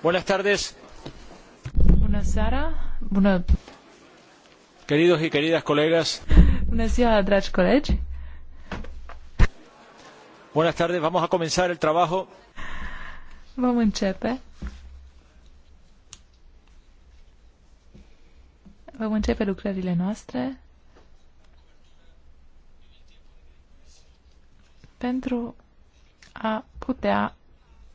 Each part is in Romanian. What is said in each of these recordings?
Buenas tardes. Bună seara. Bună. Queridos y queridas colegas. Bună ziua, dragi colegi. Buenas tardes. Vamos a comenzar el trabajo. Vom începe. Vom începe lucrările noastre. pentru a putea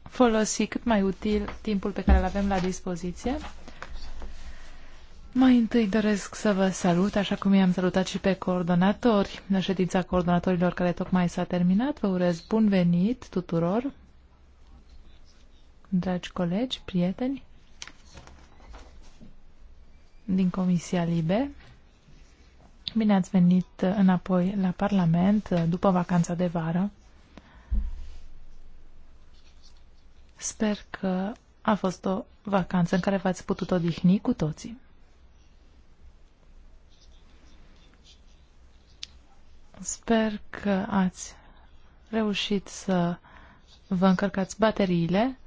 folosi cât mai util timpul pe care îl avem la dispoziție. Mai întâi doresc să vă salut, așa cum i-am salutat și pe coordonatori, la ședința coordonatorilor care tocmai s-a terminat. Vă urez bun venit tuturor, dragi colegi, prieteni din Comisia Libe. Bine ați venit înapoi la Parlament după vacanța de vară. Sper că a fost o vacanță în care v-ați putut odihni cu toții. Sper că ați reușit să vă încărcați bateriile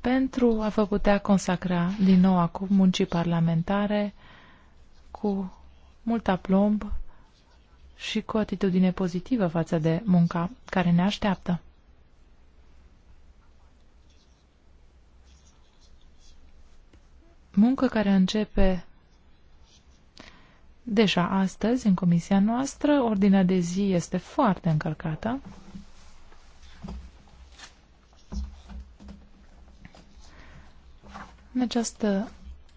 pentru a vă putea consacra din nou acum muncii parlamentare cu mult aplomb și cu o atitudine pozitivă față de munca care ne așteaptă. muncă care începe deja astăzi în comisia noastră. Ordinea de zi este foarte încărcată. În această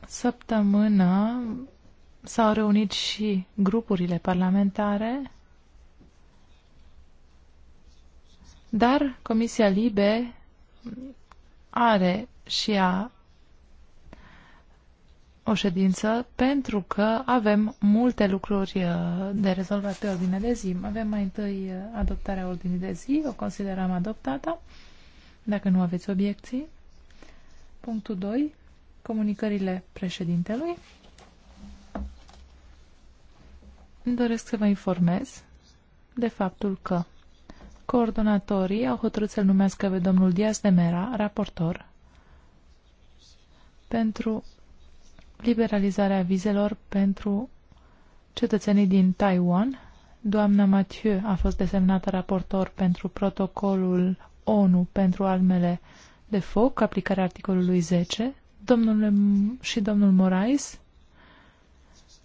săptămână s-au reunit și grupurile parlamentare, dar Comisia Libe are și a o ședință pentru că avem multe lucruri uh, de rezolvat pe ordine de zi. Avem mai întâi uh, adoptarea ordinii de zi, o considerăm adoptată, dacă nu aveți obiecții. Punctul 2. Comunicările președintelui. Îmi doresc să vă informez de faptul că coordonatorii au hotărât să-l numească pe domnul Diaz de Mera, raportor, pentru liberalizarea vizelor pentru cetățenii din Taiwan. Doamna Mathieu a fost desemnată raportor pentru protocolul ONU pentru armele de foc, aplicarea articolului 10. Domnul și domnul Morais,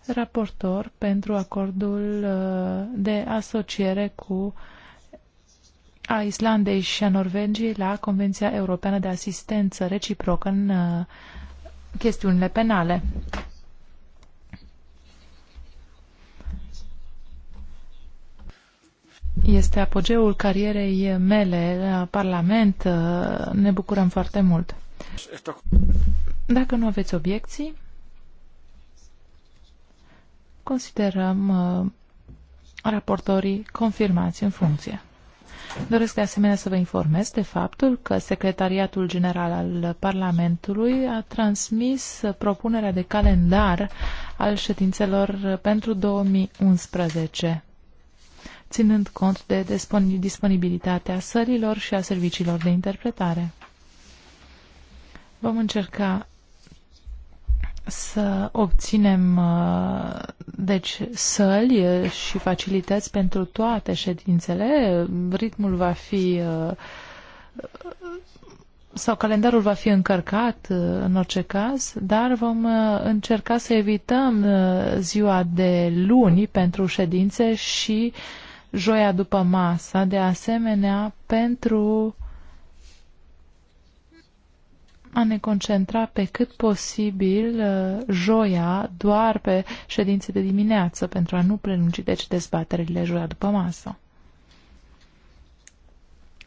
raportor pentru acordul uh, de asociere cu a Islandei și a Norvegiei la Convenția Europeană de Asistență Reciprocă în uh, chestiunile penale. Este apogeul carierei mele la Parlament. Ne bucurăm foarte mult. Dacă nu aveți obiecții, considerăm uh, raportorii confirmați în funcție. Doresc de asemenea să vă informez de faptul că Secretariatul General al Parlamentului a transmis propunerea de calendar al ședințelor pentru 2011 ținând cont de disponibilitatea sărilor și a serviciilor de interpretare. Vom încerca să obținem uh, deci săli uh, și facilități pentru toate ședințele. Ritmul va fi uh, sau calendarul va fi încărcat în orice caz, dar vom încerca să evităm ziua de luni pentru ședințe și joia după masa, de asemenea pentru uh, a ne concentra pe cât posibil uh, joia doar pe ședințe de dimineață pentru a nu prelungi deci dezbaterile joia după masă.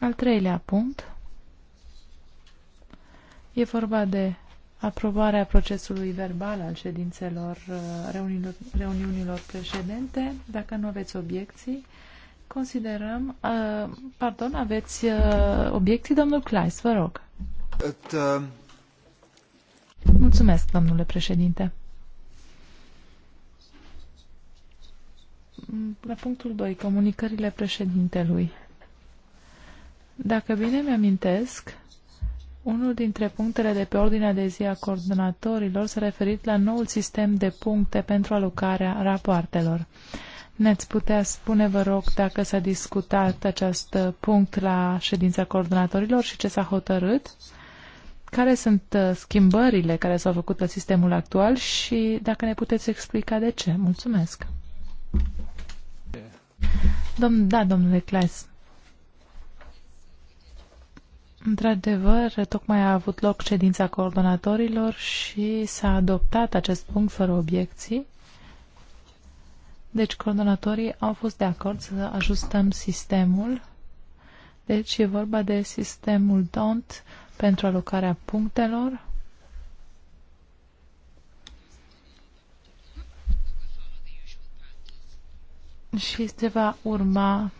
Al treilea punct e vorba de aprobarea procesului verbal al ședințelor uh, reuniunilor, reuniunilor precedente. Dacă nu aveți obiecții, considerăm... Uh, pardon, aveți uh, obiecții, domnul Kleis, vă rog. At, uh... Mulțumesc, domnule președinte. La punctul 2, comunicările președintelui. Dacă bine mi-amintesc, unul dintre punctele de pe ordinea de zi a coordonatorilor s-a referit la noul sistem de puncte pentru alocarea rapoartelor. Ne-ați putea spune, vă rog, dacă s-a discutat acest punct la ședința coordonatorilor și ce s-a hotărât? care sunt uh, schimbările care s-au făcut la sistemul actual și dacă ne puteți explica de ce. Mulțumesc. Dom da, domnule Claes. Într-adevăr, tocmai a avut loc ședința coordonatorilor și s-a adoptat acest punct fără obiecții. Deci coordonatorii au fost de acord să ajustăm sistemul. Deci e vorba de sistemul DONT pentru alocarea punctelor. Și se va urma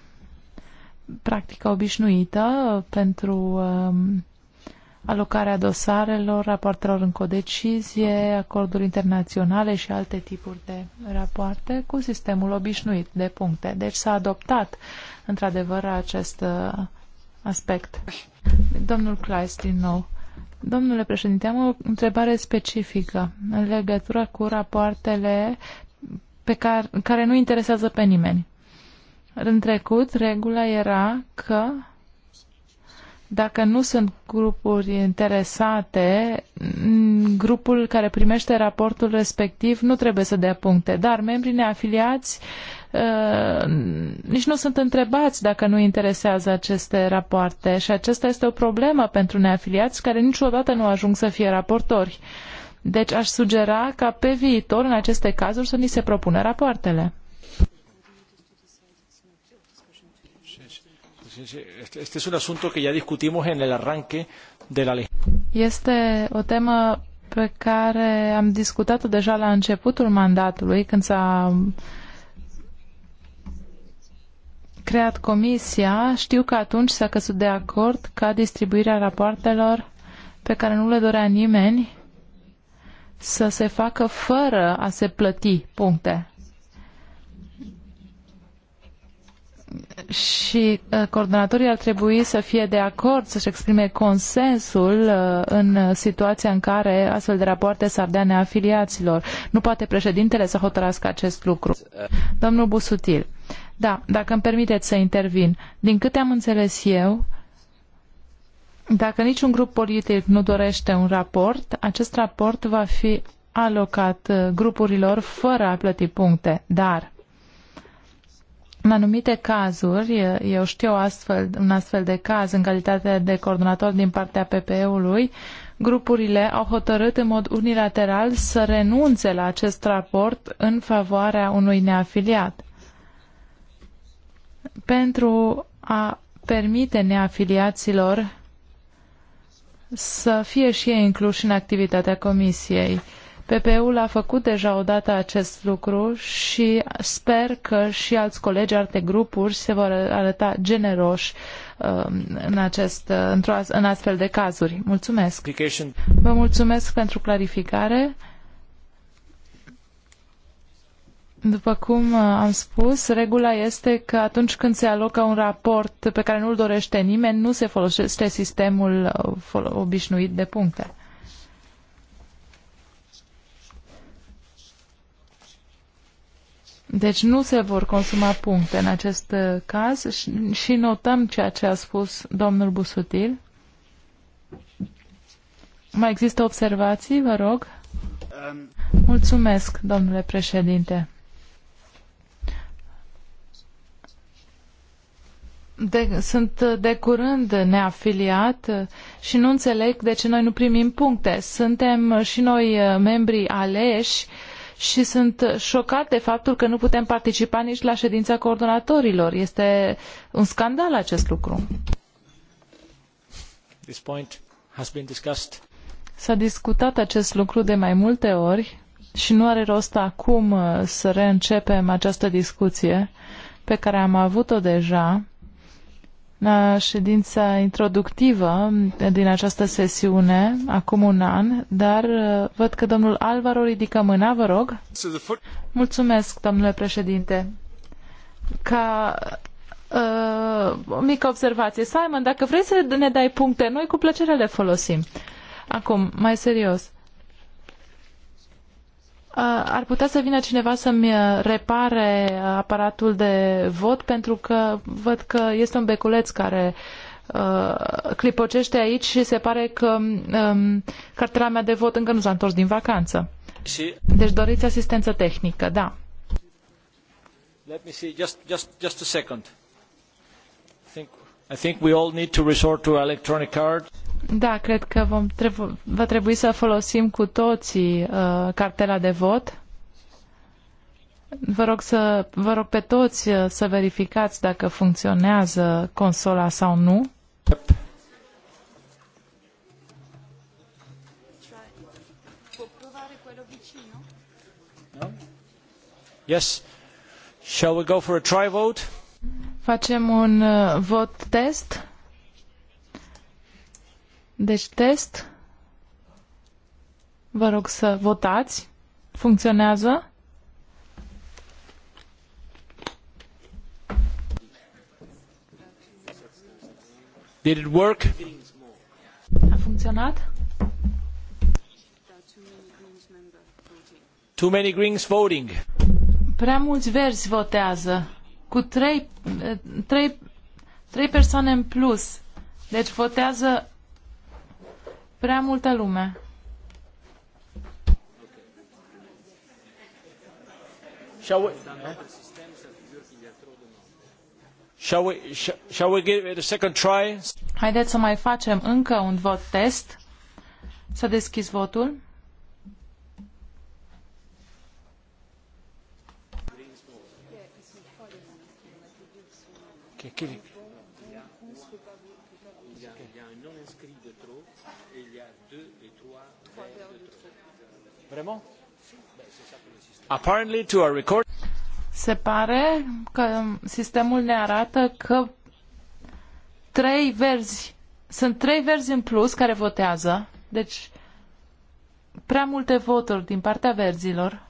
practica obișnuită pentru um, alocarea dosarelor, rapoartelor în codecizie, acorduri internaționale și alte tipuri de rapoarte cu sistemul obișnuit de puncte. Deci s-a adoptat într-adevăr acest uh, aspect. Domnul Kleist, din nou. Domnule președinte, am o întrebare specifică în legătură cu rapoartele pe care, care nu interesează pe nimeni. În trecut, regula era că dacă nu sunt grupuri interesate, grupul care primește raportul respectiv nu trebuie să dea puncte, dar membrii neafiliați uh, nici nu sunt întrebați dacă nu interesează aceste rapoarte și acesta este o problemă pentru neafiliați care niciodată nu ajung să fie raportori. Deci aș sugera ca pe viitor, în aceste cazuri, să ni se propună rapoartele. Este un asunto que ya discutimos en el arranque de la Este o temă pe care am discutat-o deja la începutul mandatului, când s-a creat comisia, știu că atunci s-a căzut de acord ca distribuirea rapoartelor pe care nu le dorea nimeni să se facă fără a se plăti puncte. și uh, coordonatorii ar trebui să fie de acord, să-și exprime consensul uh, în situația în care astfel de rapoarte s-ar dea neafiliaților. Nu poate președintele să hotărască acest lucru. Domnul Busutil, da, dacă îmi permiteți să intervin, din câte am înțeles eu, dacă niciun grup politic nu dorește un raport, acest raport va fi alocat uh, grupurilor fără a plăti puncte, dar în anumite cazuri, eu știu astfel, un astfel de caz în calitate de coordonator din partea PPE-ului, grupurile au hotărât în mod unilateral să renunțe la acest raport în favoarea unui neafiliat. Pentru a permite neafiliaților să fie și ei incluși în activitatea comisiei. PPE-ul a făcut deja odată acest lucru și sper că și alți colegi, alte grupuri se vor arăta generoși um, în, acest, în astfel de cazuri. Mulțumesc! Vă mulțumesc pentru clarificare. După cum uh, am spus, regula este că atunci când se alocă un raport pe care nu-l dorește nimeni, nu se folosește sistemul uh, obișnuit de puncte. Deci nu se vor consuma puncte în acest uh, caz și, notăm ceea ce a spus domnul Busutil. Mai există observații, vă rog? Um. Mulțumesc, domnule președinte. De, sunt de curând neafiliat și nu înțeleg de ce noi nu primim puncte. Suntem și noi uh, membri aleși uh, și sunt șocat de faptul că nu putem participa nici la ședința coordonatorilor. Este un scandal acest lucru. This point has been discussed. S-a discutat acest lucru de mai multe ori și nu are rost acum uh, să reîncepem această discuție pe care am avut-o deja la uh, ședința introductivă din această sesiune, acum un an, dar uh, văd că domnul Alvaro ridică mâna, vă rog. Mulțumesc, domnule președinte. Ca uh, o mică observație. Simon, dacă vrei să ne dai puncte, noi cu plăcere le folosim. Acum, mai serios. Uh, ar putea să vină cineva să-mi uh, repare uh, aparatul de vot pentru că văd că este un beculeț care uh, clipocește aici și se pare că um, cartela mea de vot încă nu s-a întors din vacanță. Și... Deci doriți asistență tehnică, da. Let me see, just, just, just a second. I think, I think we all need to resort to electronic card. Da, cred că vom trebu- va trebui să folosim cu toții uh, cartela de vot. Vă rog, să, vă rog pe toți uh, să verificați dacă funcționează consola sau nu. Yep. Yes. Shall we go for a try vote? Facem un uh, vot test. Deci test. Vă rog să votați. Funcționează? Did it work? A funcționat? Too many Greens voting. Prea mulți verzi votează. Cu trei, trei, trei persoane în plus. Deci votează Prea multă lume. Shall we, shall we, shall we give it a second try? Haideți să mai facem încă un vot test. Să deschis votul. Okay, kidding. Apparently to our record... Se pare că sistemul ne arată că trei verzi, sunt trei verzi în plus care votează, deci prea multe voturi din partea verzilor.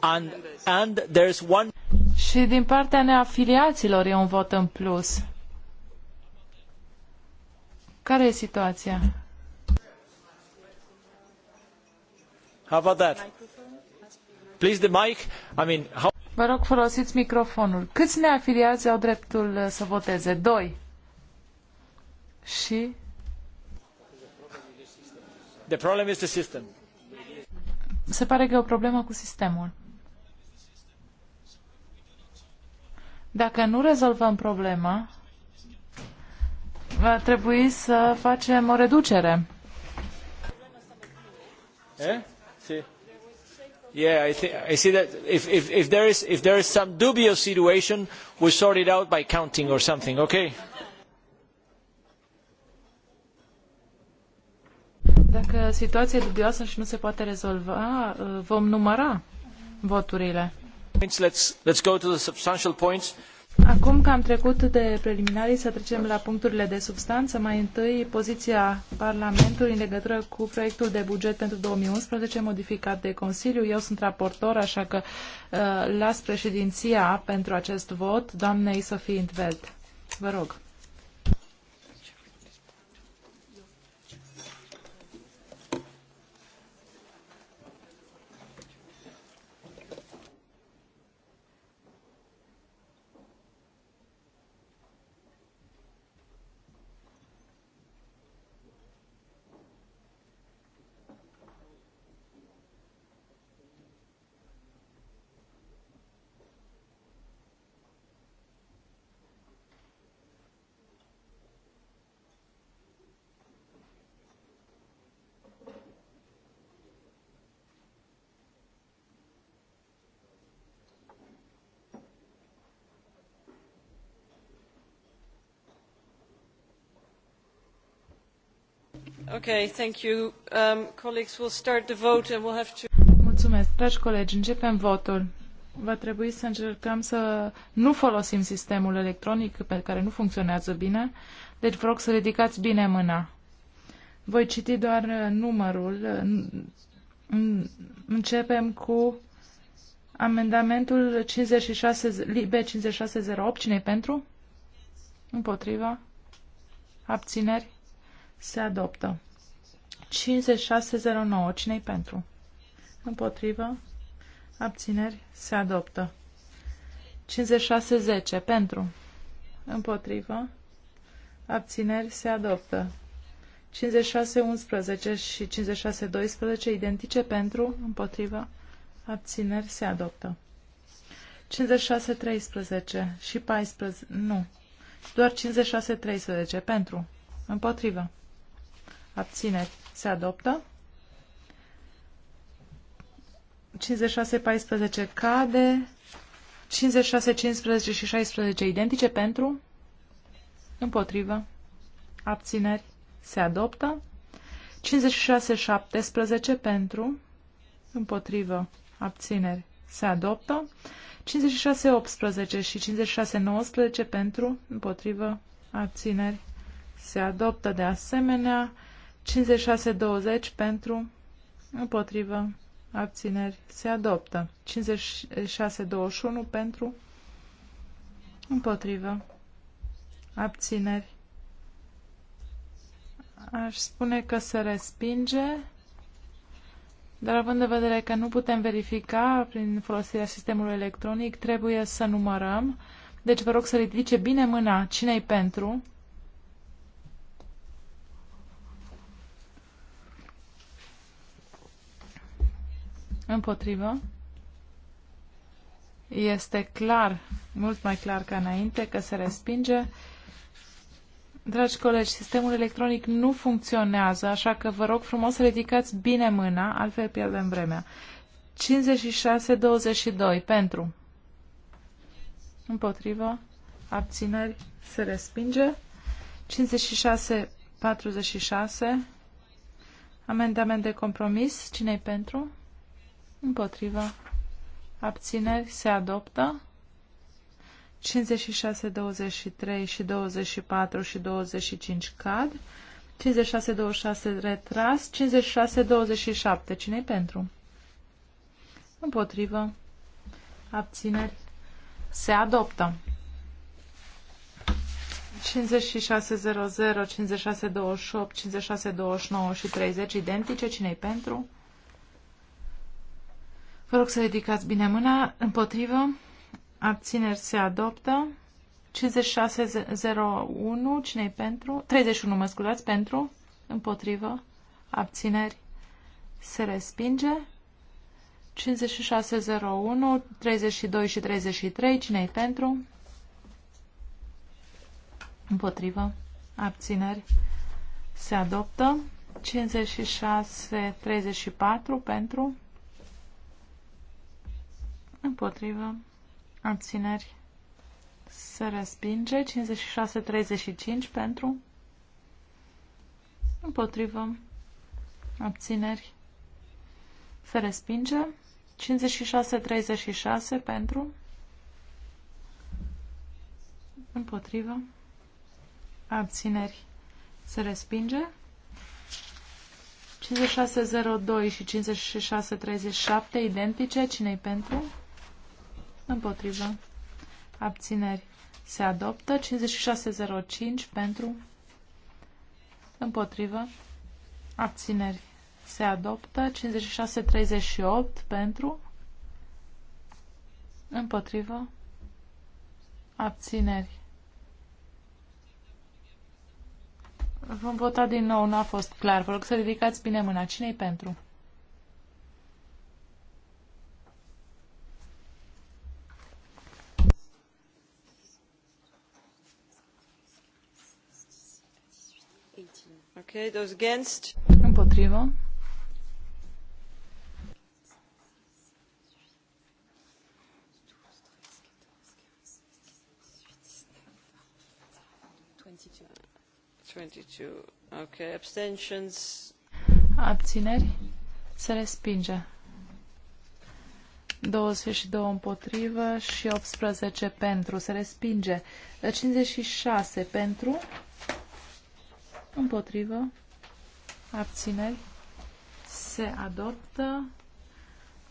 And, and there's one... Și din partea neafiliaților e un vot în plus. Care e situația? How about that? Please the mic. I mean, how... Vă rog, folosiți microfonul. Câți neafiliați au dreptul uh, să voteze? Doi. Și? The problem is the system. Se pare că e o problemă cu sistemul. Dacă nu rezolvăm problema, va trebui să facem o reducere. Eh? Si. Yeah, I, th I see that if, if, if, there is, if there is some dubious situation, we sort it out by counting or something, okay? Dacă situația e dubioasă și nu se poate rezolva, uh, vom număra voturile. Let's, let's go to the substantial points. Acum că am trecut de preliminarii, să trecem la puncturile de substanță. Mai întâi, poziția Parlamentului în legătură cu proiectul de buget pentru 2011, modificat de Consiliu. Eu sunt raportor, așa că uh, las președinția pentru acest vot doamnei Sofie Intveld. Vă rog. Mulțumesc. Dragi colegi, începem votul. Va trebui să încercăm să nu folosim sistemul electronic pe care nu funcționează bine, deci vă rog să ridicați bine mâna. Voi citi doar uh, numărul. Începem cu amendamentul 56, libe 5608. Cine pentru? Împotriva? Abțineri? Se adoptă. 5609. Cine-i pentru? Împotrivă. Abțineri. Se adoptă. 5610. Pentru. Împotrivă. Abțineri. Se adoptă. 5611 și 5612. Identice pentru. Împotrivă. Abțineri. Se adoptă. 5613 și 14. Nu. Doar 5613. Pentru. Împotrivă. Abțineri. Se adoptă. 56-14 cade. 56, 15 și 16 identice pentru. Împotrivă. Abțineri. Se adoptă. 56, 17 pentru. Împotrivă. Abțineri. Se adoptă. 56, 18 și 56, 19 pentru. Împotrivă. Abțineri. Se adoptă de asemenea. 56-20 pentru, împotrivă, abțineri, se adoptă. 56-21 pentru, împotrivă, abțineri. Aș spune că se respinge, dar având în vedere că nu putem verifica prin folosirea sistemului electronic, trebuie să numărăm. Deci vă rog să ridice bine mâna cine-i pentru, Împotrivă. Este clar, mult mai clar ca înainte, că se respinge. Dragi colegi, sistemul electronic nu funcționează, așa că vă rog frumos să ridicați bine mâna, altfel pierdem vremea. 56-22 pentru. Împotrivă. Abțineri. Se respinge. 56-46. Amendament de compromis. cine pentru? Împotriva. Abțineri se adoptă. 56, 23 și 24 și 25 cad. 56, 26 retras. 56, 27. Cine-i pentru? Împotrivă. Abțineri se adoptă. 5600, 5628, 5629 și 30 identice. Cine-i pentru? Vă rog să ridicați bine mâna. Împotrivă. Abțineri se adoptă. 5601. Cine-i pentru? 31, mă scuzați, pentru. Împotrivă. Abțineri se respinge. 5601, 32 și 33. Cine-i pentru? Împotrivă. Abțineri se adoptă. 56, 34 pentru, împotrivă, abțineri, se respinge. 56-35 pentru, împotrivă, abțineri, se respinge. 56-36 pentru, împotrivă, abțineri, se respinge. 5602 și 5637 identice, cine i pentru? Împotrivă. Abțineri. Se adoptă. 5605 pentru. Împotrivă. Abțineri. Se adoptă. 5638 pentru. Împotrivă. Abțineri. Vom vota din nou, nu a fost clar. Vă rog să ridicați bine mâna. Cine-i pentru? Împotrivă. Abțineri. Se respinge. 22 împotrivă și 18 pentru. Se respinge. 56 pentru împotrivă, abțineri, se adoptă.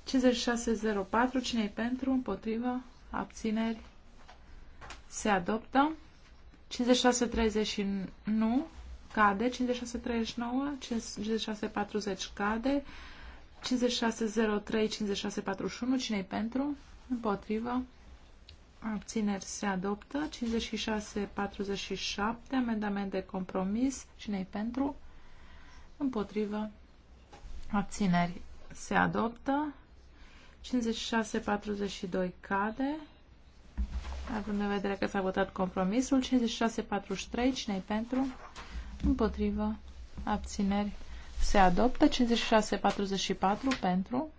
5604, cine e pentru, împotrivă, abțineri, se adoptă. 5630 nu, cade, 5639, 5640 cade, 5603, 5641, cine e pentru, împotrivă, Abțineri se adoptă. 56-47. Amendament de compromis. Cine-i pentru? Împotrivă. Abțineri se adoptă. 56-42 cade. Având în vedere că s-a votat compromisul. 56-43. Cine-i pentru? Împotrivă. Abțineri se adoptă. 56-44 pentru.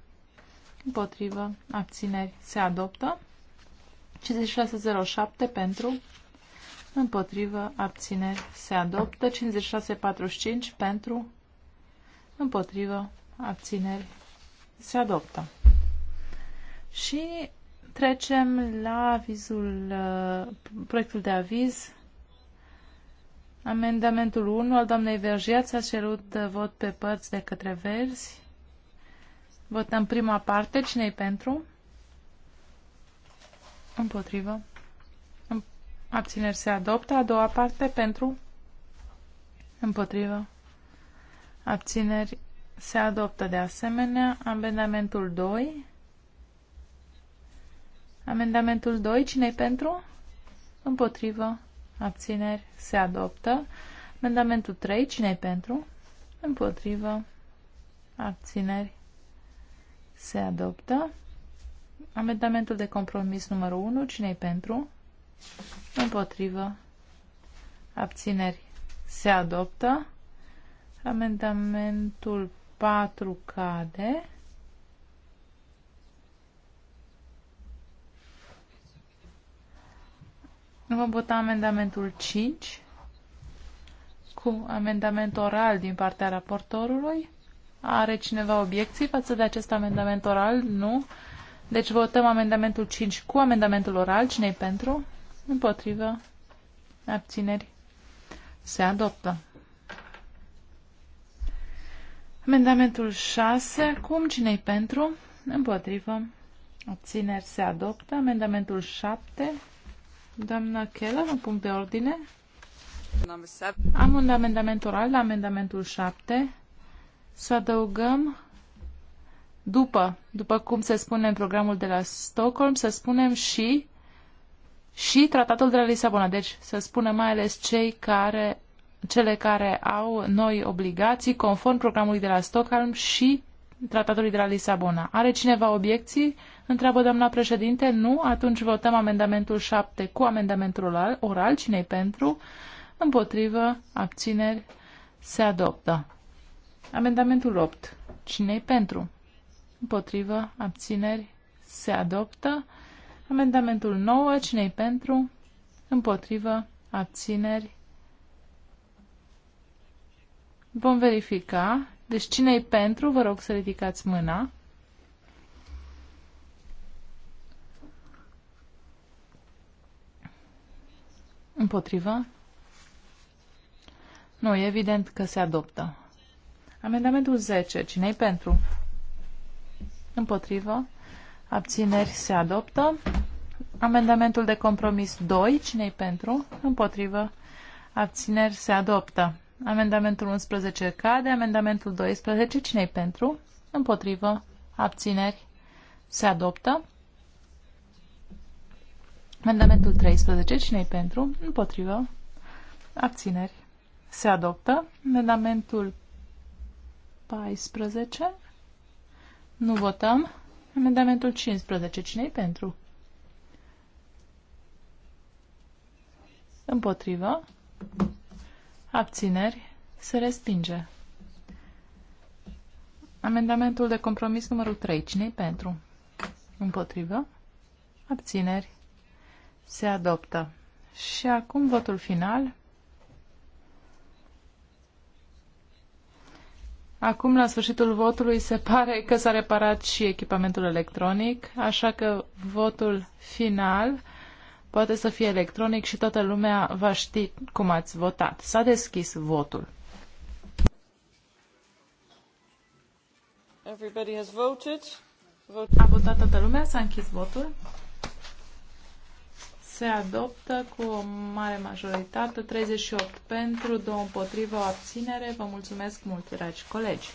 Împotrivă. Abțineri se adoptă. 5607 pentru, împotrivă, abțineri, se adoptă. 5645 pentru, împotrivă, abțineri, se adoptă. Și trecem la avizul, uh, proiectul de aviz. Amendamentul 1 al doamnei Vergiați a cerut uh, vot pe părți de către verzi. Votăm prima parte. Cine-i pentru? Pentru. Împotrivă. Abțineri se adoptă. A doua parte pentru. Împotrivă. Abțineri se adoptă de asemenea. Amendamentul 2. Amendamentul 2. Cine-i pentru? Împotrivă. Abțineri se adoptă. Amendamentul 3. Cine-i pentru? Împotrivă. Abțineri se adoptă. Amendamentul de compromis numărul 1. Cine-i pentru? Împotrivă. Abțineri. Se adoptă. Amendamentul 4 cade. Vom vota amendamentul 5 cu amendament oral din partea raportorului. Are cineva obiecții față de acest amendament oral? Nu. Deci votăm amendamentul 5 cu amendamentul oral. Cine-i pentru? Împotrivă. Abțineri. Se adoptă. Amendamentul 6. Acum cine-i pentru? Împotrivă. Abțineri se adoptă. Amendamentul 7. Doamna Chela, un punct de ordine. Am un amendament oral la amendamentul 7. Să adăugăm după, după cum se spune în programul de la Stockholm, să spunem și și tratatul de la Lisabona. Deci să spunem mai ales cei care, cele care au noi obligații conform programului de la Stockholm și tratatului de la Lisabona. Are cineva obiecții? Întreabă doamna președinte. Nu? Atunci votăm amendamentul 7 cu amendamentul oral. oral. Cine-i pentru? Împotrivă? Abțineri? Se adoptă. Amendamentul 8. Cine-i pentru? Împotrivă. Abțineri. Se adoptă. Amendamentul 9. Cine-i pentru? Împotrivă. Abțineri. Vom verifica. Deci cine e pentru? Vă rog să ridicați mâna. Împotrivă? Nu, e evident că se adoptă. Amendamentul 10. Cine-i pentru? Împotrivă. Abțineri se adoptă. Amendamentul de compromis 2. Cine-i pentru? Împotrivă. Abțineri se adoptă. Amendamentul 11 cade. Amendamentul 12. Cine-i pentru? Împotrivă. Abțineri se adoptă. Amendamentul 13. Cine-i pentru? Împotrivă. Abțineri se adoptă. Amendamentul 14. Nu votăm. Amendamentul 15. cine pentru? Împotrivă. Abțineri. Se respinge. Amendamentul de compromis numărul 3. cine pentru? Împotrivă. Abțineri. Se adoptă. Și acum votul final. Acum, la sfârșitul votului, se pare că s-a reparat și echipamentul electronic, așa că votul final poate să fie electronic și toată lumea va ști cum ați votat. S-a deschis votul. Everybody has voted. Vot- A votat toată lumea, s-a închis votul se adoptă cu o mare majoritate, 38 pentru, 2 împotrivă, o abținere. Vă mulțumesc mult, dragi colegi!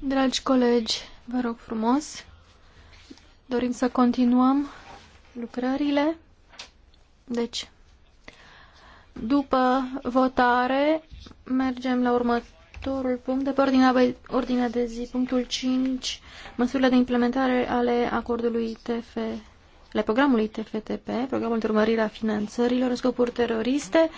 Dragi colegi, vă rog frumos, dorim să continuăm lucrările. Deci, după votare, mergem la următorul punct de pe ordinea, de zi, punctul 5, măsurile de implementare ale acordului TF ale programului TFTP, programul de urmărire a finanțărilor în scopuri teroriste. Uh,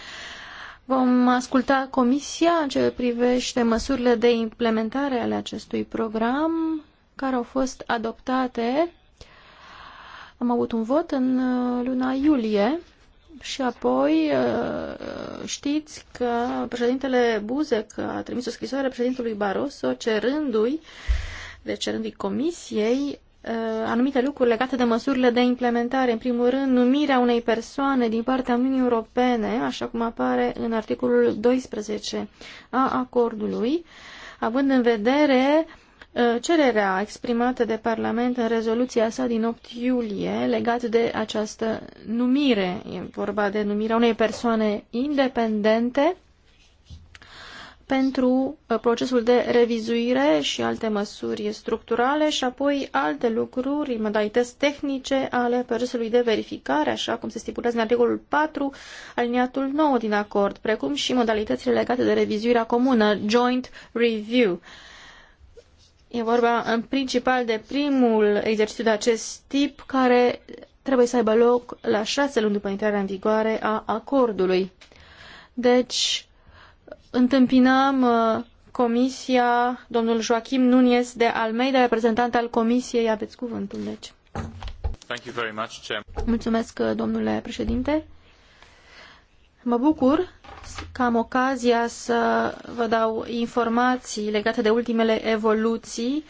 Vom asculta Comisia în ce privește măsurile de implementare ale acestui program care au fost adoptate. Am avut un vot în uh, luna iulie și apoi uh, știți că președintele Buzek a trimis o scrisoare președintelui Barroso cerându-i, deci cerându-i Comisiei, Uh, anumite lucruri legate de măsurile de implementare. În primul rând, numirea unei persoane din partea Uniunii Europene, așa cum apare în articolul 12 a acordului, având în vedere uh, cererea exprimată de Parlament în rezoluția sa din 8 iulie legată de această numire. E vorba de numirea unei persoane independente pentru uh, procesul de revizuire și alte măsuri structurale și apoi alte lucruri, modalități tehnice ale procesului de verificare, așa cum se stipulează în articolul 4, aliniatul 9 din acord, precum și modalitățile legate de revizuirea comună, joint review. E vorba în principal de primul exercițiu de acest tip care trebuie să aibă loc la șase luni după intrarea în vigoare a acordului. Deci, întâmpinăm uh, Comisia, domnul Joachim Nunes de Almeida, reprezentant al Comisiei. Aveți cuvântul, deci. Mulțumesc, uh, domnule președinte. Mă bucur că am ocazia să vă dau informații legate de ultimele evoluții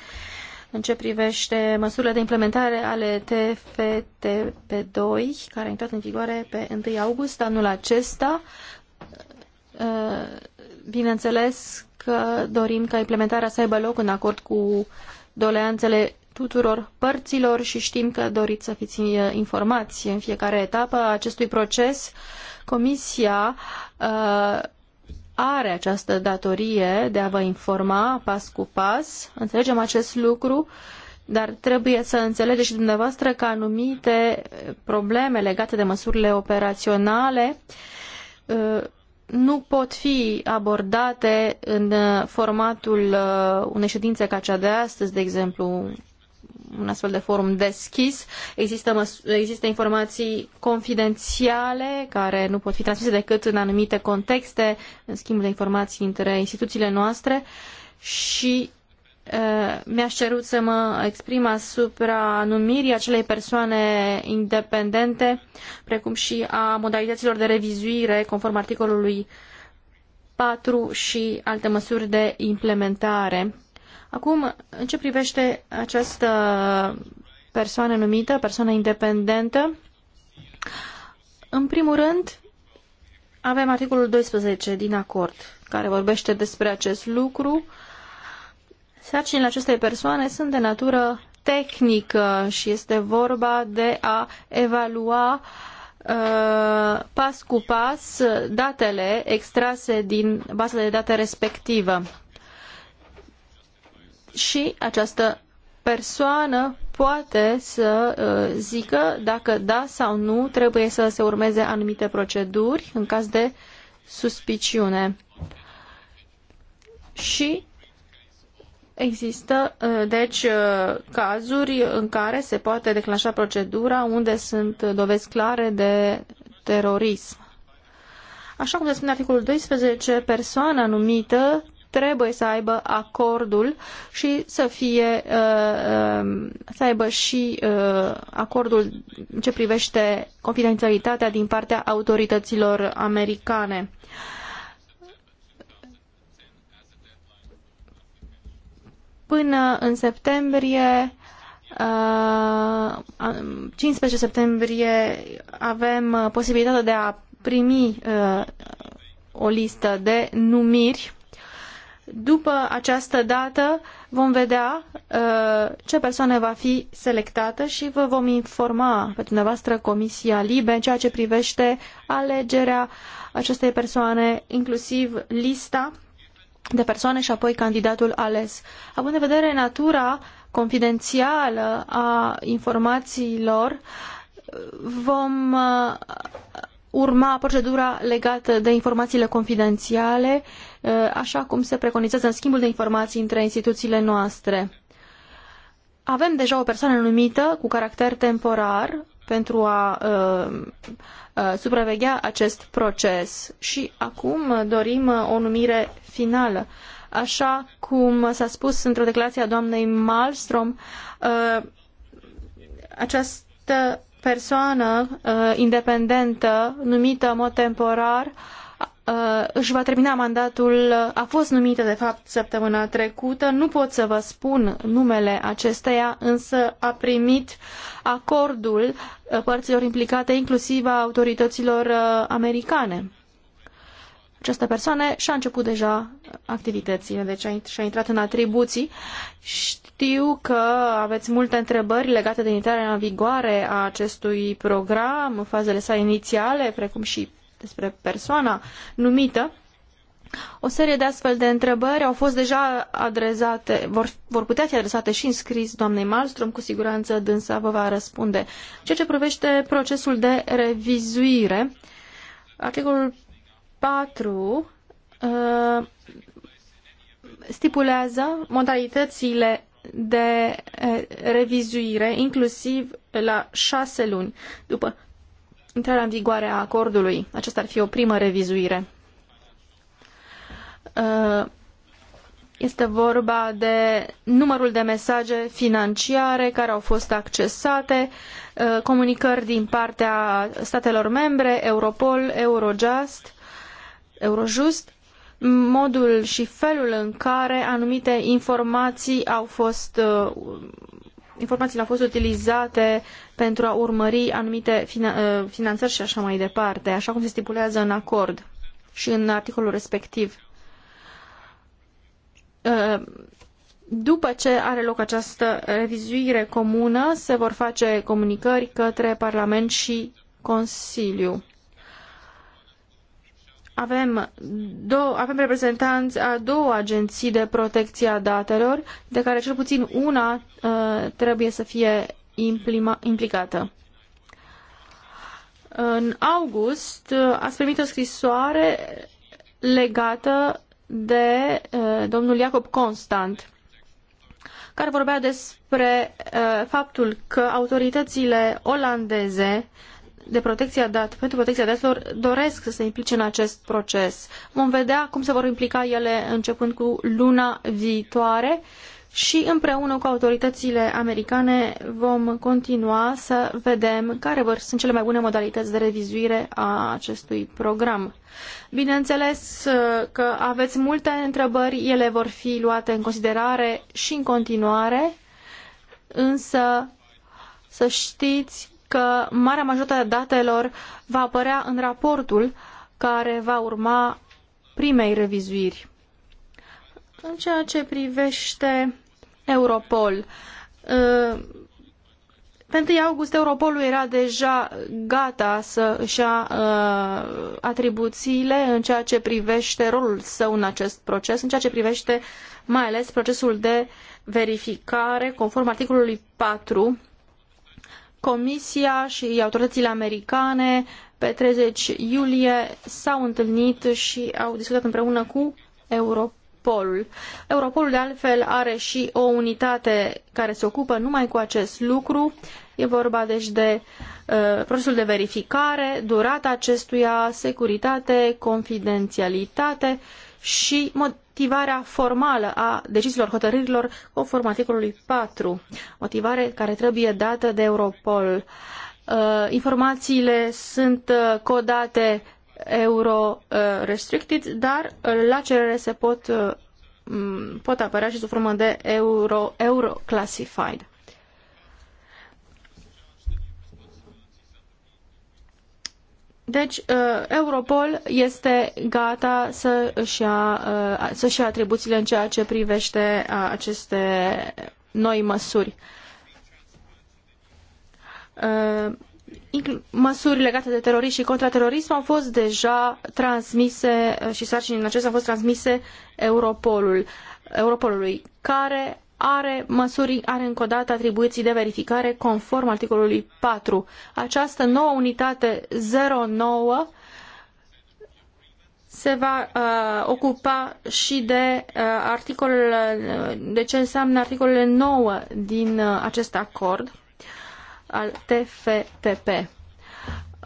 în ce privește măsurile de implementare ale TFTP2, care a intrat în vigoare pe 1 august anul acesta. Uh, Bineînțeles că dorim ca implementarea să aibă loc în acord cu doleanțele tuturor părților și știm că doriți să fiți uh, informați în fiecare etapă a acestui proces. Comisia uh, are această datorie de a vă informa pas cu pas. Înțelegem acest lucru, dar trebuie să înțelegeți și dumneavoastră că anumite probleme legate de măsurile operaționale uh, nu pot fi abordate în uh, formatul uh, unei ședințe ca cea de astăzi, de exemplu, un astfel de forum deschis. Există, există informații confidențiale care nu pot fi transmise decât în anumite contexte, în schimb de informații între instituțiile noastre și Eh, mi-aș cerut să mă exprim asupra numirii acelei persoane independente, precum și a modalităților de revizuire conform articolului 4 și alte măsuri de implementare. Acum, în ce privește această persoană numită, persoană independentă, în primul rând, avem articolul 12 din acord, care vorbește despre acest lucru, uh, sarcinile acestei persoane sunt de natură tehnică și este vorba de a evalua uh, pas cu pas datele extrase din baza de date respectivă. Și această persoană poate să uh, zică dacă da sau nu trebuie să se urmeze anumite proceduri în caz de suspiciune. Și Există, uh, deci, uh, cazuri în care se poate declanșa procedura unde sunt dovezi clare de terorism. Așa cum se spune articolul 12, persoana numită trebuie să aibă acordul și să fie uh, um, să aibă și acordul ce privește confidențialitatea din partea autorităților americane. Până în septembrie, 15 uh, septembrie, avem uh, posibilitatea de a primi uh, o listă de numiri. După această dată vom vedea ce persoane va fi selectată și vă vom informa pe dumneavoastră Comisia Libe în ceea ce privește alegerea acestei persoane, inclusiv lista de persoane și apoi candidatul ales. Având în vedere natura confidențială a informațiilor, vom uh, urma procedura legată de informațiile confidențiale, uh, așa cum se preconizează în schimbul de informații între instituțiile noastre. Avem deja o persoană numită cu caracter temporar pentru a uh, uh, supraveghea acest proces și acum dorim ă, o numire finală. Așa cum s-a spus într-o declarație a doamnei Malmström, uh, această persoană independentă numită în mod temporar Uh, își va termina mandatul, a fost numită de fapt săptămâna trecută, nu pot să vă spun numele acesteia, însă a primit acordul uh, părților implicate, inclusiv a autorităților uh, americane. Această persoană și-a început deja activitățile, deci și-a intrat în atribuții. Știu că aveți multe întrebări legate de intrarea în vigoare a acestui program, fazele sa inițiale, precum și despre persoana numită. O serie de astfel de întrebări au fost deja adresate, vor, vor putea fi adresate și în scris doamnei Malmström, cu siguranță dânsa vă va răspunde. Ceea ce privește procesul de revizuire, articolul 4 uh, stipulează modalitățile de uh, revizuire, inclusiv la șase luni după intrarea în vigoare a acordului. Aceasta ar fi o primă revizuire. Uh, este vorba de numărul de mesaje financiare care au fost accesate, uh, comunicări din partea statelor membre, Europol, Eurojust, Eurojust, modul și felul în care anumite informații au fost uh, informațiile au fost utilizate pentru a urmări anumite uh, finanțări și așa mai departe, așa cum se stipulează în acord și în articolul respectiv. Uh, după ce are loc această revizuire comună, se vor face comunicări către Parlament și Consiliu avem, două, avem reprezentanți a două agenții de protecție a datelor, de care cel puțin una uh, trebuie să fie implima, implicată. În august uh, ați primit o scrisoare legată de uh, domnul Iacob Constant, care vorbea despre uh, faptul că autoritățile olandeze uh, de protecția dat, pentru protecția datelor doresc să se implice în acest proces. Vom vedea cum se vor implica ele începând cu luna viitoare și împreună cu autoritățile americane vom continua să vedem care vor, sunt cele mai bune modalități de revizuire a acestui program. Bineînțeles uh, că aveți multe întrebări, ele vor fi luate în considerare și în continuare, însă să știți că marea majoritate a datelor va apărea în raportul care va urma primei revizuiri. În ceea ce privește Europol, uh, pe 1 august Europolul era deja gata să își ia uh, atribuțiile în ceea ce privește rolul său în acest proces, în ceea ce privește mai ales procesul de verificare conform articolului 4 Comisia și autoritățile americane pe 30 iulie s-au întâlnit și au discutat împreună cu Europolul. Europolul, de altfel, are și o unitate care se ocupă numai cu acest lucru. E vorba, deci, de uh, procesul de verificare, durata acestuia, securitate, confidențialitate uh, și motivarea formală a deciziilor hotărârilor conform articolului 4, motivare care trebuie dată de Europol. Uh, informațiile sunt uh, codate euro uh, restricted, dar la cerere se pot, pot apărea și sub formă de euro, euro classified. Deci, uh, Europol este gata să își ia, uh, să -și ia atribuțiile în ceea ce privește uh, aceste noi măsuri. Măsuri legate de terorism și contraterorism au fost deja transmise și sarcinile în acestea au fost transmise Europolul, Europolului, care are, măsuri, are încă o dată atribuții de verificare conform articolului 4. Această nouă unitate 09 se va uh, ocupa și de uh, uh de ce înseamnă articolele 9 din uh, acest acord al TFTP.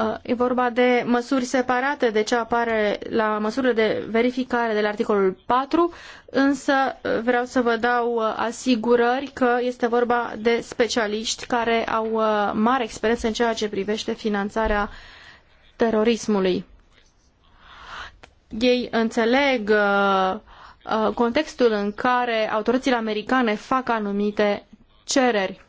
Uh, e vorba de măsuri separate de ce apare la măsurile de verificare de la articolul 4, însă uh, vreau să vă dau uh, asigurări că este vorba de specialiști care au mare experiență în ceea ce privește finanțarea terorismului. Ei înțeleg contextul în care autoritățile americane fac anumite cereri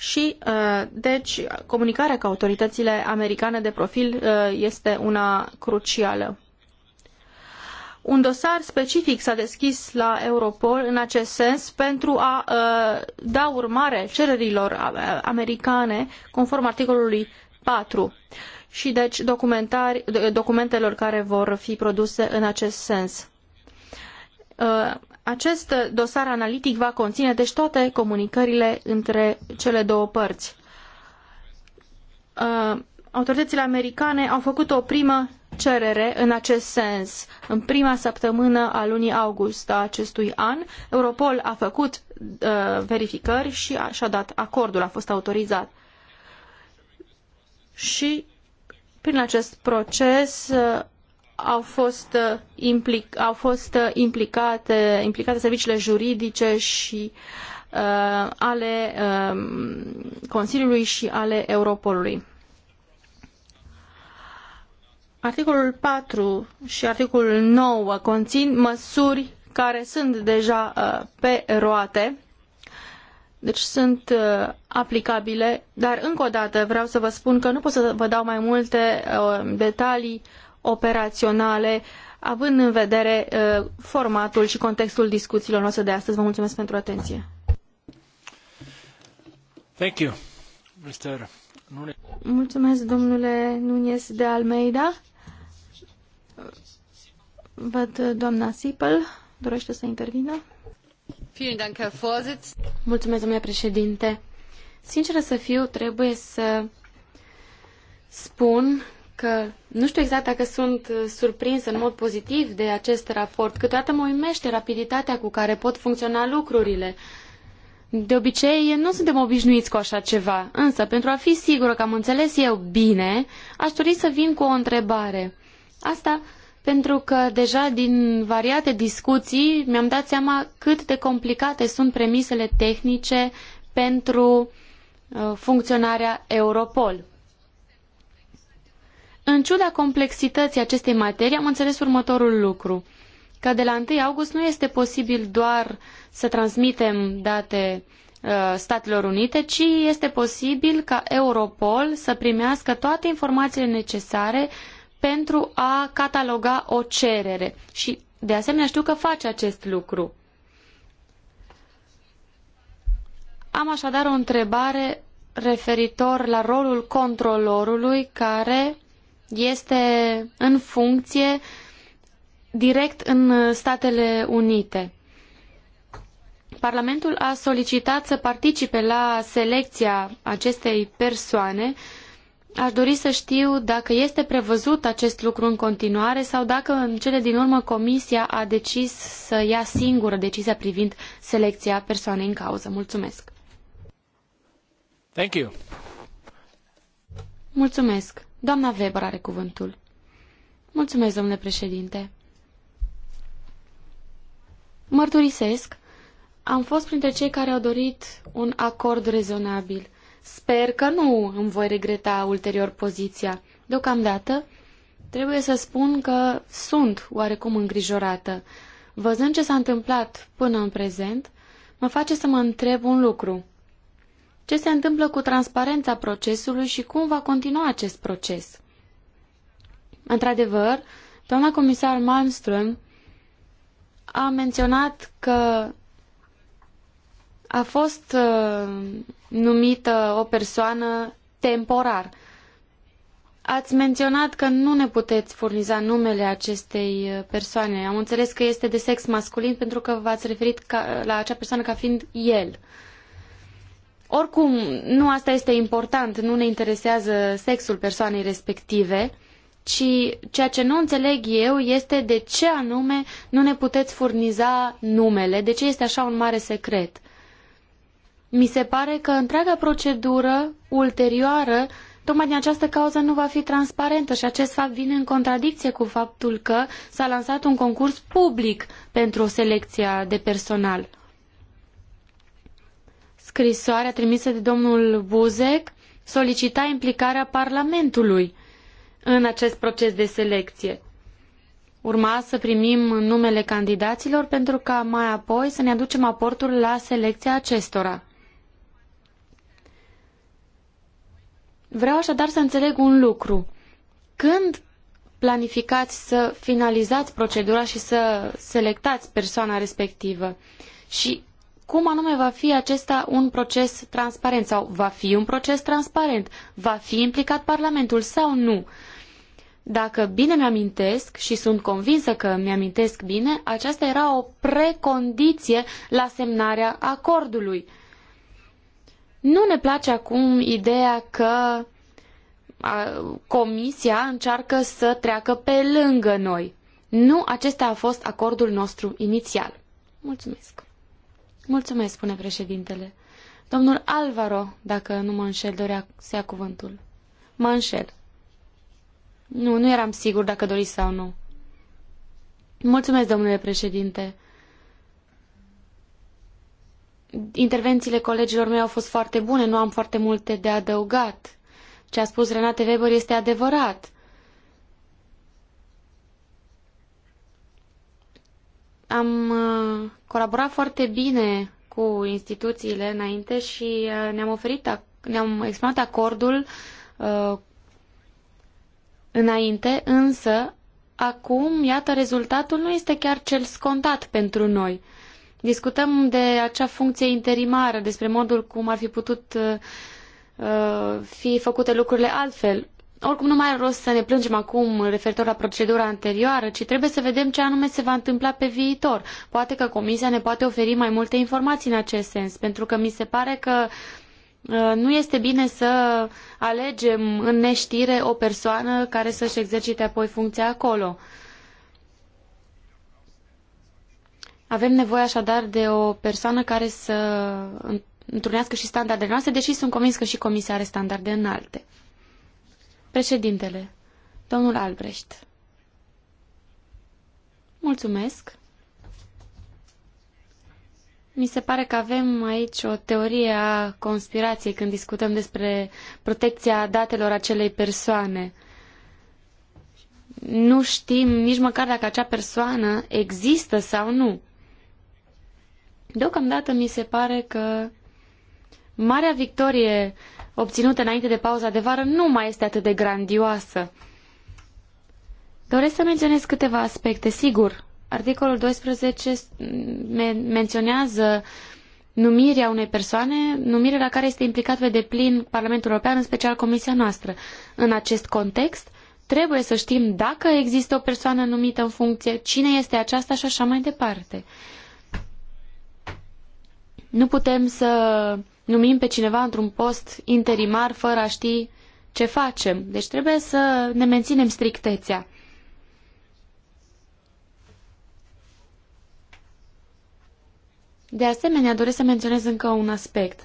și, uh, deci, comunicarea cu autoritățile americane de profil uh, este una crucială. Un dosar specific s-a deschis la Europol în acest sens pentru a uh, da urmare cererilor americane conform articolului 4 și deci documentelor care vor fi produse în acest sens acest dosar analitic va conține deci toate comunicările între cele două părți. Uh, autoritățile americane au făcut o primă cerere în acest sens. În prima săptămână a lunii august a acestui an, Europol a făcut uh, verificări și a, și-a dat acordul, a fost autorizat. Și prin acest proces uh, au fost, uh, implic, au fost uh, implicate, implicate serviciile juridice și uh, ale uh, Consiliului și ale Europolului. Articolul patru și articolul 9 conțin măsuri care sunt deja uh, pe roate, deci sunt uh, aplicabile, dar încă o dată vreau să vă spun că nu pot să vă dau mai multe uh, detalii operaționale, având în vedere uh, formatul și contextul discuțiilor noastre de astăzi. Vă mulțumesc pentru atenție. Thank you, Mr. Nunes. Mulțumesc, domnule Nunes de Almeida. Văd doamna Sipel dorește să intervină. Mulțumesc, domnule președinte. Sincer să fiu, trebuie să spun că nu știu exact dacă sunt uh, surprins în mod pozitiv de acest raport. Câteodată mă uimește rapiditatea cu care pot funcționa lucrurile. De obicei, nu suntem obișnuiți cu așa ceva, însă, pentru a fi sigură că am înțeles eu bine, aș dori să vin cu o întrebare. Asta pentru că deja din variate discuții mi-am dat seama cât de complicate sunt premisele tehnice pentru uh, funcționarea Europol. În ciuda complexității acestei materii, am înțeles următorul lucru. Că de la 1 august nu este posibil doar să transmitem date uh, Statelor Unite, ci este posibil ca Europol să primească toate informațiile necesare pentru a cataloga o cerere. Și de asemenea știu că face acest lucru. Am așadar o întrebare referitor la rolul controlorului care este în funcție direct în Statele Unite. Parlamentul a solicitat să participe la selecția acestei persoane. Aș dori să știu dacă este prevăzut acest lucru în continuare sau dacă în cele din urmă Comisia a decis să ia singură decizia privind selecția persoanei în cauză. Mulțumesc! Thank you. Mulțumesc! Doamna Weber are cuvântul. Mulțumesc, domnule președinte. Mărturisesc, am fost printre cei care au dorit un acord rezonabil. Sper că nu îmi voi regreta ulterior poziția. Deocamdată, trebuie să spun că sunt oarecum îngrijorată. Văzând ce s-a întâmplat până în prezent, mă face să mă întreb un lucru ce se întâmplă cu transparența procesului și cum va continua acest proces. Într-adevăr, doamna comisar Malmström a menționat că a fost uh, numită o persoană temporar. Ați menționat că nu ne puteți furniza numele acestei uh, persoane. Am înțeles că este de sex masculin pentru că v-ați referit ca, la acea persoană ca fiind el. Uh, oricum, nu asta este important, nu ne interesează sexul persoanei respective, ci ceea ce nu înțeleg eu este de ce anume nu ne puteți furniza numele, de ce este așa un mare secret. Mi se pare că întreaga procedură ulterioară Tocmai din această cauză nu va fi transparentă și acest fapt vine în contradicție cu faptul că s-a lansat un concurs public pentru selecția de personal scrisoarea trimisă de domnul Buzek solicita implicarea Parlamentului în acest proces de selecție. Urma să primim numele candidaților pentru ca mai apoi să ne aducem aportul la selecția acestora. Vreau așadar să înțeleg un lucru. Când planificați să finalizați procedura și să selectați persoana respectivă? Și cum anume va fi acesta un proces transparent sau va fi un proces transparent? Va fi implicat Parlamentul sau nu? Dacă bine mi-amintesc și sunt convinsă că mi-amintesc bine, aceasta era o precondiție la semnarea acordului. Nu ne place acum ideea că Comisia încearcă să treacă pe lângă noi. Nu acesta a fost acordul nostru inițial. Mulțumesc! Mulțumesc, spune președintele. Domnul Alvaro, dacă nu mă înșel, dorea să ia cuvântul. Mă înșel. Nu, nu eram sigur dacă dori sau nu. Mulțumesc, domnule președinte. Intervențiile colegilor mei au fost foarte bune, nu am foarte multe de adăugat. Ce a spus Renate Weber este adevărat. Am uh, colaborat foarte bine cu instituțiile înainte și uh, ne-am oferit, ne-am exprimat acordul uh, înainte, însă acum, iată, rezultatul nu este chiar cel scontat pentru noi. Discutăm de acea funcție interimară, despre modul cum ar fi putut uh, fi făcute lucrurile altfel. Oricum nu mai are rost să ne plângem acum referitor la procedura anterioară, ci trebuie să vedem ce anume se va întâmpla pe viitor. Poate că Comisia ne poate oferi mai multe informații în acest sens, pentru că mi se pare că uh, nu este bine să alegem în neștire o persoană care să-și exercite apoi funcția acolo. Avem nevoie așadar de o persoană care să întrunească și standardele noastre, deși sunt convins că și Comisia are standarde înalte. Președintele, domnul Albrecht. Mulțumesc. Mi se pare că avem aici o teorie a conspirației când discutăm despre protecția datelor acelei persoane. Nu știm nici măcar dacă acea persoană există sau nu. Deocamdată mi se pare că marea victorie obținută înainte de pauza de vară nu mai este atât de grandioasă. Doresc să menționez câteva aspecte. Sigur, articolul 12 menționează numirea unei persoane, numirea la care este implicat pe deplin Parlamentul European, în special Comisia noastră. În acest context, trebuie să știm dacă există o persoană numită în funcție, cine este aceasta și așa mai departe. Nu putem să numim pe cineva într-un post interimar fără a ști ce facem. Deci trebuie să ne menținem strictețea. De asemenea, doresc să menționez încă un aspect.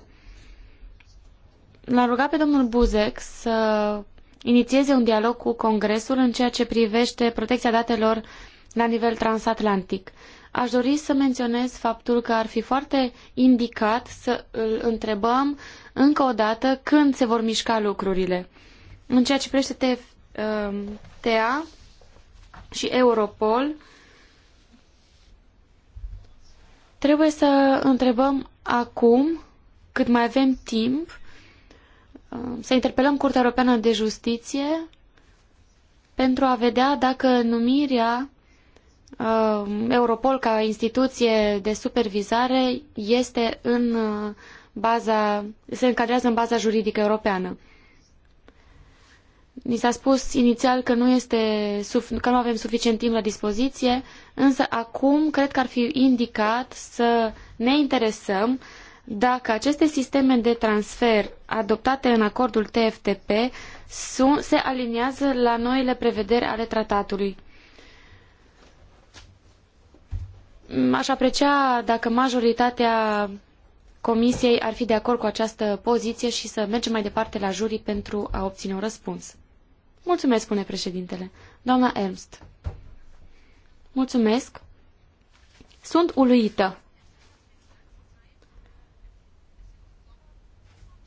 L-am rugat pe domnul Buzek să inițieze un dialog cu Congresul în ceea ce privește protecția datelor la nivel transatlantic. Aș dori să menționez faptul că ar fi foarte indicat să îl întrebăm încă o dată când se vor mișca lucrurile. În ceea ce privește TEA um, și Europol, trebuie să întrebăm acum, cât mai avem timp, um, să interpelăm Curtea Europeană de Justiție pentru a vedea dacă numirea Uh, Europol ca instituție de supervizare este în uh, baza, se încadrează în baza juridică europeană. Ni s-a spus inițial că nu, este, că nu avem suficient timp la dispoziție, însă acum cred că ar fi indicat să ne interesăm dacă aceste sisteme de transfer adoptate în acordul TFTP sunt, se aliniază la noile prevederi ale tratatului. a aprecia dacă majoritatea Comisiei ar fi de acord cu această poziție și să mergem mai departe la juri pentru a obține un răspuns. Mulțumesc, spune președintele. Doamna Ernst. Mulțumesc. Sunt uluită.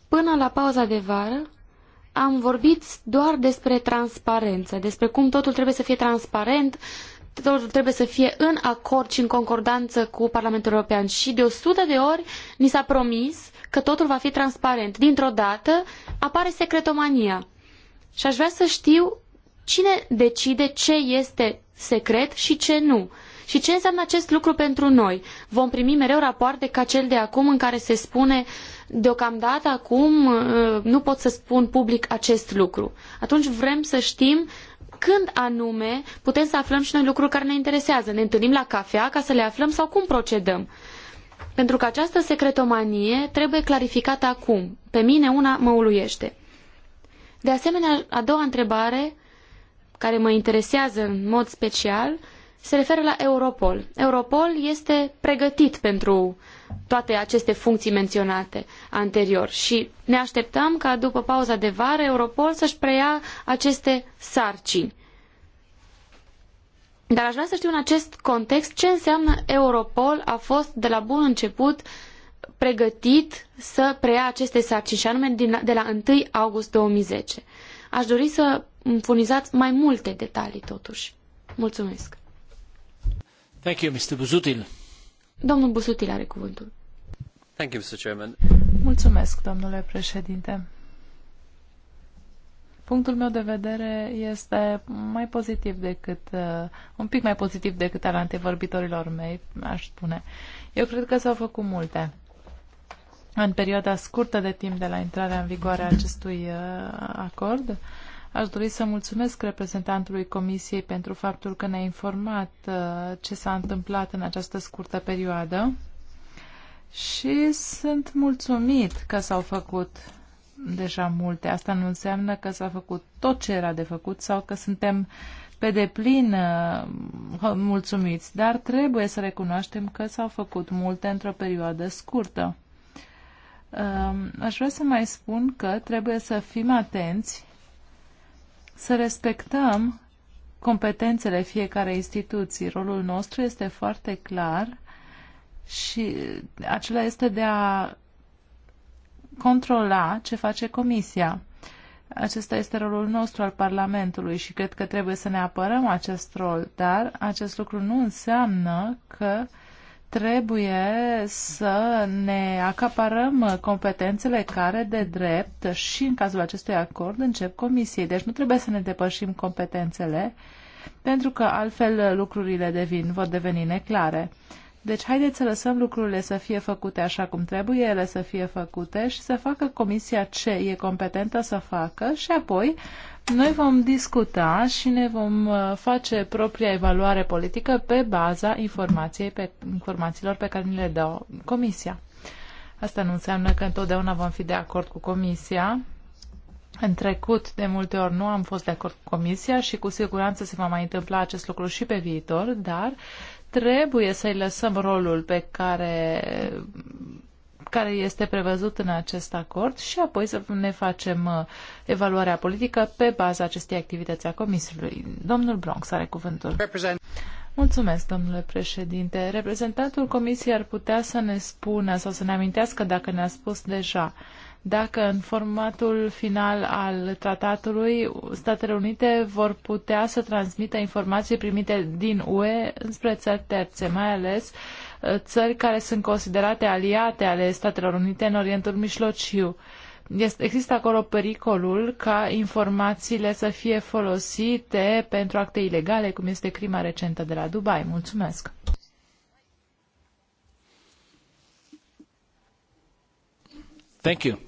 Până la pauza de vară am vorbit doar despre transparență, despre cum totul trebuie să fie transparent, uh, totul trebuie să fie în acord și în concordanță cu Parlamentul European și de o sută de ori ni s-a promis că totul va fi transparent. Dintr-o dată apare secretomania și aș vrea să știu cine decide ce este secret și ce nu. Și ce înseamnă acest lucru pentru noi? Vom primi mereu rapoarte ca cel de acum în care se spune deocamdată acum uh, nu pot să spun public acest lucru. Atunci vrem să știm când anume putem să aflăm și noi lucruri care ne interesează. Ne întâlnim la cafea ca să le aflăm sau cum procedăm. Pentru că această secretomanie trebuie clarificată acum. Pe mine una mă uluiește. De asemenea, a doua întrebare care mă interesează în mod special se referă la Europol. Europol este pregătit pentru toate aceste funcții menționate anterior și ne așteptăm ca după pauza de vară Europol să-și preia aceste sarcini. Dar aș vrea să știu în acest context ce înseamnă Europol a fost de la bun început pregătit să preia aceste sarcini și anume din, de la 1 august 2010. Aș dori să furnizați mai multe detalii totuși. Mulțumesc! Domnul Busutil are cuvântul. Thank you, Mr. Chairman. Mulțumesc, domnule președinte. Punctul meu de vedere este mai pozitiv decât, uh, un pic mai pozitiv decât al antevorbitorilor mei, aș spune. Eu cred că s-au făcut multe în perioada scurtă de timp de la intrarea în vigoare a acestui uh, acord. Aș dori să mulțumesc reprezentantului Comisiei pentru faptul că ne-a informat uh, ce s-a întâmplat în această scurtă perioadă și sunt mulțumit că s-au făcut deja multe. Asta nu înseamnă că s-a făcut tot ce era de făcut sau că suntem pe deplin uh, mulțumiți, dar trebuie să recunoaștem că s-au făcut multe într-o perioadă scurtă. Um, aș vrea să mai spun că trebuie să fim atenți să respectăm competențele fiecare instituții. Rolul nostru este foarte clar și acela este de a controla ce face Comisia. Acesta este rolul nostru al Parlamentului și cred că trebuie să ne apărăm acest rol, dar acest lucru nu înseamnă că uh, trebuie să ne acaparăm competențele care de drept și în cazul acestui acord încep comisiei. Deci nu trebuie să ne depășim competențele pentru că altfel lucrurile devin, vor deveni neclare. Deci haideți să lăsăm lucrurile să fie făcute așa cum trebuie ele să fie făcute și să facă comisia ce e competentă să facă și apoi noi vom discuta și ne vom uh, face propria evaluare politică pe baza informației pe, informațiilor pe care ni le dă comisia. Asta nu înseamnă că întotdeauna vom fi de acord cu comisia. În trecut, de multe ori, nu am fost de acord cu comisia și cu siguranță se va mai întâmpla acest lucru și pe viitor, dar trebuie să-i lăsăm rolul pe care, care este prevăzut în acest acord și apoi să ne facem uh, evaluarea politică pe baza acestei activități a Comisiei. Domnul Bronx are cuvântul. Represent. Mulțumesc, domnule președinte. Reprezentantul Comisiei ar putea să ne spună sau să ne amintească dacă ne-a spus deja dacă în formatul final al tratatului Statele Unite vor putea să transmită informații primite din UE înspre țări terțe, mai ales uh, țări care sunt considerate aliate ale Statelor Unite în Orientul Mijlociu. Este, există acolo pericolul ca informațiile să fie folosite pentru acte ilegale, cum este crima recentă de la Dubai. Mulțumesc! Thank you.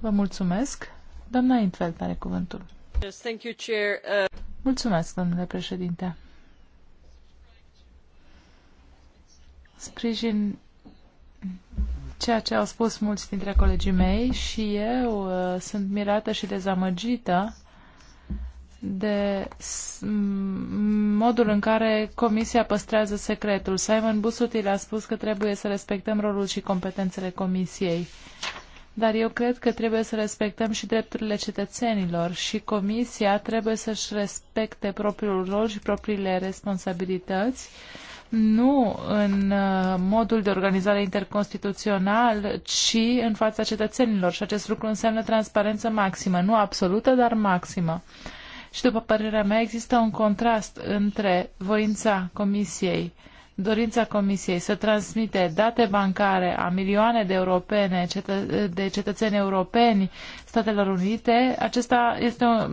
Vă mulțumesc. Doamna Intveld are cuvântul. Uh, mulțumesc, domnule președinte. Sprijin ceea ce au spus mulți dintre colegii mei și eu uh, sunt mirată și dezamăgită de modul în care comisia păstrează secretul. Simon Busutil a spus că trebuie să respectăm rolul și competențele comisiei dar eu cred că trebuie să respectăm și drepturile cetățenilor și Comisia trebuie să-și respecte propriul rol și propriile responsabilități, nu în uh, modul de organizare interconstituțional, ci în fața cetățenilor. Și acest lucru înseamnă transparență maximă, nu absolută, dar maximă. Și după părerea mea există un contrast între voința Comisiei uh, dorința Comisiei să transmite date bancare a milioane de europene, de cetățeni europeni Statelor Unite, acesta este o,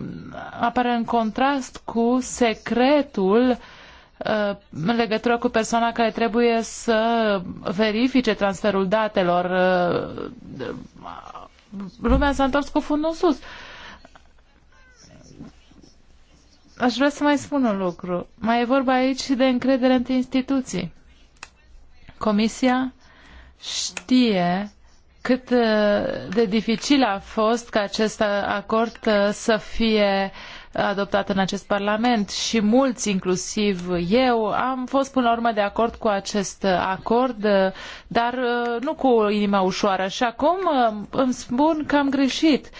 apare în contrast cu secretul uh, în legătură cu persoana care trebuie să verifice transferul datelor. Uh, lumea s-a întors cu fundul în sus. aș vrea să mai spun un lucru. Mai e vorba aici de încredere între instituții. Comisia știe cât uh, de dificil a fost ca acest acord uh, să fie adoptat în acest Parlament și mulți, inclusiv eu, am fost până la urmă de acord cu acest acord, uh, dar nu cu inima ușoară. Și acum îmi spun că am greșit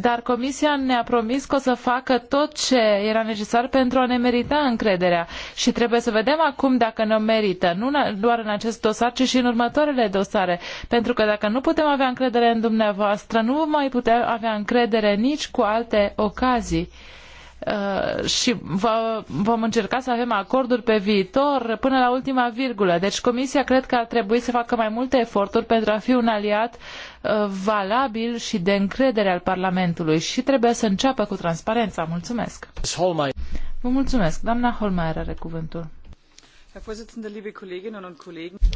dar Comisia ne-a promis că o să facă tot ce era necesar pentru a ne merita încrederea și trebuie să vedem acum dacă ne merită, nu doar în acest dosar, ci și în următoarele dosare, pentru că dacă nu putem avea încredere în dumneavoastră, nu vom mai putea avea încredere nici cu alte ocazii. Uh, și vom încerca să avem acorduri pe viitor până la ultima virgulă. Deci Comisia cred că ar trebui să facă mai multe eforturi pentru a fi un aliat uh, valabil și de încredere al Parlamentului și trebuie să înceapă cu transparența. Mulțumesc! Vă mulțumesc. Doamna Holmeier are cuvântul.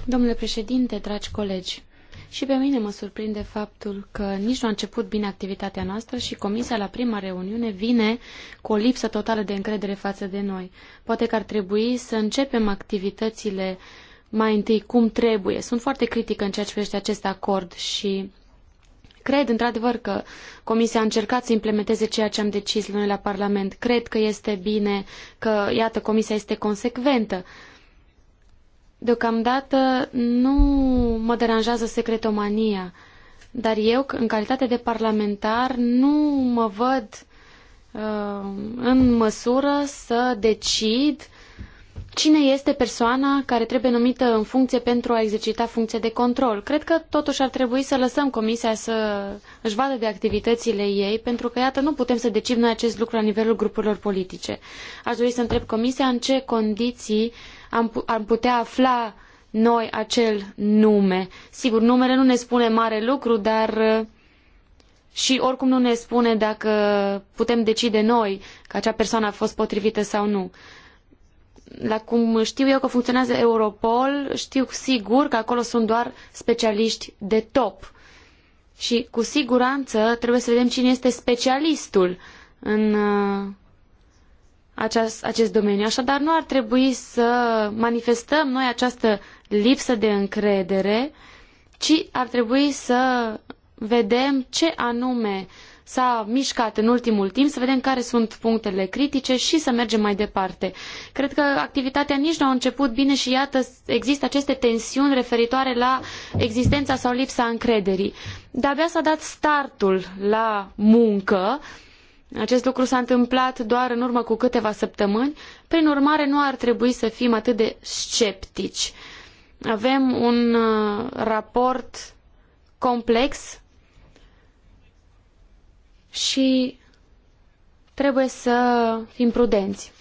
Domnule președinte, dragi colegi, și pe mine mă surprinde faptul că nici nu a început bine activitatea noastră și comisia la prima reuniune vine cu o lipsă totală de încredere față de noi. Poate că ar trebui să începem activitățile mai întâi cum trebuie. Sunt foarte critică în ceea ce privește acest acord și Cred, într-adevăr, că Comisia a încercat să implementeze ceea ce am decis noi la Parlament. Cred că este bine că, iată, Comisia este consecventă. Deocamdată nu mă deranjează secretomania, dar eu, în calitate de parlamentar, nu mă văd uh, în măsură să decid cine este persoana care trebuie numită în funcție pentru a exercita funcția de control. Cred că totuși ar trebui să lăsăm comisia să își vadă de activitățile ei, pentru că, iată, nu putem să decidem noi acest lucru la nivelul grupurilor politice. Aș dori să întreb comisia în ce condiții uh, am, am putea afla noi acel nume. Sigur, numele nu ne spune mare lucru, dar uh, și oricum nu ne spune dacă putem decide noi că acea persoană a fost potrivită sau nu. La cum știu eu că funcționează Europol, știu sigur că acolo sunt doar specialiști de top. Și cu siguranță trebuie să vedem cine este specialistul în uh, acest, acest domeniu. Așadar, nu ar trebui să manifestăm noi această lipsă de încredere, ci ar trebui să vedem ce anume s-a mișcat în ultimul timp, să vedem care sunt punctele critice și să mergem mai departe. Cred că activitatea nici nu a început bine și iată, există aceste tensiuni referitoare la existența sau lipsa încrederii. De-abia s-a dat startul la muncă, acest lucru s-a întâmplat doar în urmă cu câteva săptămâni, prin urmare nu ar trebui să fim atât de sceptici. Avem un uh, raport complex și trebuie să fim prudenți.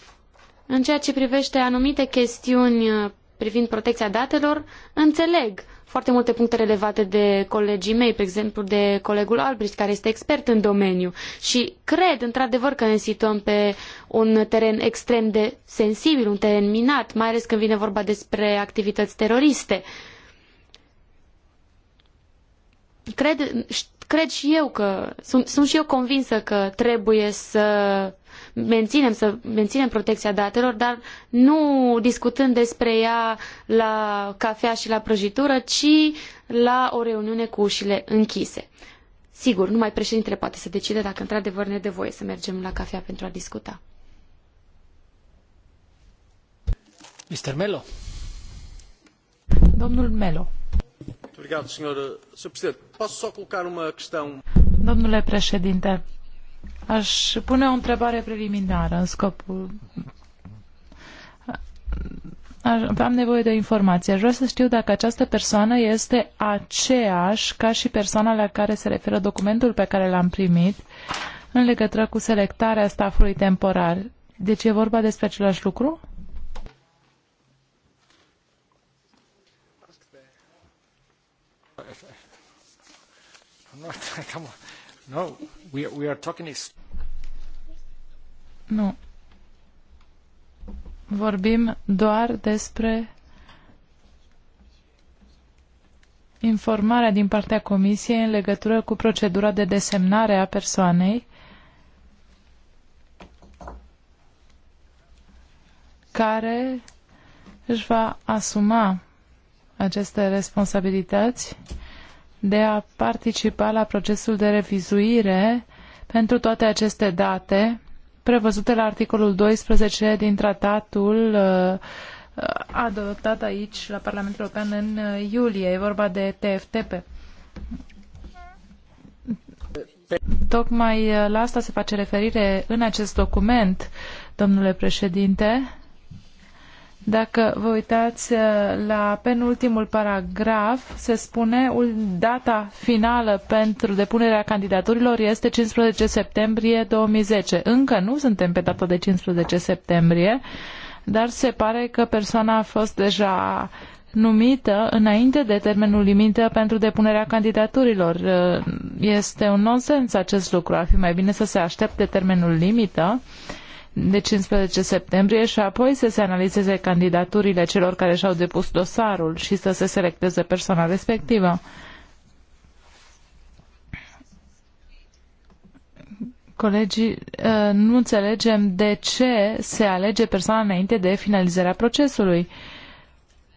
În ceea ce privește anumite chestiuni uh, privind protecția datelor, înțeleg foarte multe puncte relevate de colegii mei, pe exemplu de colegul Albrecht, care este expert în domeniu și cred într-adevăr că ne situăm pe un teren extrem de sensibil, un teren minat, mai ales când vine vorba despre activități teroriste. Cred, cred și eu că, sunt, sunt și eu convinsă că trebuie să menținem, să menținem protecția datelor, dar nu discutând despre ea la cafea și la prăjitură, ci la o reuniune cu ușile închise. Sigur, numai președintele poate să decide dacă într-adevăr ne dă voie să mergem la cafea pentru a discuta. Mr. Melo. Domnul Melo. Domnule președinte, aș pune o întrebare preliminară în scopul... Am nevoie de o informație. Aș vrea să știu dacă această persoană este aceeași ca și persoana la care se referă documentul pe care l-am primit în legătură cu selectarea stafului temporar. Deci e vorba despre același lucru? No, we, we are talking... Nu. Vorbim doar despre informarea din partea Comisiei în legătură cu procedura de desemnare a persoanei care își va asuma aceste responsabilități de a participa la procesul de revizuire pentru toate aceste date prevăzute la articolul 12 din tratatul uh, uh, adoptat aici la Parlamentul European în uh, iulie. E vorba de TFTP. Tocmai la asta se face referire în acest document, domnule președinte. Dacă vă uitați uh, la penultimul paragraf, se spune data finală pentru depunerea candidaturilor este 15 septembrie 2010. Încă nu suntem pe data de 15 septembrie, dar se pare că persoana a fost deja numită înainte de termenul limită pentru depunerea candidaturilor. Uh, este un nonsens acest lucru. Ar fi mai bine să se aștepte termenul limită de 15 septembrie și apoi să se analizeze candidaturile celor care și-au depus dosarul și să se selecteze persoana respectivă. Colegii, ă, nu înțelegem de ce se alege persoana înainte de finalizarea procesului.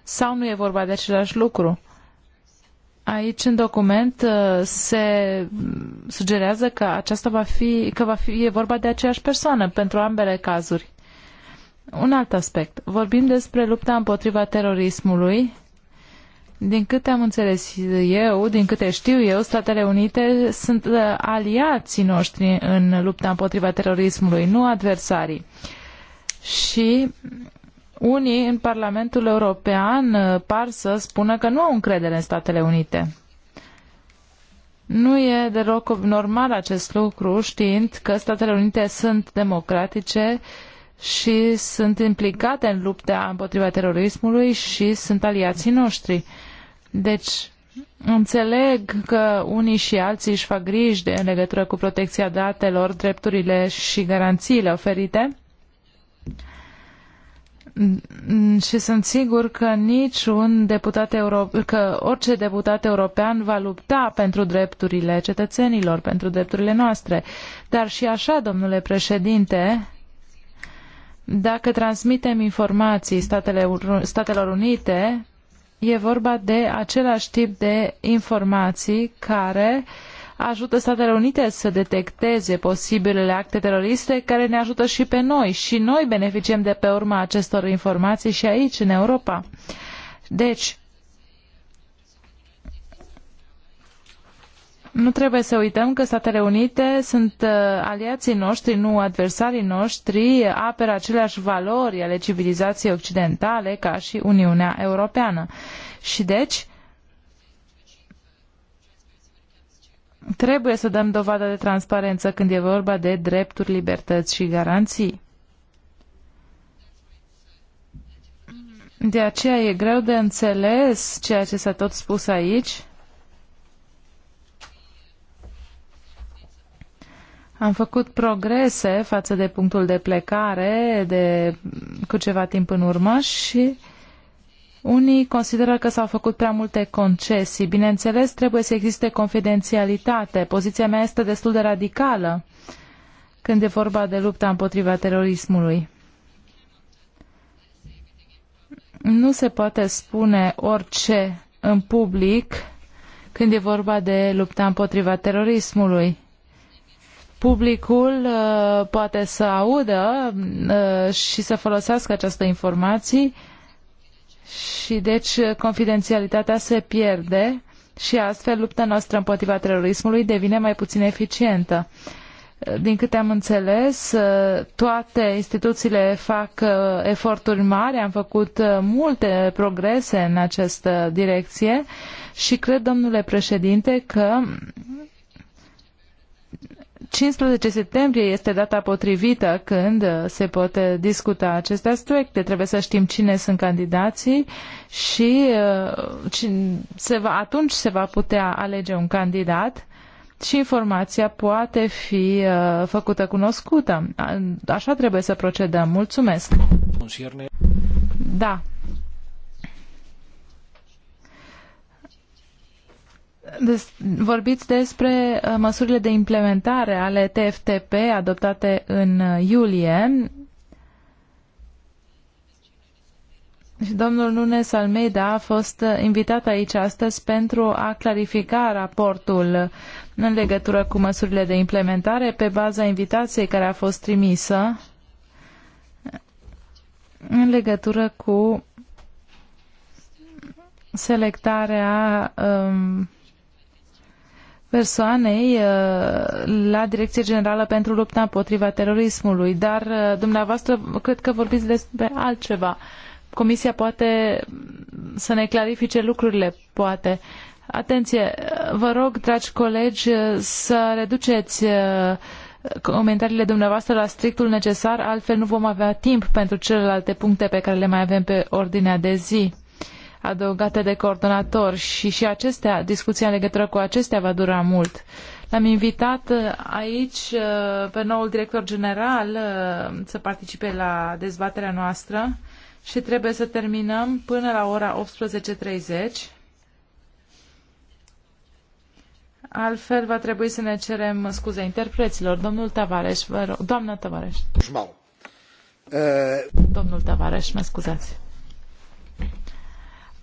Sau nu e vorba de același lucru? Aici, în document, uh, se sugerează că aceasta va fi, că va fi, e vorba de aceeași persoană pentru ambele cazuri. Un alt aspect. Vorbim despre lupta împotriva terorismului. Din câte am înțeles eu, din câte știu eu, Statele Unite sunt uh, aliații noștri în lupta împotriva terorismului, nu adversarii. Și unii în Parlamentul European uh, par să spună că nu au încredere în Statele Unite. Nu e deloc normal acest lucru, știind că Statele Unite sunt democratice și sunt implicate în lupta împotriva terorismului și sunt aliații noștri. Deci, înțeleg că unii și alții își fac griji de, în legătură cu protecția datelor, drepturile și garanțiile oferite, Mm, și sunt sigur că niciun deputat euro, că orice deputat european va lupta pentru drepturile cetățenilor, pentru drepturile noastre. Dar și așa, domnule președinte, dacă transmitem informații Statelor Unite, e vorba de același tip de informații care uh, ajută Statele Unite să detecteze posibilele acte teroriste care ne ajută și pe noi și noi beneficiem de pe urma acestor informații și aici, în Europa. Deci, Nu trebuie să uităm că Statele Unite sunt uh, aliații noștri, nu adversarii noștri, apără aceleași valori ale civilizației occidentale ca și Uniunea Europeană. Și deci, Trebuie să dăm dovadă de transparență când e vorba de drepturi, libertăți și garanții. De aceea e greu de înțeles ceea ce s-a tot spus aici. Am făcut progrese față de punctul de plecare de, cu ceva timp în urmă și uh, unii consideră că s-au făcut prea multe concesii. Bineînțeles, trebuie să existe confidențialitate. Poziția mea este destul de radicală când e vorba de lupta împotriva terorismului. Nu se poate spune orice în public când e vorba de lupta împotriva terorismului publicul uh, poate să audă uh, și să folosească această informații și deci uh, confidențialitatea se pierde și astfel lupta noastră împotriva terorismului devine mai puțin eficientă. Uh, din câte am înțeles, uh, toate instituțiile fac eforturi mari, am făcut multe progrese în această direcție și cred, domnule președinte, că 15 septembrie este data potrivită când uh, se pot uh, discuta aceste aspecte. Trebuie să știm cine sunt candidații și uh, se va, atunci se va putea alege un candidat și informația poate fi făcută cunoscută. Așa trebuie să procedăm. Mulțumesc! Da, des, vorbiți despre uh, măsurile de implementare ale TFTP adoptate în uh, iulie. Și domnul Nunes Almeida a fost uh, invitat aici astăzi pentru a clarifica raportul în legătură cu măsurile de implementare pe baza invitației care a fost trimisă în legătură cu selectarea um, persoanei uh, la Direcția Generală pentru Lupta împotriva terorismului, dar uh, dumneavoastră cred că vorbiți despre altceva. Comisia poate să ne clarifice lucrurile, poate. Atenție, vă rog, dragi colegi, uh, să reduceți comentariile dumneavoastră la strictul necesar, altfel nu vom avea timp pentru celelalte puncte pe care le mai avem pe ordinea de zi adăugate de coordonator și, și acestea, discuția în legătură cu acestea va dura mult. L-am invitat uh, aici uh, pe noul director general uh, să participe la dezbaterea noastră și trebuie să terminăm până la ora 18.30. Altfel va trebui să ne cerem scuze interpreților. Domnul Tavares, vă rog. Doamna Tavares. Domnul Tavares, mă scuzați.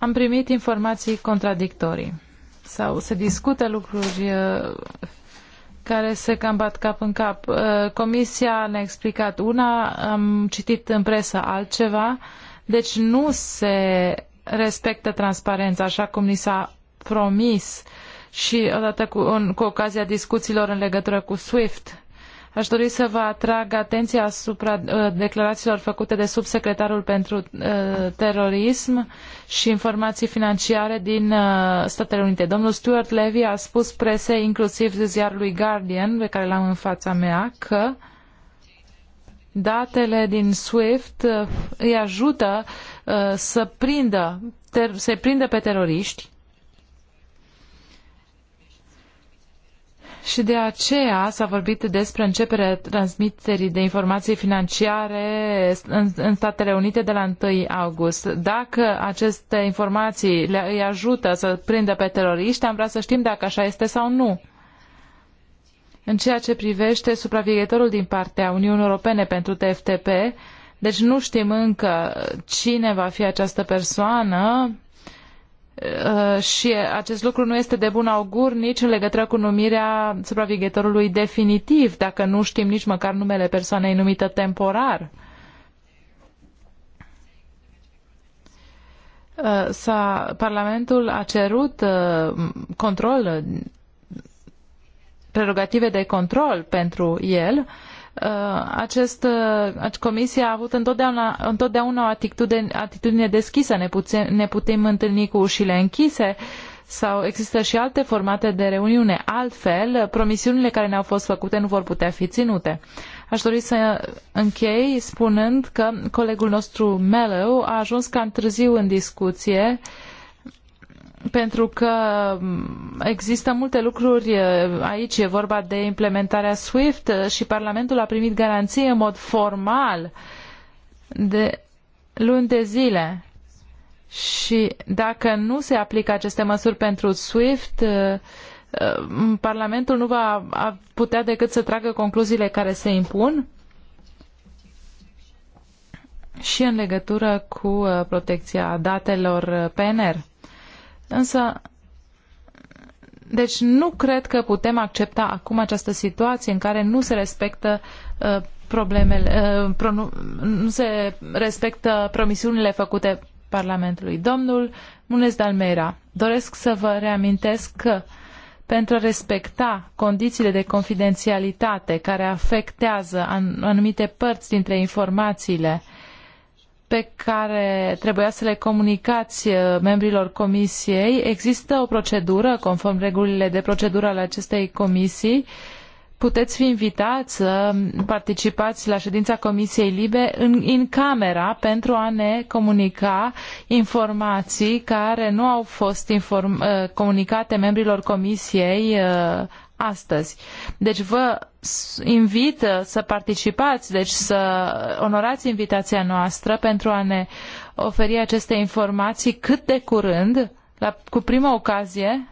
Am primit informații contradictorii sau se discută lucruri uh, care se cam bat cap în cap. Uh, comisia ne-a explicat una, am citit în presă altceva, deci nu se respectă transparența așa cum ni s-a promis și odată cu, cu ocazia discuțiilor în legătură cu SWIFT. Aș dori să vă atrag atenția asupra uh, declarațiilor făcute de subsecretarul pentru uh, terorism și informații financiare din uh, Statele Unite. Domnul Stuart Levy a spus presei, inclusiv ziarului Guardian, pe care l-am în fața mea, că datele din SWIFT îi ajută să prindă, ter- să prindă pe teroriști și de aceea s-a vorbit despre începerea transmiterii de informații financiare în, în Statele Unite de la 1 august. Dacă aceste informații le, îi ajută să prindă pe teroriști, am vrea să știm dacă așa este sau nu. În ceea ce privește supraveghetorul din partea Uniunii Europene pentru TFTP, deci nu știm încă cine va fi această persoană, Uh, și acest lucru nu este de bun augur nici în legătură cu numirea supraveghetorului definitiv, dacă nu știm nici măcar numele persoanei numită temporar. Uh, s-a, Parlamentul a cerut uh, control, prerogative de control pentru el Uh, acest, uh, comisia a avut întotdeauna, întotdeauna o atitudine, atitudine deschisă. Ne putem, ne putem întâlni cu ușile închise sau există și alte formate de reuniune. Altfel, promisiunile care ne-au fost făcute nu vor putea fi ținute. Aș dori să închei spunând că colegul nostru Mellow a ajuns cam târziu în discuție uh, pentru că există multe lucruri, aici e vorba de implementarea SWIFT și Parlamentul a primit garanție în mod formal de luni de zile. Și dacă nu se aplică aceste măsuri pentru SWIFT, Parlamentul nu va putea decât să tragă concluziile care se impun și în legătură cu protecția datelor PNR. Însă, deci nu cred că putem accepta acum această situație în care nu se respectă uh, problemele, uh, nu, se respectă promisiunile făcute Parlamentului. Domnul Munez Dalmera, doresc să vă reamintesc că pentru a respecta condițiile de confidențialitate care afectează anumite părți dintre informațiile uh, pe care trebuia să le comunicați uh, membrilor comisiei, există o procedură conform regulile de procedură ale acestei comisii puteți fi invitați să participați la ședința Comisiei Libe în, în camera pentru a ne comunica informații care nu au fost inform, uh, comunicate membrilor Comisiei uh, astăzi. Deci vă invit să participați, deci să onorați invitația noastră pentru a ne oferi aceste informații cât de curând, la, cu prima ocazie,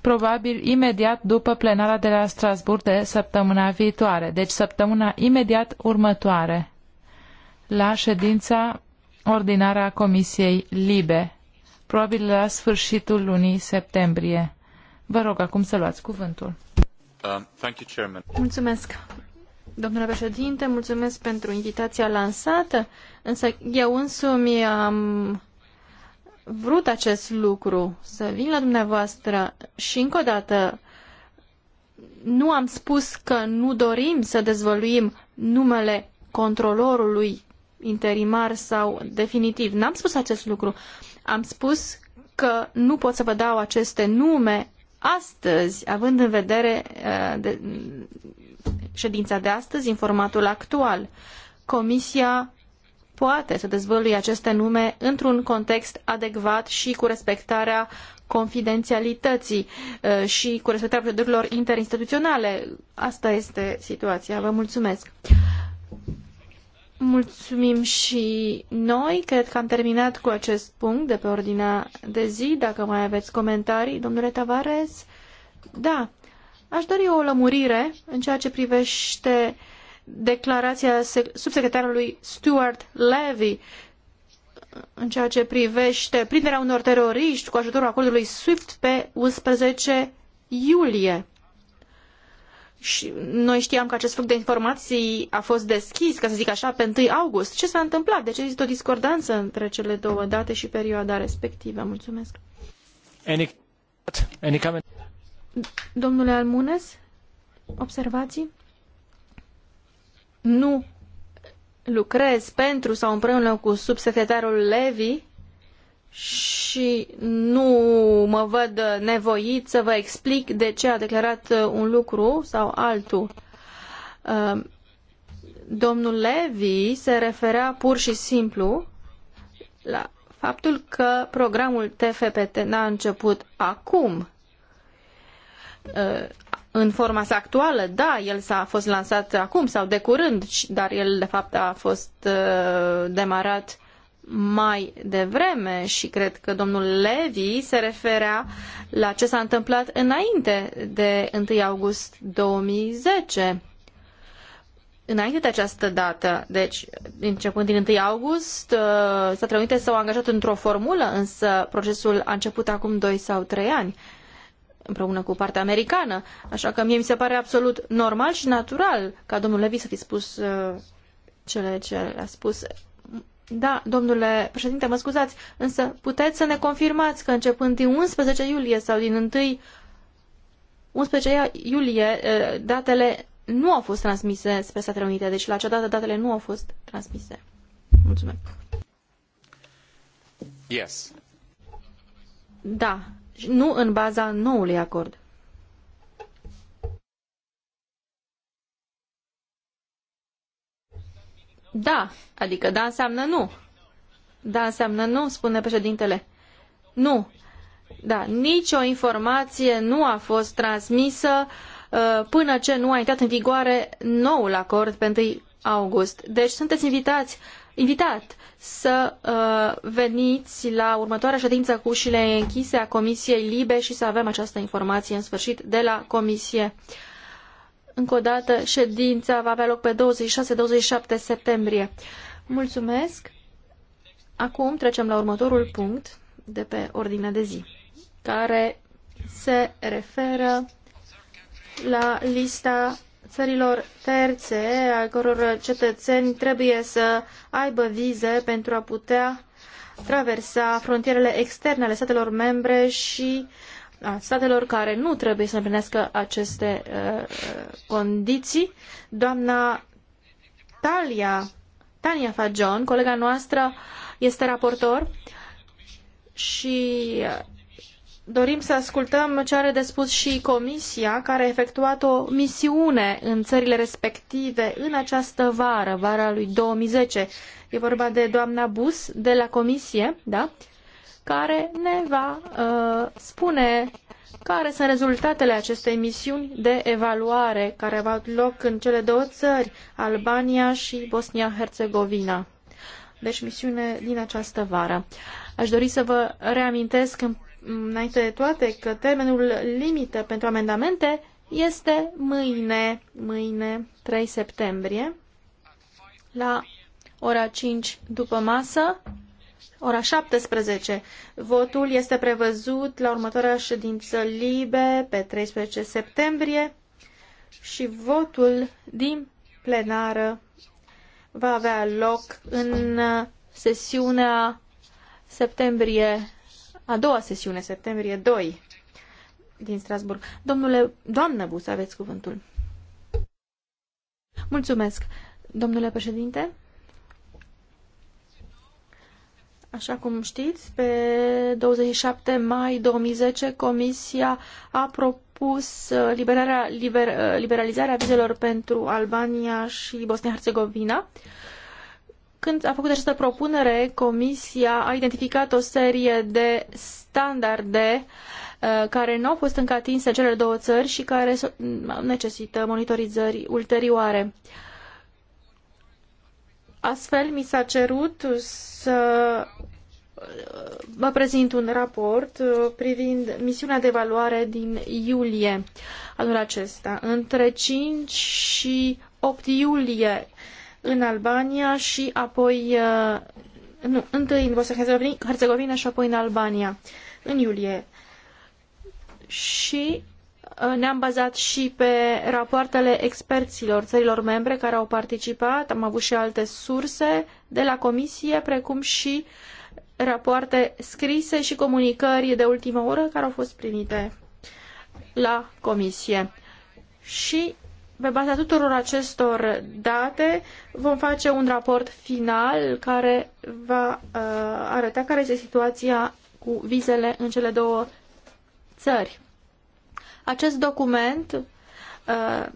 probabil imediat după plenara de la Strasbourg de săptămâna viitoare, deci săptămâna imediat următoare, la ședința ordinară a Comisiei Libe, probabil la sfârșitul lunii septembrie. Vă rog acum să luați cuvântul. Um, mulțumesc. Domnule președinte, mulțumesc pentru invitația lansată, însă eu însumi am vrut acest lucru, să vin la dumneavoastră și încă o dată nu am spus că nu dorim să dezvăluim numele controlorului interimar sau definitiv. N-am spus acest lucru. Am spus că nu pot să vă dau aceste nume astăzi, având în vedere uh, de, ședința de astăzi, formatul actual, Comisia poate să dezvăluie aceste nume într-un context adecvat și cu respectarea confidențialității uh, și cu respectarea procedurilor interinstituționale. Asta este situația. Vă mulțumesc. Mulțumim și noi. Cred că am terminat cu acest punct de pe ordinea de zi. Dacă mai aveți comentarii, domnule Tavares. Da, aș dori o lămurire în ceea ce privește declarația subsecretarului Stuart Levy în ceea ce privește prinderea unor teroriști cu ajutorul acordului SWIFT pe 11 iulie și noi știam că acest flux de informații a fost deschis, ca să zic așa, pe 1 august. Ce s-a întâmplat? De ce există o discordanță între cele două date și perioada respectivă? Mulțumesc. Any, any Domnule Almunes, observații? Nu lucrez pentru sau împreună cu subsecretarul Levi și nu mă văd nevoit să vă explic de ce a declarat uh, un lucru sau altul. Uh, domnul Levi se referea pur și simplu la faptul că programul TFPT n-a început acum, uh, în forma sa actuală, da, el s-a fost lansat acum sau de curând, dar el de fapt a fost demarat mai devreme și cred că domnul Levi se referea la ce s-a întâmplat înainte de 1 august 2010. Înainte de această dată, deci începând din 1 august, uh, Statele Unite s-au angajat într-o formulă, însă procesul a început acum 2 sau 3 ani împreună cu partea americană. Așa că mie mi se pare absolut normal și natural ca domnul Levi să fi spus uh, cele ce a spus da, domnule președinte, mă scuzați, însă puteți să ne confirmați că începând din 11 iulie sau din 1 11 iulie eh, datele nu au fost transmise spre Statele Unite, deci la acea dată datele nu au fost transmise. Mulțumesc. Yes. Da, nu în baza noului acord. da, adică da înseamnă nu. Da înseamnă nu, spune președintele. Nu. Da, nicio informație nu a fost transmisă uh, până ce nu a intrat în vigoare noul acord pentru august. Deci sunteți invitați, invitat să uh, veniți la următoarea ședință cu ușile închise a Comisiei Libe și să avem această informație în sfârșit de la Comisie. Încă o dată, ședința va avea loc pe 26-27 septembrie. Mulțumesc! Acum trecem la următorul punct de pe ordinea de zi, care se referă la lista țărilor terțe a căror cetățeni trebuie să aibă vize pentru a putea traversa frontierele externe ale statelor membre și uh, a statelor care nu trebuie să împlinească aceste uh, uh, condiții. Doamna Talia, Tania Fajon, colega noastră, este raportor și uh, dorim să ascultăm ce are de spus și Comisia, care a efectuat o misiune în țările respective în această vară, vara lui 2010. E vorba de doamna Bus de la Comisie, da? Uh, care ne va uh, spune care sunt rezultatele acestei misiuni de evaluare care au avut loc în cele două țări, Albania și Bosnia-Herzegovina. Deci misiune din această vară. Aș dori să vă reamintesc înainte de toate că termenul limită pentru amendamente este mâine, mâine 3 septembrie, la ora 5 după masă, ora 17. Votul este prevăzut la următoarea ședință libe pe 13 septembrie și votul din plenară va avea loc în sesiunea septembrie, a doua sesiune, septembrie 2 din Strasburg. Domnule, doamnă Bus, aveți cuvântul. Mulțumesc. Domnule președinte, Așa cum știți, pe 27 mai 2010 Comisia a propus uh, liberarea, liber, uh, liberalizarea vizelor pentru Albania și Bosnia-Herzegovina. Când a făcut această propunere, Comisia a identificat o serie de standarde uh, care nu au fost încă atinse în cele două țări și care mm, necesită monitorizări ulterioare. Astfel, mi s-a cerut să vă prezint un raport uh, privind misiunea de evaluare din iulie anul acesta, între 5 și 8 iulie în Albania și apoi, uh, nu, întâi în Bosnia-Herzegovina și apoi în Albania, în iulie. Și Uh, ne-am bazat și pe rapoartele experților țărilor membre care au participat, am avut și alte surse de la comisie, precum și rapoarte scrise și comunicări de ultimă oră care au fost primite la comisie. Și pe baza tuturor acestor date vom face un raport final care va uh, arăta care este situația cu vizele în cele două țări. Acest document uh,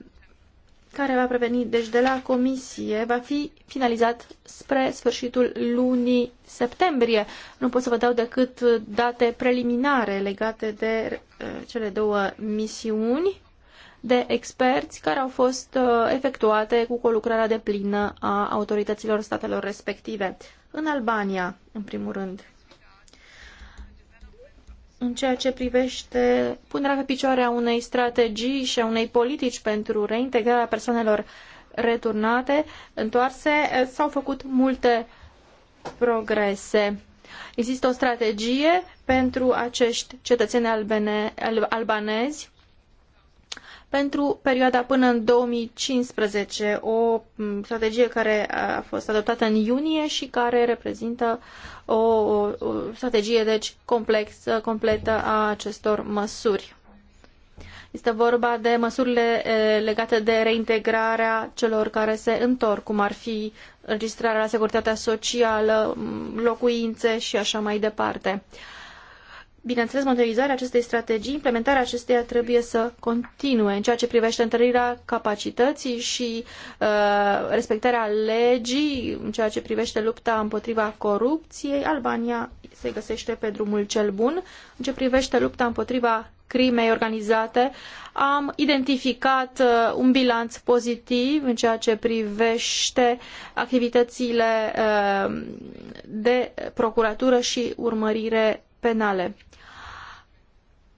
care va preveni, deci de la comisie, va fi finalizat spre sfârșitul lunii septembrie. Nu pot să vă dau decât date preliminare legate de uh, cele două misiuni de experți care au fost uh, efectuate cu colucrarea de plină a autorităților statelor respective. În Albania, în primul rând în ceea ce privește punerea pe picioare a unei strategii și a unei politici pentru reintegrarea persoanelor returnate, întoarse, s-au făcut multe progrese. Există o strategie pentru acești cetățeni albene, albanezi pentru perioada până în 2015, o strategie care a fost adoptată în iunie și care reprezintă o, o strategie deci complexă, completă a acestor măsuri. Este vorba de măsurile legate de reintegrarea celor care se întorc, cum ar fi înregistrarea la securitatea socială, locuințe și așa mai departe. Bineînțeles, monitorizarea acestei strategii, implementarea acesteia trebuie să continue în ceea ce privește întărirea capacității și uh, respectarea legii, în ceea ce privește lupta împotriva corupției. Albania se găsește pe drumul cel bun. În ce privește lupta împotriva crimei organizate, am identificat uh, un bilanț pozitiv în ceea ce privește activitățile uh, de procuratură și urmărire penale.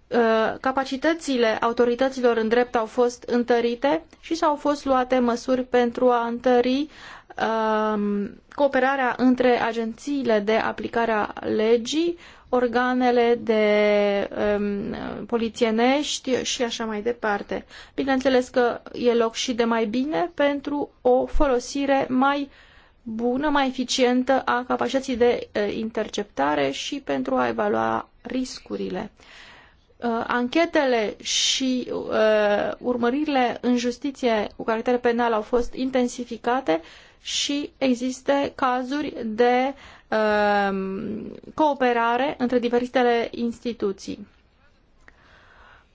Uh, capacitățile autorităților în drept au fost întărite și s-au fost luate măsuri pentru a întări um, cooperarea între agențiile de aplicare a legii, organele de um, polițienești și așa mai departe. Bineînțeles că e loc și de mai bine pentru o folosire mai bună, mai eficientă a capacității de interceptare și pentru a evalua riscurile. Anchetele și urmăririle în justiție cu caracter penal au fost intensificate și există cazuri de cooperare între diferitele instituții.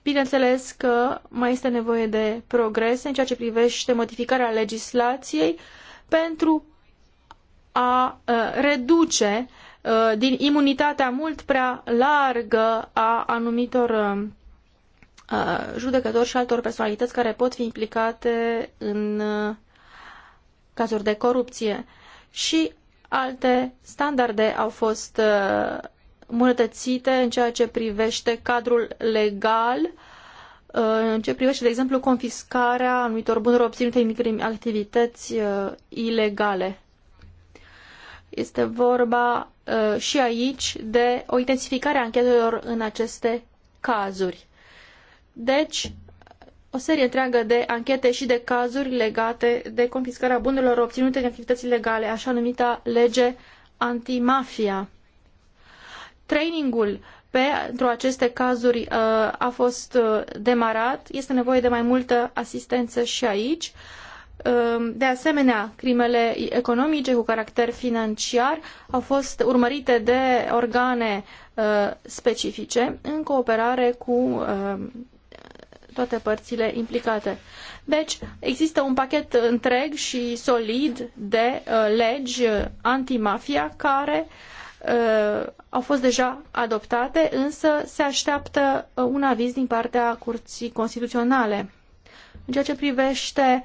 Bineînțeles că mai este nevoie de progrese în ceea ce privește modificarea legislației pentru a uh, reduce uh, din imunitatea mult prea largă a anumitor uh, judecători și altor personalități care pot fi implicate în cazuri de corupție. Și alte standarde au fost îmbunătățite în ceea ce privește cadrul legal, în ce privește, de exemplu, confiscarea anumitor bunuri obținute în activități ilegale. Este vorba uh, și aici de o intensificare a anchetelor în aceste cazuri. Deci, o serie întreagă de anchete și de cazuri legate de confiscarea bunurilor obținute în activități legale, așa numita lege antimafia. Trainingul pentru aceste cazuri uh, a fost uh, demarat. Este nevoie de mai multă asistență și aici. Uh, Ehm, de asemenea, crimele economice cu caracter financiar au fost urmărite de organe eh, specifice în cooperare cu ehm, toate părțile implicate. Deci, există un pachet întreg și solid de eh, legi antimafia care eh, au fost deja adoptate, însă se așteaptă un aviz din partea Curții Constituționale. În ceea ce privește uh,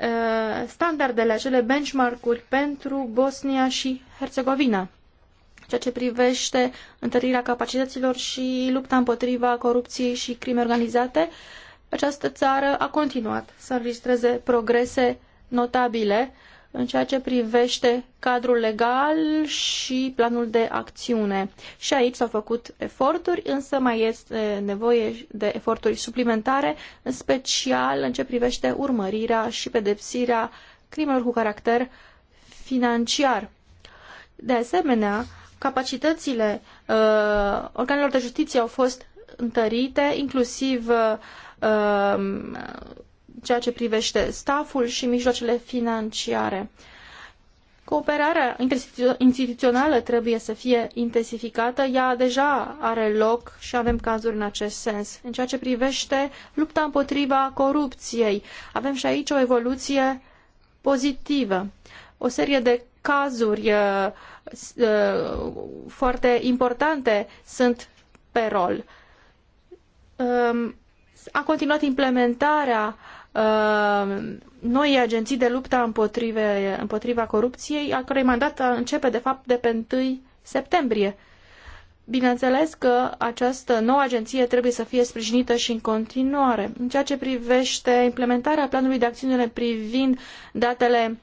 Uh, standardele, acele benchmark-uri pentru Bosnia și Herțegovina, ceea ce privește întărirea capacităților și lupta împotriva corupției și crime organizate, această țară a continuat să înregistreze progrese notabile uh, în ceea ce privește cadrul legal și planul de acțiune. Și aici s-au făcut eforturi, însă mai este nevoie de eforturi suplimentare, în special în ce privește urmărirea și pedepsirea crimelor cu caracter financiar. De asemenea, capacitățile uh, organelor de justiție au fost întărite, inclusiv uh, ceea ce privește staful și mijloacele financiare. Cooperarea instituțională trebuie să fie intensificată, ea deja are loc și avem cazuri în acest sens. În ceea ce privește lupta împotriva corupției, avem și aici o evoluție pozitivă. O serie de cazuri uh, uh, foarte importante sunt pe rol. Um, a continuat implementarea Uh, noi agenții de luptă împotrive, împotriva corupției, al cărei mandat începe de fapt de pe 1 septembrie. Bineînțeles că această nouă agenție trebuie să fie sprijinită și în continuare. În ceea ce privește implementarea planului de acțiune privind datele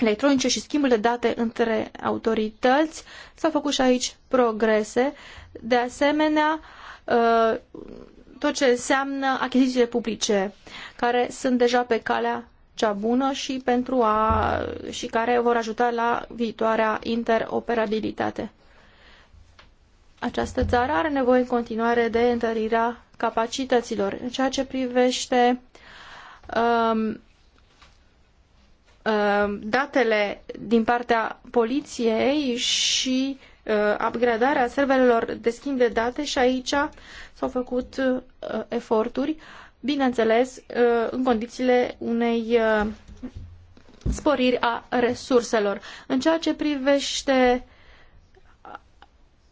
electronice și schimbul de date între autorități, s-au făcut și aici progrese. De asemenea, uh, tot ce înseamnă achizițiile publice, care sunt deja pe calea cea bună și, pentru a, și care vor ajuta la viitoarea interoperabilitate. Această țară are nevoie în continuare de întărirea capacităților. În ceea ce privește um, um, datele din partea poliției și uh, Uh, upgradarea serverelor de schimb de date și aici s-au făcut uh, eforturi, bineînțeles, uh, în condițiile unei sporiri a resurselor. În ceea ce privește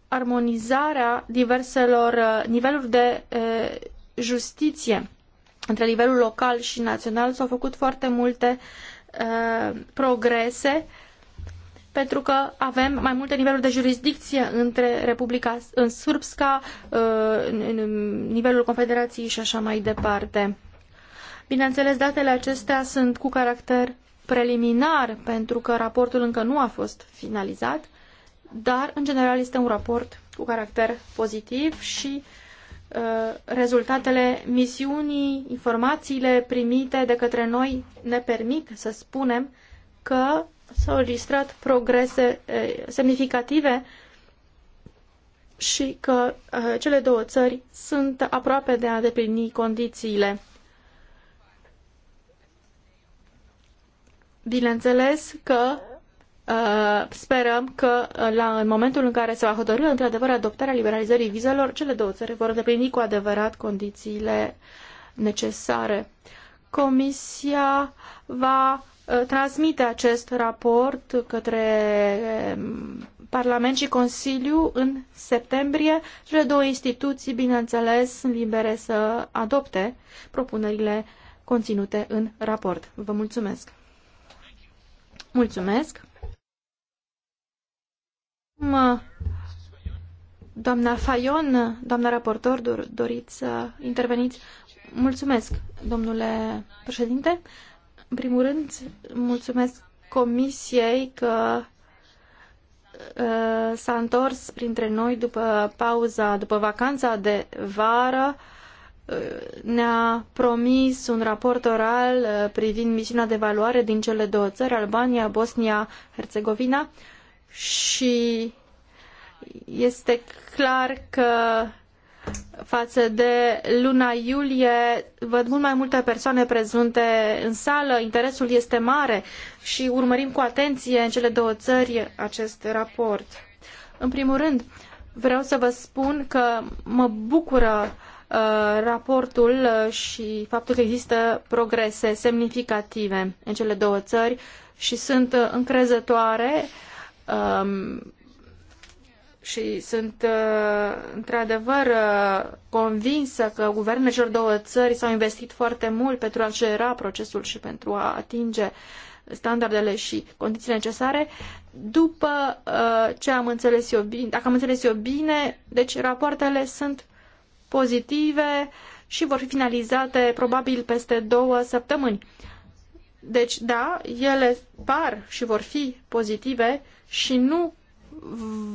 armonizarea diverselor niveluri de justiție între nivelul local și național s-au făcut foarte multe progrese uh, pentru că avem mai multe niveluri de jurisdicție între Republica în Sârbska, uh, nivelul Confederației și așa mai departe. Bineînțeles, datele acestea sunt cu caracter preliminar, pentru că raportul încă nu a fost finalizat, dar, în general, este un raport cu caracter pozitiv și uh, rezultatele misiunii, informațiile primite de către noi ne permit să spunem că s-au registrat progrese semnificative și că cele două țări sunt aproape de a îndeplini condițiile. Bineînțeles că sperăm că la, în momentul în care se va hotărâ într-adevăr adoptarea liberalizării vizelor, cele două țări vor îndeplini cu adevărat condițiile necesare. Comisia va Uh, transmite acest raport către um, Parlament și Consiliu în septembrie. Cele două instituții, bineînțeles, sunt libere să adopte propunerile conținute în raport. Vă mulțumesc! Mulțumesc! Doamna Fayon, doamna raportor, doriți să interveniți? Mulțumesc, domnule președinte. În primul rând, mulțumesc Comisiei că uh, s-a întors printre noi după pauza, după vacanța de vară. Uh, ne-a promis un raport oral uh, privind misiunea de evaluare din cele două țări, Albania, Bosnia, Herțegovina și este clar că față de luna iulie. Văd mult mai multe persoane prezente în sală, interesul este mare și urmărim cu atenție în cele două țări acest raport. În primul rând, vreau să vă spun că mă bucură uh, raportul uh, și faptul că există progrese semnificative în cele două țări și sunt uh, încrezătoare um, și sunt uh, într-adevăr uh, convinsă că guvernele celor două țări s-au investit foarte mult pentru a accelera procesul și pentru a atinge standardele și condițiile necesare. După uh, ce am înțeles eu bine, dacă am înțeles eu bine, deci rapoartele sunt pozitive și vor fi finalizate probabil peste două săptămâni. Deci, da, ele par și vor fi pozitive și nu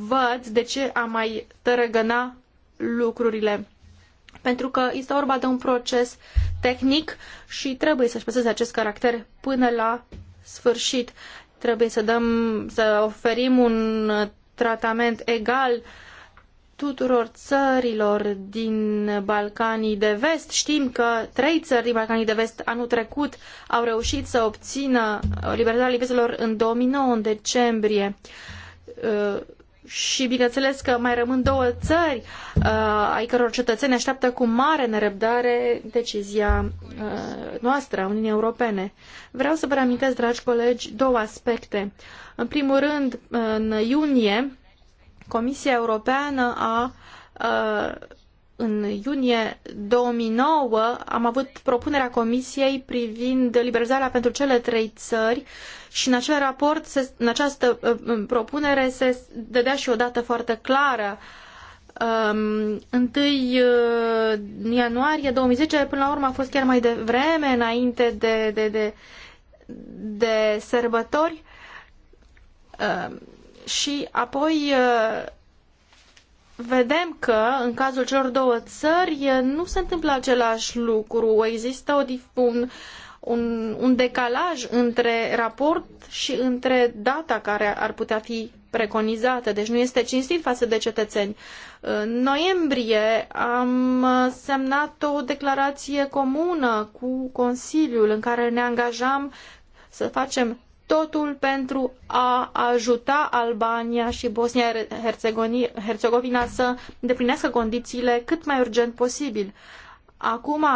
văd de ce a mai tărăgăna lucrurile. Pentru că este vorba de un proces tehnic și trebuie să-și păstreze acest caracter până la sfârșit. Trebuie să, dăm, să oferim un tratament egal tuturor țărilor din Balcanii de Vest. Știm că trei țări din Balcanii de Vest anul trecut au reușit să obțină libertatea vizelor în 2009, în decembrie. Uh, Uh, și bineînțeles că mai rămân două țări uh, ai căror cetățeni așteaptă cu mare nerăbdare decizia uh, noastră, a Uniunii Europene. Vreau să vă reamintesc, dragi colegi, două aspecte. În primul rând, în iunie, Comisia Europeană a în iunie 2009 am avut propunerea Comisiei privind liberalizarea pentru cele trei țări și în acel raport, se, în această uh, uh, propunere, se dădea și o dată foarte clară. Um, 1 uh, ianuarie 2010, până la urmă a fost chiar mai devreme, înainte de, de, de, de sărbători. Um, și apoi vedem că în cazul celor două țări nu se întâmplă același lucru. Există o, un, un, un decalaj între raport și între data care ar putea fi preconizată, deci nu este cinstit față de cetățeni. În noiembrie am semnat o declarație comună cu Consiliul în care ne angajam să facem totul pentru a ajuta Albania și Bosnia-Herzegovina să îndeplinească condițiile cât mai urgent posibil. Acum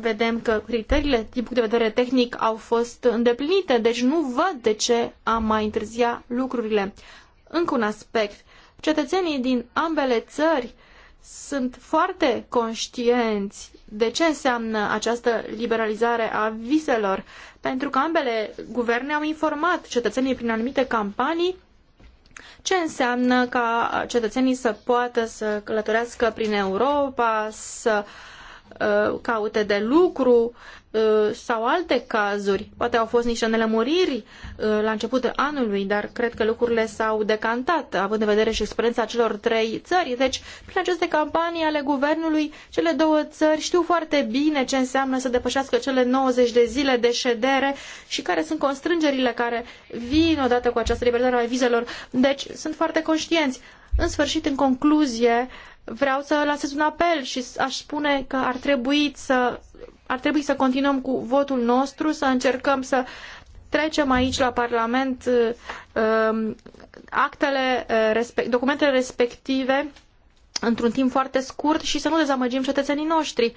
vedem că criteriile din punct de vedere tehnic au fost îndeplinite, deci nu văd de ce am mai întârzia lucrurile. Încă un aspect. Cetățenii din ambele țări sunt foarte conștienți de ce înseamnă această liberalizare a viselor? Pentru că ambele guverne au informat cetățenii prin anumite campanii ce înseamnă ca cetățenii să poată să călătorească prin Europa, să uh, Uh, caute de lucru uh, sau alte cazuri. Poate au fost niște nelămuriri uh, la începutul anului, dar cred că lucrurile s-au decantat, având în vedere și experiența celor trei țări. Deci, prin aceste campanii ale guvernului, cele două țări știu foarte bine ce înseamnă să depășească cele 90 de zile de ședere și care sunt constrângerile care vin odată cu această libertate a vizelor. Deci, sunt foarte conștienți. În sfârșit, în concluzie, vreau să lansez un apel și aș spune că ar trebui să, ar trebui să continuăm cu votul nostru, să încercăm să trecem aici la Parlament um, uh, actele, documentele respective într-un timp foarte scurt și să nu dezamăgim cetățenii noștri.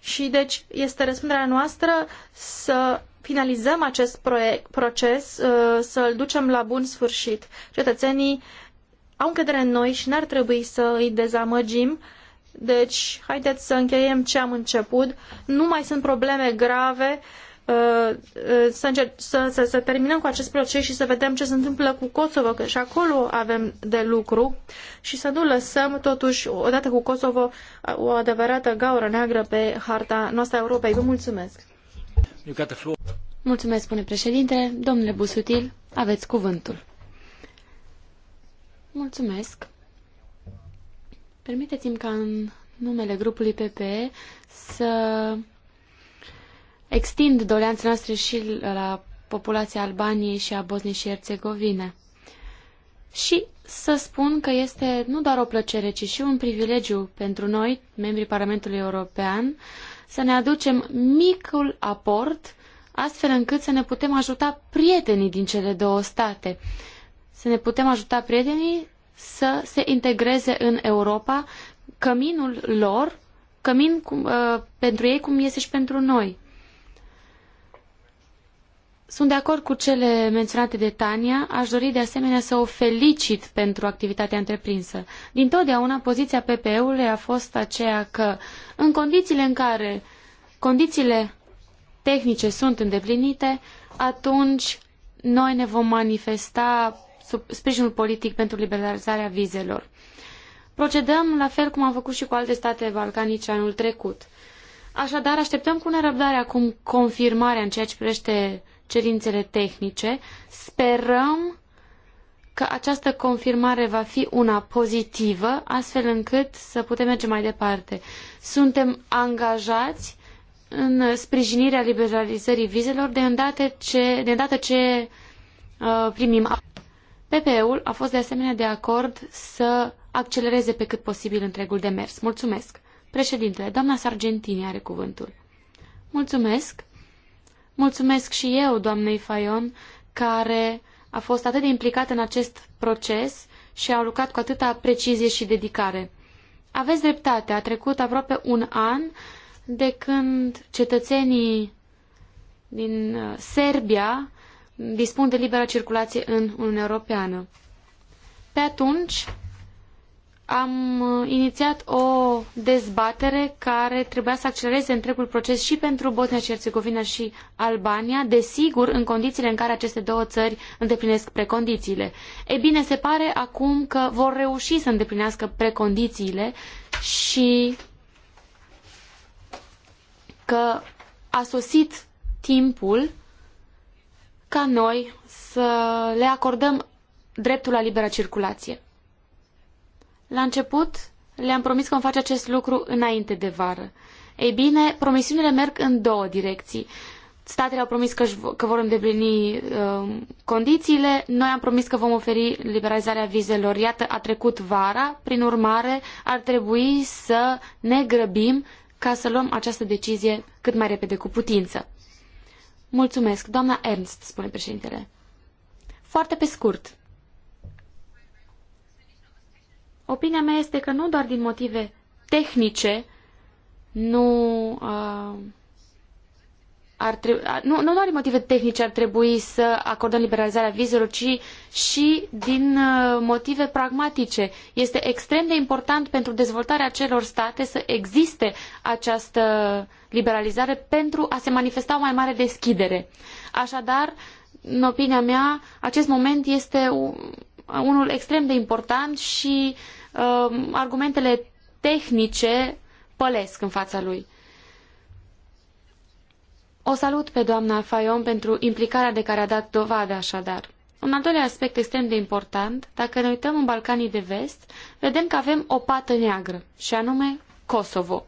Și deci este răspunderea noastră să finalizăm acest proiect, proces, uh, să-l ducem la bun sfârșit. Cetățenii au încredere în noi și n-ar trebui să îi dezamăgim. Deci, haideți să încheiem ce am început. Nu mai sunt probleme grave. Uh, uh, să, să, să, să terminăm cu acest proces și să vedem ce se întâmplă cu Kosovo, că și acolo avem de lucru și să nu lăsăm totuși, odată cu Kosovo, uh, o adevărată gaură neagră pe harta noastră a Europei. Vă mulțumesc! Mulțumesc, spune președinte. Domnule Busutil, aveți cuvântul. Mulțumesc. Permiteți-mi ca în numele grupului PPE să extind doleanțele noastre și la populația Albaniei și a Bosniei și Herțegovine. Și să spun că este nu doar o plăcere, ci și un privilegiu pentru noi, membrii Parlamentului European, să ne aducem micul aport astfel încât să ne putem ajuta prietenii din cele două state să ne putem ajuta prietenii să se integreze în Europa căminul lor, cămin cum, uh, pentru ei cum este și pentru noi. Sunt de acord cu cele menționate de Tania, aș dori de asemenea să o felicit pentru activitatea întreprinsă. Din totdeauna, poziția PPE-ului a fost aceea că, în condițiile în care condițiile tehnice sunt îndeplinite, atunci noi ne vom manifesta sprijinul politic pentru liberalizarea vizelor. Procedăm la fel cum am făcut și cu alte state balcanice anul trecut. Așadar, așteptăm cu nerăbdare acum confirmarea în ceea ce privește cerințele tehnice. Sperăm că această confirmare va fi una pozitivă, astfel încât să putem merge mai departe. Suntem angajați în sprijinirea liberalizării vizelor de îndată ce, de îndată ce uh, primim. PPE-ul a fost de asemenea de acord să accelereze pe cât posibil întregul demers. Mulțumesc. Președintele, doamna Sargentini are cuvântul. Mulțumesc. Mulțumesc și eu, doamnei faion, care a fost atât de implicată în acest proces și a lucrat cu atâta precizie și dedicare. Aveți dreptate, a trecut aproape un an de când cetățenii din uh, Serbia dispun de liberă circulație în Uniunea Europeană. Pe atunci am uh, inițiat o dezbatere care trebuia să accelereze întregul proces și pentru bosnia Herțegovina și Albania, desigur în condițiile în care aceste două țări îndeplinesc precondițiile. E bine, se pare acum că vor reuși să îndeplinească precondițiile și că a sosit timpul ca noi să le acordăm dreptul la liberă circulație. La început le-am promis că vom face acest lucru înainte de vară. Ei bine, promisiunile merg în două direcții. Statele au promis că, că vor îndeplini uh, condițiile, noi am promis că vom oferi liberalizarea vizelor. Iată, a trecut vara, prin urmare ar trebui să ne grăbim ca să luăm această decizie cât mai repede cu putință. Mulțumesc, doamna Ernst, spune președintele. Foarte pe scurt. Opinia mea este că nu doar din motive tehnice nu uh, ar trebui, nu, nu doar din motive tehnice ar trebui să acordăm liberalizarea vizelor, ci și din uh, motive pragmatice. Este extrem de important pentru dezvoltarea celor state să existe această liberalizare pentru a se manifesta o mai mare deschidere. Așadar, în opinia mea, acest moment este unul extrem de important și uh, argumentele tehnice pălesc în fața lui. O salut pe doamna Fayon pentru implicarea de care a dat dovadă așadar. Un al doilea aspect extrem de important, dacă ne uităm în Balcanii de Vest, vedem că avem o pată neagră, și anume Kosovo.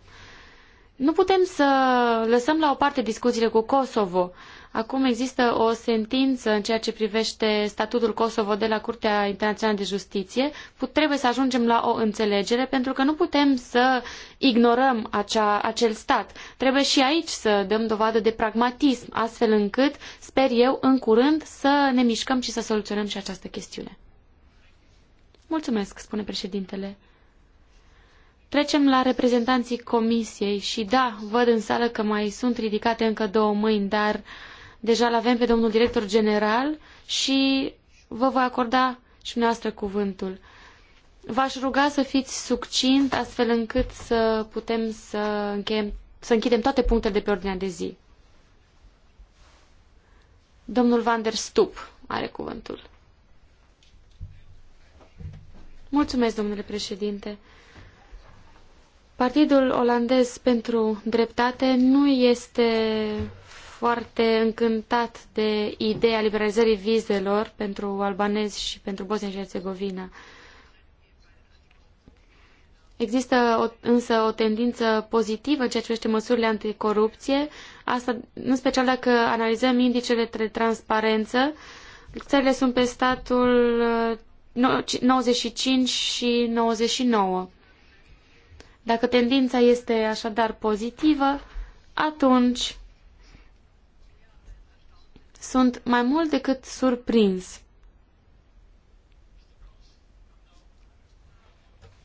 Nu putem să lăsăm la o parte discuțiile cu Kosovo. Acum există o sentință în ceea ce privește statutul Kosovo de la Curtea Internațională de Justiție. Put, trebuie să ajungem la o înțelegere pentru că nu putem să ignorăm acea, acel stat. Trebuie și aici să dăm dovadă de pragmatism, astfel încât, sper eu, în curând să ne mișcăm și să soluționăm și această chestiune. Mulțumesc, spune președintele. Trecem la reprezentanții comisiei și da, văd în sală că mai sunt ridicate încă două mâini, dar uh, Deja îl avem pe domnul director general și vă voi acorda și dumneavoastră cuvântul. V-aș ruga să fiți succint astfel încât să putem să, încheiem, să închidem toate punctele de pe ordinea de zi. Domnul Van der Stup are cuvântul. Mulțumesc, domnule președinte. Partidul olandez pentru dreptate nu este foarte încântat de ideea liberalizării vizelor pentru albanezi și pentru Bosnia și Herțegovina. Există o, însă o tendință pozitivă în ceea ce privește măsurile anticorupție, asta în special dacă analizăm indicele de transparență. Țările sunt pe statul 95 uh, și 99. Dacă tendința este așadar pozitivă, atunci sunt mai mult decât surprins.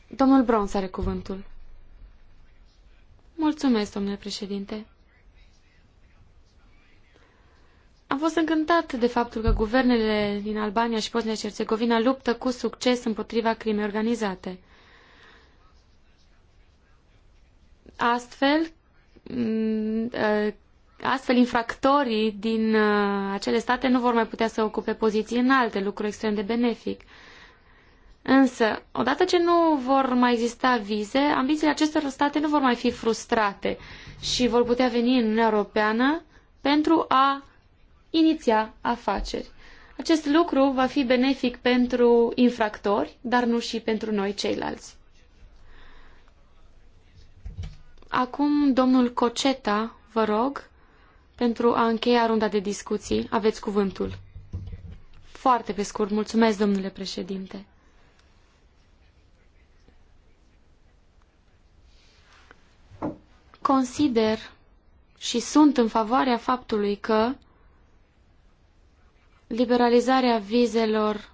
Domnul Browns are cuvântul. Mulțumesc, domnule președinte. Am fost încântat de faptul că guvernele din Albania și Bosnia-Herzegovina și luptă cu succes împotriva crimei organizate. Astfel, Astfel, infractorii din uh, acele state nu vor mai putea să ocupe poziții înalte, lucru extrem de benefic. Însă, odată ce nu vor mai exista vize, ambițiile acestor state nu vor mai fi frustrate și vor putea veni în Uniunea Europeană pentru a iniția afaceri. Acest lucru va fi benefic pentru infractori, dar nu și pentru noi ceilalți. Acum, domnul Coceta, vă rog, pentru a încheia runda de discuții. Aveți cuvântul. Foarte pe scurt, mulțumesc, domnule președinte. Consider și sunt în favoarea faptului că liberalizarea vizelor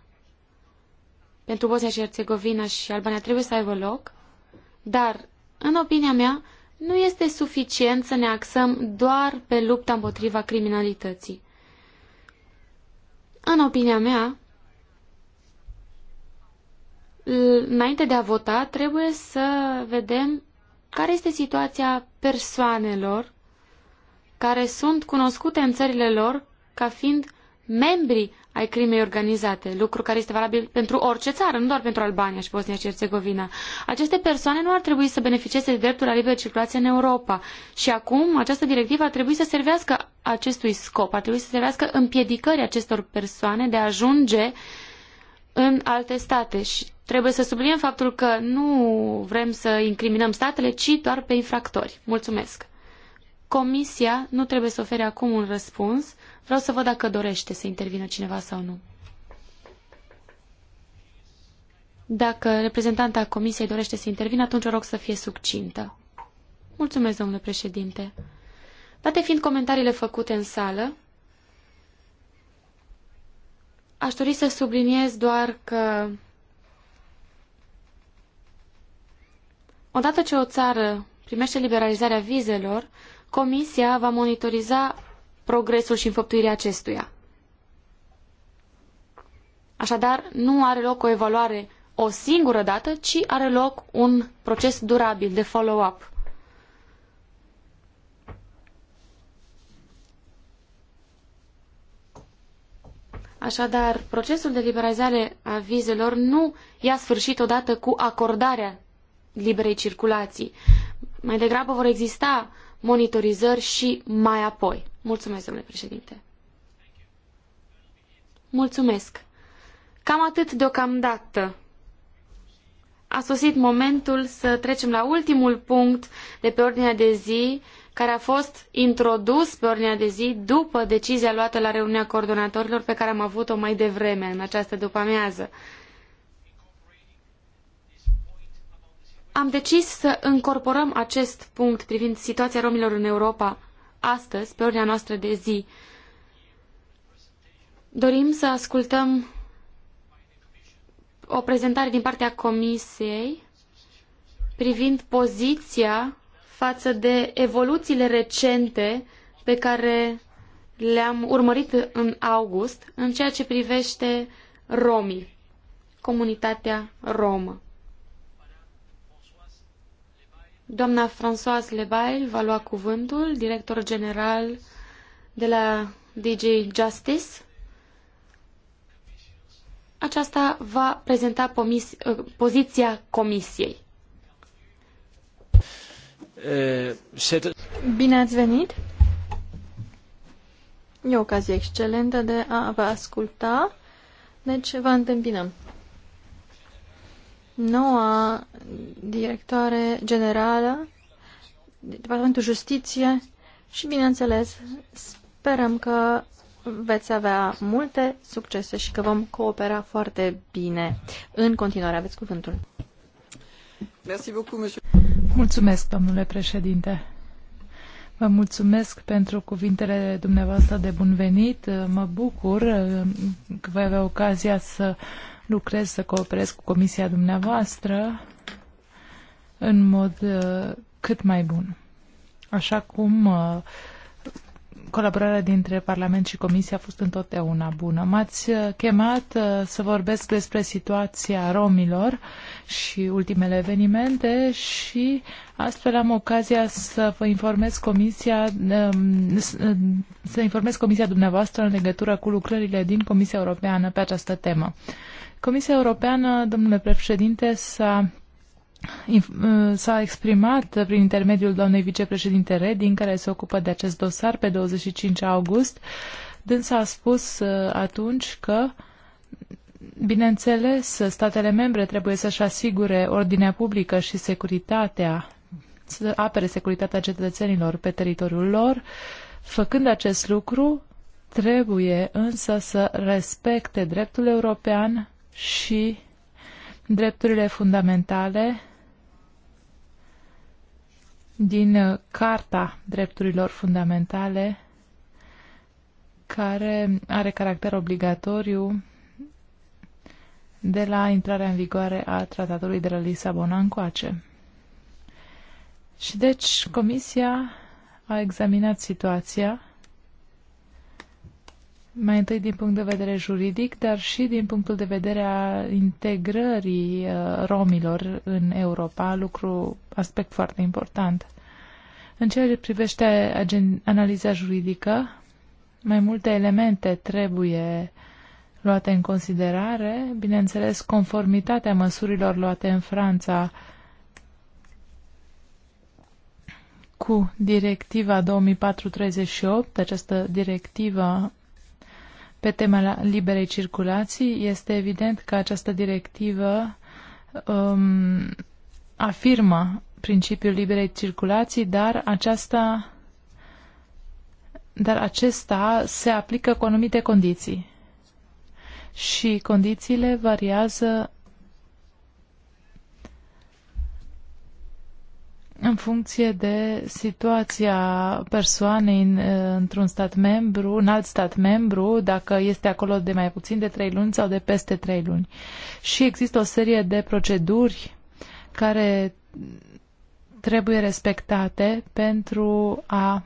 pentru Bosnia și Herțegovina și Albania trebuie să aibă loc, dar, în opinia mea, nu este suficient să ne axăm doar pe lupta împotriva criminalității. În opinia mea, înainte de a vota, trebuie să vedem care este situația persoanelor care sunt cunoscute în țările lor ca fiind membri ai crimei organizate, lucru care este valabil pentru orice țară, nu doar pentru Albania și Bosnia și Herțegovina. Aceste persoane nu ar trebui să beneficieze de dreptul la liberă circulație în Europa. Și acum această directivă ar trebui să servească acestui scop, ar trebui să servească împiedicării acestor persoane de a ajunge în alte state. Și trebuie să subliniem faptul că nu vrem să incriminăm statele, ci doar pe infractori. Mulțumesc. Comisia nu trebuie să ofere acum un răspuns, Vreau să văd dacă dorește să intervină cineva sau nu. Dacă reprezentanta comisiei dorește să intervină, atunci o rog să fie succintă. Mulțumesc, domnule președinte. Date fiind comentariile făcute în sală, aș dori să subliniez doar că odată ce o țară primește liberalizarea vizelor, Comisia va monitoriza progresul și înfăptuirea acestuia. Așadar, nu are loc o evaluare o singură dată, ci are loc un proces durabil de follow-up. Așadar, procesul de liberalizare a vizelor nu ia sfârșit odată cu acordarea liberei circulații. Mai degrabă vor exista monitorizări și mai apoi. Mulțumesc, domnule președinte. Mulțumesc. Cam atât deocamdată. A sosit momentul să trecem la ultimul punct de pe ordinea de zi, care a fost introdus pe ordinea de zi după decizia luată la reuniunea coordonatorilor pe care am avut-o mai devreme în această după-amiază. Am decis să încorporăm acest punct privind situația romilor în Europa astăzi pe ordinea noastră de zi. Dorim să ascultăm o prezentare din partea Comisiei privind poziția față de evoluțiile recente pe care le-am urmărit în august în ceea ce privește romii, comunitatea romă. Doamna Françoise Lebail va lua cuvântul, director general de la DJ Justice. Aceasta va prezenta pomis, ă, poziția comisiei. Bine ați venit! E o ocazie excelentă de a vă asculta, deci vă întâmpinăm noua directoare generală, Departamentul Justiție și, bineînțeles, sperăm că veți avea multe succese și că vom coopera foarte bine. În continuare, aveți cuvântul. Mulțumesc, domnule președinte. Vă mulțumesc pentru cuvintele dumneavoastră de bun venit. Mă bucur că voi avea ocazia să lucrez, să cooperez cu comisia dumneavoastră în mod uh, cât mai bun. Așa cum uh, colaborarea dintre Parlament și Comisie a fost întotdeauna bună. M-ați uh, chemat să vorbesc despre situația romilor și ultimele evenimente și astfel am ocazia să vă informez Comisia, um, să informez Comisia dumneavoastră în legătură cu lucrările din Comisia Europeană pe această temă. Comisia Europeană, domnule președinte, s-a s-a exprimat prin intermediul doamnei vicepreședinte Reding, care se ocupă de acest dosar pe 25 august. Dânsa a spus uh, atunci că Bineînțeles, statele membre trebuie să-și asigure ordinea publică și securitatea, să apere securitatea cetățenilor pe teritoriul lor. Făcând acest lucru, trebuie însă să respecte dreptul european și drepturile fundamentale din uh, Carta Drepturilor Fundamentale, care are caracter obligatoriu de la intrarea în vigoare a Tratatului de la Lisabona încoace. Și deci Comisia a examinat situația mai întâi din punct de vedere juridic, dar și din punctul de vedere a integrării uh, romilor în Europa, lucru, aspect foarte important. În ceea ce privește analiza juridică, mai multe elemente trebuie luate în considerare, bineînțeles conformitatea măsurilor luate în Franța cu directiva 2438, această directivă pe tema liberei circulații, este evident că această directivă um, afirmă principiul liberei circulații, dar aceasta dar acesta se aplică cu anumite condiții. Și condițiile variază în funcție de situația persoanei în, eh, într-un stat membru, un alt stat membru, dacă este acolo de mai puțin de trei luni sau de peste trei luni. Și există o serie de proceduri care trebuie respectate pentru a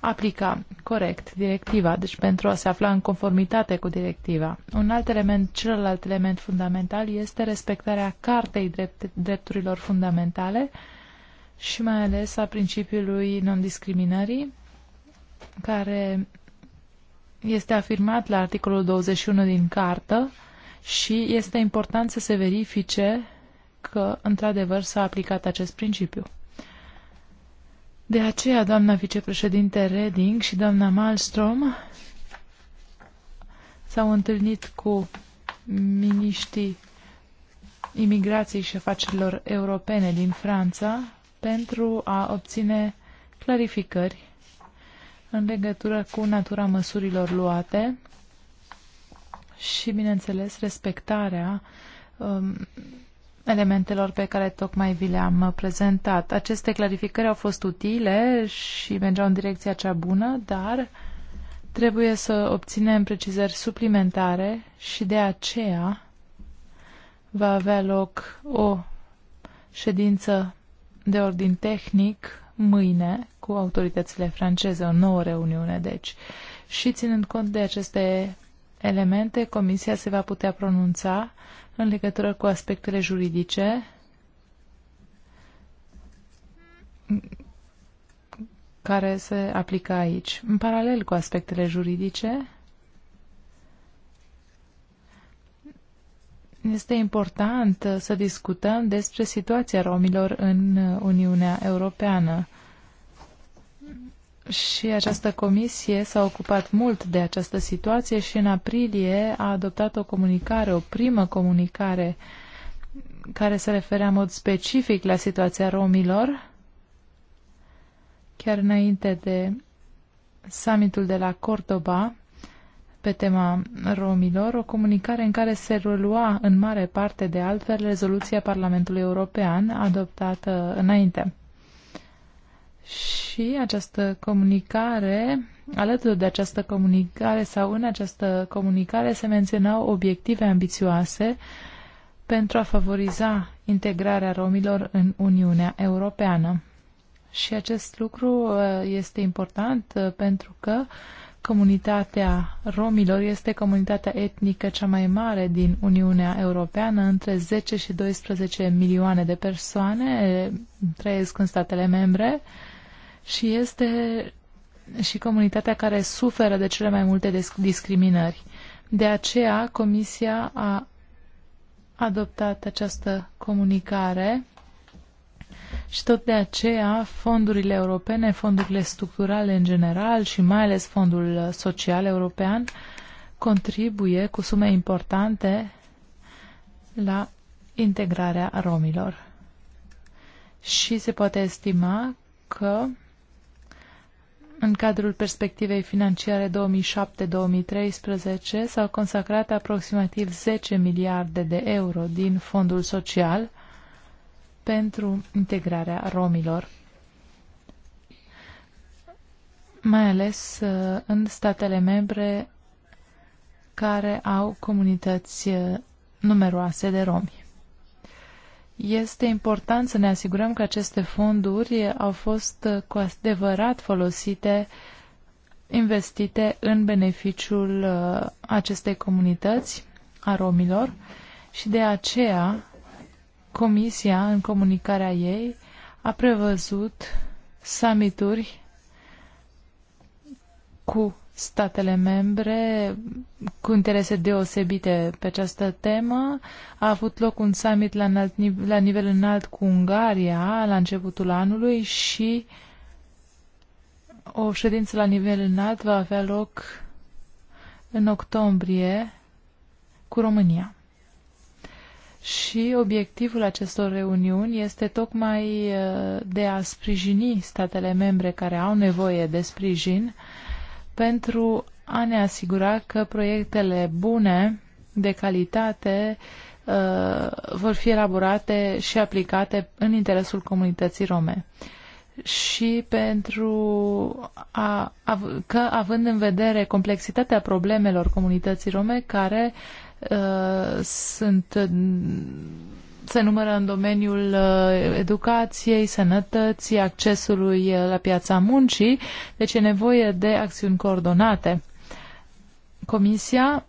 aplica corect directiva, deci pentru a se afla în conformitate cu directiva. Un alt element, celălalt element fundamental este respectarea Cartei drept, Drepturilor Fundamentale, uh, și mai ales a principiului non-discriminării, care este afirmat la articolul 21 din cartă și este important să se verifice că, într-adevăr, s-a aplicat acest principiu. De aceea, doamna vicepreședinte Reding și doamna Malmström s-au întâlnit cu miniștrii imigrației și afacerilor europene din Franța pentru a obține clarificări în legătură cu natura măsurilor luate și, bineînțeles, respectarea um, elementelor pe care tocmai vi le-am prezentat. Aceste clarificări au fost utile și mergeau în direcția cea bună, dar trebuie să obținem precizări suplimentare și de aceea va avea loc o ședință de ordin tehnic mâine cu autoritățile franceze, o nouă reuniune, deci. Și ținând cont de aceste elemente, Comisia se va putea pronunța în legătură cu aspectele juridice care se aplică aici. În paralel cu aspectele juridice, Este important uh, să discutăm despre situația romilor în uh, Uniunea Europeană. Și această comisie s-a ocupat mult de această situație și în aprilie a adoptat o comunicare, o primă comunicare care se referea în mod specific la situația romilor, chiar înainte de summitul de la Cordoba, pe tema romilor, o comunicare în care se relua în mare parte de altfel rezoluția Parlamentului European adoptată înainte. Și această comunicare, alături de această comunicare sau în această comunicare se menționau obiective ambițioase pentru a favoriza integrarea romilor în Uniunea Europeană. Și acest lucru uh, este important uh, pentru că uh, comunitatea romilor este comunitatea etnică cea mai mare din Uniunea Europeană, între 10 și 12 milioane de persoane trăiesc în statele membre și este și comunitatea care suferă de cele mai multe discriminări. De aceea, Comisia a adoptat această comunicare și tot de aceea fondurile europene, fondurile structurale în general și mai ales fondul social european contribuie cu sume importante la integrarea romilor. Și se poate estima că în cadrul perspectivei financiare 2007-2013 s-au consacrat aproximativ 10 miliarde de euro din fondul social pentru integrarea romilor, mai ales uh, în statele membre care au comunități uh, numeroase de romi. Este important să ne asigurăm că aceste fonduri au fost uh, cu adevărat folosite, investite în beneficiul acestei comunități a romilor și de aceea Comisia, în comunicarea ei, a prevăzut summituri cu statele membre cu interese deosebite pe această temă. A avut loc un summit la, înalt, la nivel înalt cu Ungaria la începutul anului și o ședință la nivel înalt va avea loc în octombrie cu România. Și obiectivul acestor reuniuni este tocmai uh, de a sprijini statele membre care au nevoie de sprijin pentru a ne asigura că proiectele bune, de calitate, uh, vor fi elaborate și aplicate în interesul comunității rome. Și pentru a, că, având în vedere complexitatea problemelor comunității rome, care uh, Uh, sunt se numără în domeniul uh, educației, sănătății, accesului uh, la piața muncii, deci e nevoie de acțiuni coordonate. Comisia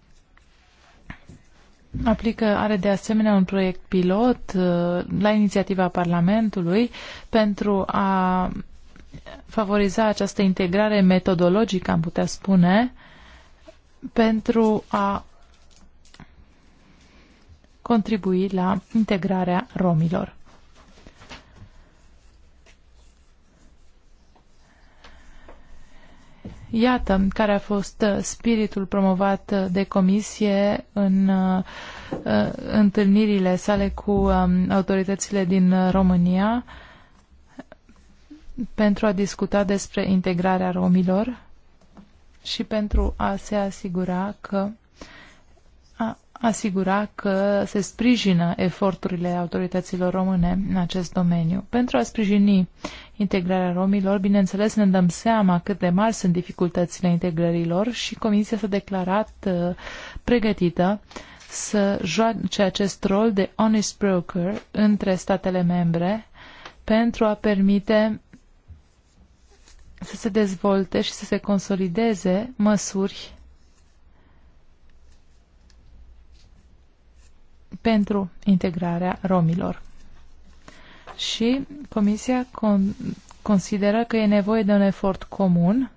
aplică, are de asemenea un proiect pilot la inițiativa Parlamentului pentru a favoriza această integrare metodologică, am putea spune, pentru a contribui la integrarea romilor. Iată care a fost uh, spiritul promovat uh, de comisie în uh, întâlnirile sale cu um, autoritățile din România pentru a discuta despre integrarea romilor și pentru a se asigura că asigura că se sprijină eforturile autorităților române în acest domeniu. Pentru a sprijini integrarea romilor, bineînțeles ne dăm seama cât de mari sunt dificultățile integrărilor și Comisia s-a declarat uh, pregătită să joace acest rol de honest broker între statele membre pentru a permite să se dezvolte și să se consolideze măsuri pentru integrarea romilor. Și Comisia con- consideră că e nevoie de un efort comun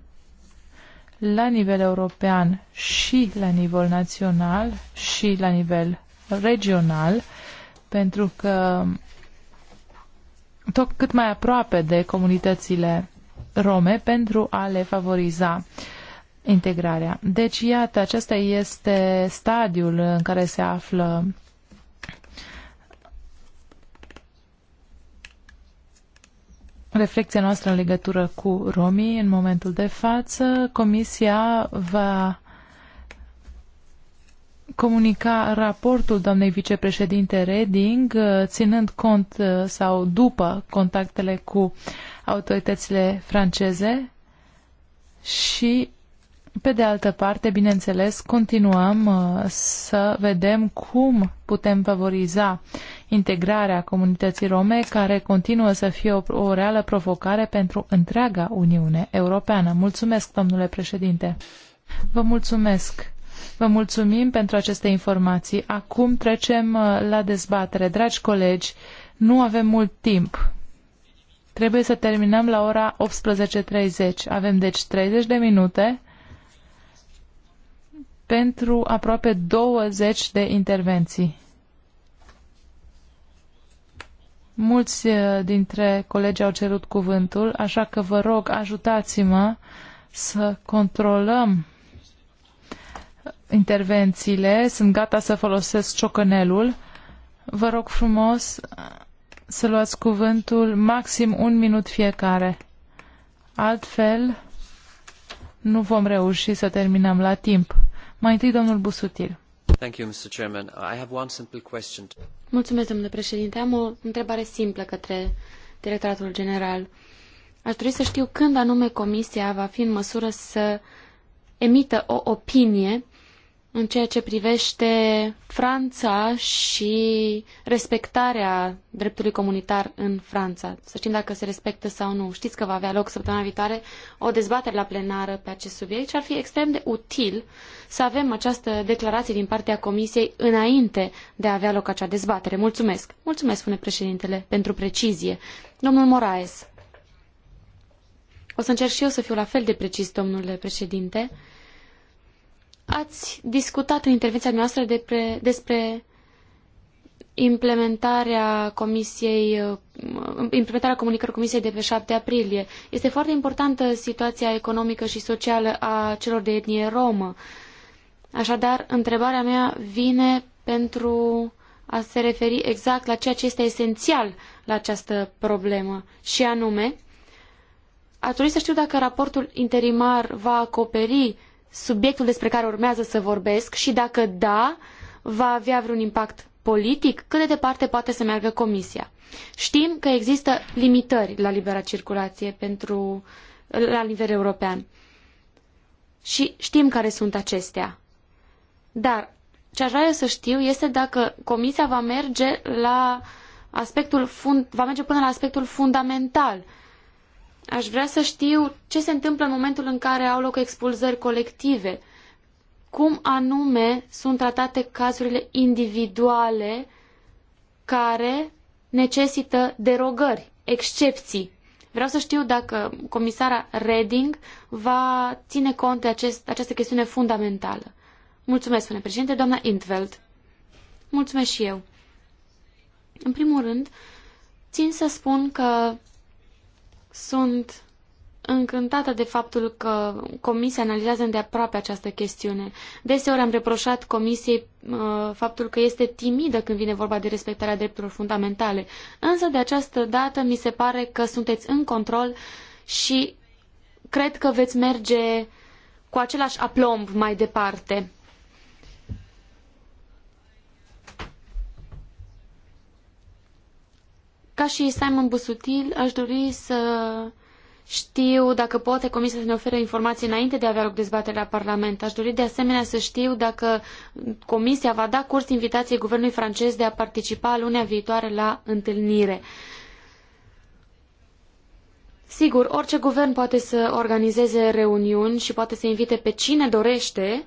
la nivel european și la nivel național și la nivel regional, pentru că tot cât mai aproape de comunitățile rome pentru a le favoriza integrarea. Deci, iată, acesta este stadiul în care se află Reflecția noastră în legătură cu romii în momentul de față. Comisia va comunica raportul doamnei vicepreședinte Reding, uh, ținând cont uh, sau după contactele cu autoritățile franceze și pe de altă parte, bineînțeles, continuăm uh, să vedem cum putem favoriza integrarea comunității rome, care continuă să fie o, o reală provocare pentru întreaga Uniune Europeană. Mulțumesc, domnule președinte! Vă mulțumesc! Vă mulțumim pentru aceste informații. Acum trecem uh, la dezbatere. Dragi colegi, nu avem mult timp. Trebuie să terminăm la ora 18.30. Avem deci 30 de minute pentru aproape 20 de intervenții. Mulți eh, dintre colegi au cerut cuvântul, așa că vă rog, ajutați-mă să controlăm eh, intervențiile. Sunt gata să folosesc ciocănelul. Vă rog frumos eh, să luați cuvântul maxim un minut fiecare. Altfel, nu vom reuși să terminăm la timp. Mai întâi, domnul Busutil. Thank you, Mr. Chairman. I have one simple question. Mulțumesc, domnule președinte. Am o întrebare simplă către directoratul general. Aș dori să știu când anume Comisia va fi în măsură să emită o opinie în ceea ce privește Franța și respectarea dreptului comunitar în Franța. Să știm dacă se respectă sau nu. Știți că va avea loc săptămâna viitoare o dezbatere la plenară pe acest subiect și ar fi extrem de util să avem această declarație din partea Comisiei înainte de a avea loc acea dezbatere. Mulțumesc. Mulțumesc, spune președintele, pentru precizie. Domnul Moraes. O să încerc și eu să fiu la fel de precis, domnule președinte. Ați discutat în intervenția noastră despre, despre implementarea comisiei, uh, implementarea comunicării comisiei de pe 7 aprilie. Este foarte importantă situația economică și socială a celor de etnie romă. Așadar, întrebarea mea vine pentru a se referi exact la ceea ce este esențial la această problemă și anume, a trebui să știu dacă raportul interimar va acoperi subiectul despre care urmează să vorbesc și dacă da, va avea vreun impact politic, cât de departe poate să meargă Comisia. Știm că există limitări la libera circulație pentru, la nivel european. Și știm care sunt acestea. Dar ce aș vrea eu să știu este dacă Comisia va merge la aspectul fund, va merge până la aspectul fundamental uh, Aș vrea să știu ce se întâmplă în momentul în care au loc expulzări colective. Cum anume sunt tratate cazurile individuale care necesită derogări, excepții. Vreau să știu dacă comisara Reding va ține cont de acest, această chestiune fundamentală. Mulțumesc, spune președinte, doamna Intveld. Mulțumesc și eu. În primul rând, țin să spun că sunt încântată de faptul că Comisia analizează îndeaproape această chestiune. Deseori am reproșat Comisiei uh, faptul că este timidă când vine vorba de respectarea drepturilor fundamentale, însă de această dată mi se pare că sunteți în control și cred că veți merge cu același aplomb mai departe. Ca și Simon Busutil, aș dori să știu dacă poate Comisia să ne ofere informații înainte de a avea loc dezbaterea la Parlament. Aș dori de asemenea să știu dacă Comisia va da curs invitației guvernului francez de a participa lunea viitoare la întâlnire. Sigur, orice guvern poate să organizeze reuniuni și poate să invite pe cine dorește,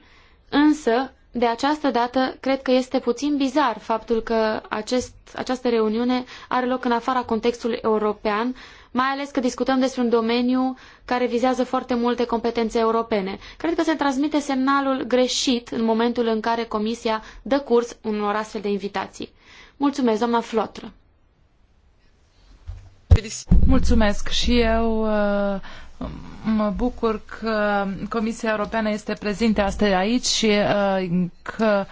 însă de această dată, cred că este puțin bizar faptul că acest, această reuniune are loc în afara contextului european, mai ales că discutăm despre un domeniu care vizează foarte multe competențe europene. Cred că se transmite semnalul greșit în momentul în care Comisia dă curs unor astfel de invitații. Mulțumesc, doamna Flotră. Mulțumesc și eu uh, Mă bucur că Comisia Europeană este prezentă astăzi aici și uh, că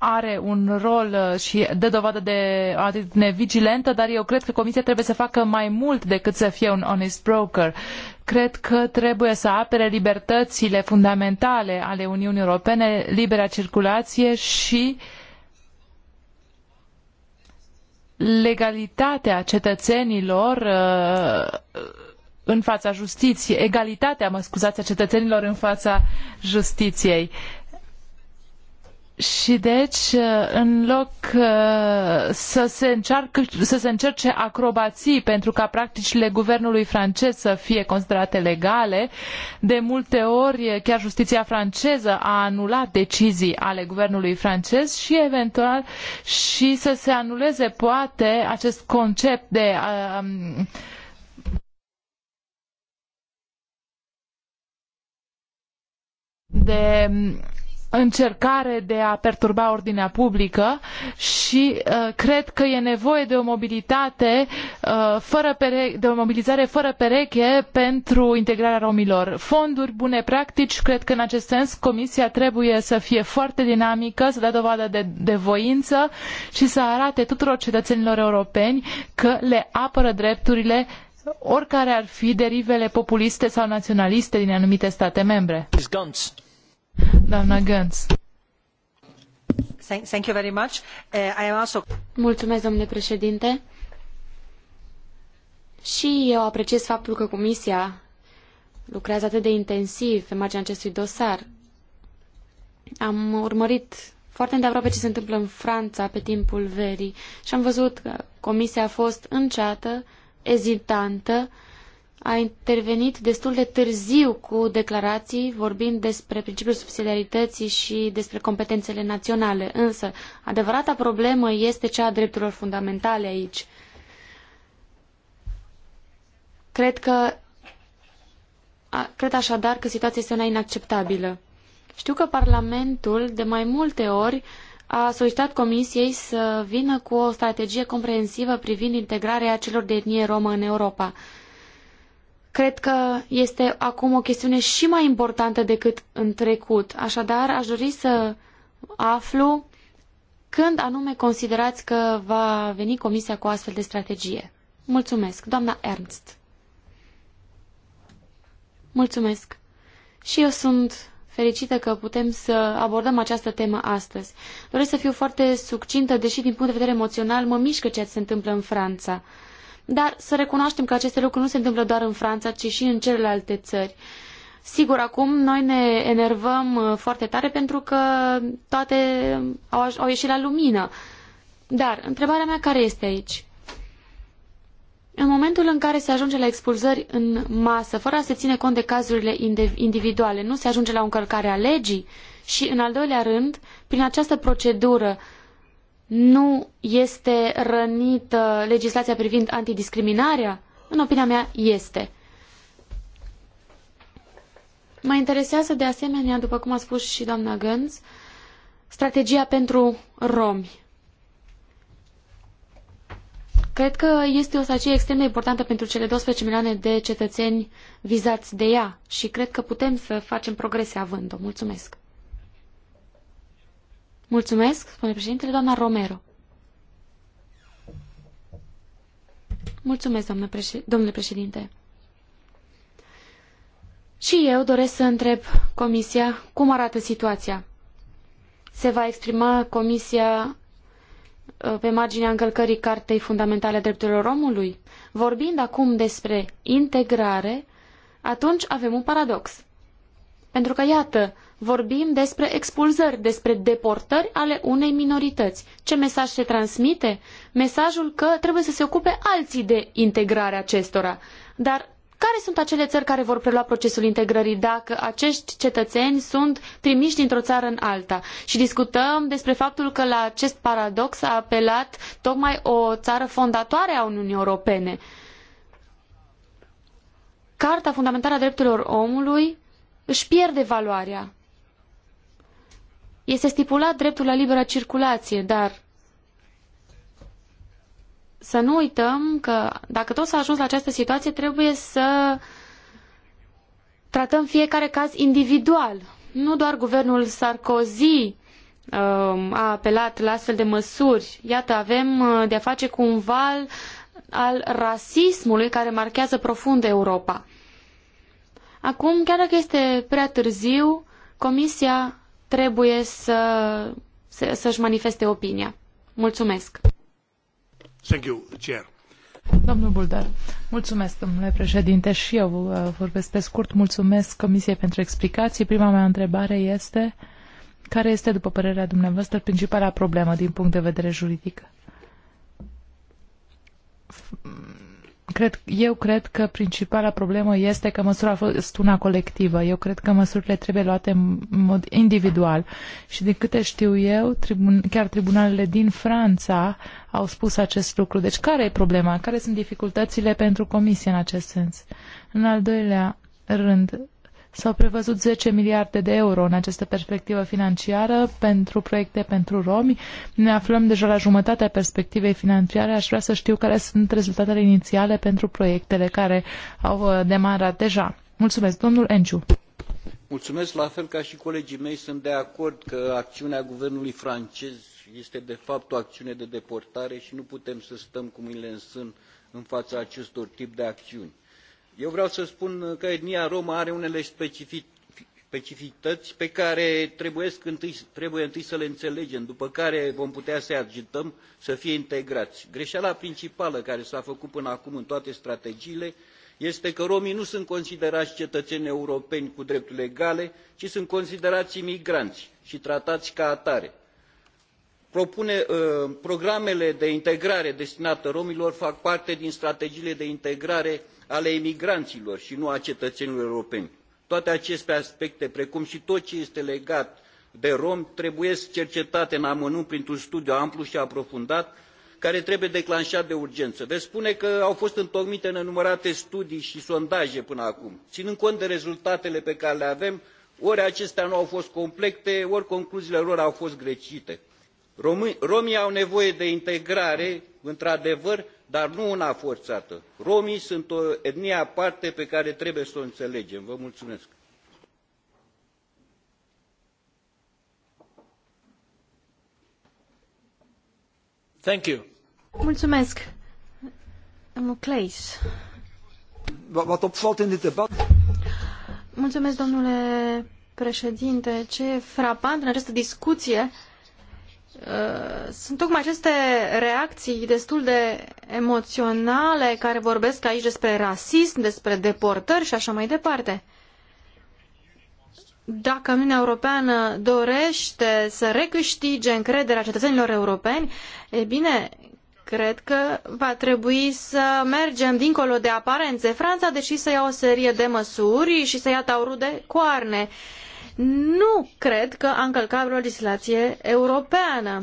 are un rol uh, și dă dovadă de o atitudine vigilentă, dar eu cred că Comisia trebuie să facă mai mult decât să fie un honest broker. Cred că trebuie să apere libertățile fundamentale ale Uniunii Europene, libera circulație și legalitatea cetățenilor uh, în fața justiției, egalitatea, mă scuzați, a cetățenilor în fața justiției. Și deci, în loc uh, să se, încearcă, să se încerce acrobații pentru ca practicile guvernului francez să fie considerate legale, de multe ori chiar justiția franceză a anulat decizii ale guvernului francez și eventual și să se anuleze poate acest concept de uh, um, de încercare de a perturba ordinea publică și uh, cred că e nevoie de o mobilitate uh, fără pere- de o mobilizare fără pereche pentru integrarea romilor. Fonduri, bune practici, cred că în acest sens comisia trebuie să fie foarte dinamică, să dea dovadă de, de voință și să arate tuturor cetățenilor europeni că le apără drepturile oricare ar fi derivele populiste sau naționaliste din anumite state membre. Doamna Gânz. Thank you very much. Uh, și eu apreciez faptul că Comisia lucrează atât de intensiv pe marginea acestui dosar. Am urmărit foarte îndeaproape ce se întâmplă în Franța pe timpul verii și am văzut că Comisia a fost înceată, ezitantă, uh, a intervenit destul de târziu cu declarații vorbind despre principiul subsidiarității și despre competențele naționale. Însă, adevărata problemă este cea a drepturilor fundamentale aici. Cred că cred așadar că situația este una inacceptabilă. Știu că Parlamentul de mai multe ori a solicitat Comisiei să vină cu o strategie comprehensivă privind integrarea celor de etnie romă în Europa. Cred că este acum o chestiune și mai importantă decât în trecut. Așadar, aș dori să aflu când anume considerați că va veni Comisia cu o astfel de strategie. Mulțumesc, doamna Ernst. Mulțumesc. Și eu sunt fericită că putem să abordăm această temă astăzi. Doresc să fiu foarte succintă, deși din punct de vedere emoțional mă mișcă ceea ce se întâmplă în Franța. Dar să recunoaștem că aceste lucruri nu se întâmplă doar în Franța, ci și în celelalte țări. Sigur, acum noi ne enervăm uh, foarte tare pentru că toate au, au ieșit la lumină. Dar întrebarea mea care este aici? În momentul în care se ajunge la expulzări în masă, fără a se ține cont de cazurile individuale, nu se ajunge la o încălcare a legii? Și, în al doilea rând, prin această procedură nu este rănită legislația privind antidiscriminarea? În opinia mea, este. Mă interesează de asemenea, după cum a spus și doamna Gânz, strategia pentru romi. Cred că este o strategie extrem de importantă pentru cele 12 milioane de cetățeni vizați de ea și cred că putem să facem progrese având-o. Mulțumesc! Mulțumesc, spune președintele, doamna Romero. Mulțumesc, președ... domnule președinte. Și eu doresc să întreb Comisia cum arată situația. Se va exprima Comisia uh, pe marginea încălcării Cartei Fundamentale a Drepturilor Omului? Vorbind acum despre integrare, atunci avem un paradox. Pentru că, iată, vorbim despre expulzări, despre deportări ale unei minorități. Ce mesaj se transmite? Mesajul că trebuie să se ocupe alții de integrarea acestora. Dar care sunt acele țări care vor prelua procesul integrării dacă acești cetățeni sunt trimiși dintr-o țară în alta? Și discutăm despre faptul că la acest paradox a apelat tocmai o țară fondatoare a Uniunii Europene. Carta Fundamentală a Drepturilor Omului își pierde valoarea este stipulat dreptul la liberă circulație, dar să nu uităm că dacă tot s-a ajuns la această situație, trebuie să tratăm fiecare caz individual. Nu doar guvernul Sarkozy um, a apelat la astfel de măsuri. Iată, avem uh, de-a face cu un val al rasismului care marchează profund Europa. Acum, chiar dacă este prea târziu, Comisia trebuie să, să, să-și manifeste opinia. Mulțumesc! Thank you, Chair. Domnul Buldar, mulțumesc, domnule președinte, și eu uh, vorbesc pe scurt. Mulțumesc Comisiei pentru explicații. Prima mea întrebare este care este, după părerea dumneavoastră, principala problemă din punct de vedere juridic? Cred, eu cred că principala problemă este că măsura a fost una colectivă. Eu cred că măsurile trebuie luate în mod individual. Și din câte știu eu, tribun, chiar tribunalele din Franța au spus acest lucru. Deci care e problema? Care sunt dificultățile pentru comisie în acest sens? În al doilea rând, S-au prevăzut 10 miliarde de euro în această perspectivă financiară pentru proiecte pentru romi. Ne aflăm deja la jumătatea perspectivei financiare. Aș vrea să știu care sunt rezultatele inițiale pentru proiectele care au uh, demarat deja. Mulțumesc, domnul Enciu. Mulțumesc, la fel ca și colegii mei sunt de acord că acțiunea guvernului francez este de fapt o acțiune de deportare și nu putem să stăm cu mâinile în sân în fața acestor tip de acțiuni eu vreau să spun că etnia romă are unele specificități pe care întâi, trebuie întâi să le înțelegem, după care vom putea să agităm să fie integrați. Greșeala principală care s-a făcut până acum în toate strategiile este că romii nu sunt considerați cetățeni europeni cu drepturi egale, ci sunt considerați imigranți și tratați ca atare. Propune, uh, programele de integrare destinate romilor fac parte din strategiile de integrare uh, ale emigranților și nu a cetățenilor europeni. Toate aceste aspecte, precum și tot ce este legat de romi, trebuie cercetate în amănunt printr-un studiu amplu și aprofundat, care trebuie declanșat de urgență. Veți spune că au fost întocmite nenumărate studii și sondaje până acum. Ținând cont de rezultatele pe care le avem, ori acestea nu au fost complete, ori concluziile lor au fost greșite. Romii au nevoie de integrare, într-adevăr, dar nu una forată. romii sunt o etnie aparte pe care trebuie să o înelegem. vă mulumesc. Mulțumesc. Wat opvalt in dit debat. Mulțumesc, domnule președinte. Ce e frapant în această discuție Uh, sunt tocmai aceste reacții destul de emoționale care vorbesc aici despre rasism, despre deportări și așa mai departe. Dacă Uniunea Europeană dorește să recâștige încrederea cetățenilor europeni, e bine, cred că va trebui să mergem dincolo de aparențe. Franța a decis să ia o serie de măsuri și să ia taurul de coarne. Uh, nu cred că a încălcat vreo legislație europeană.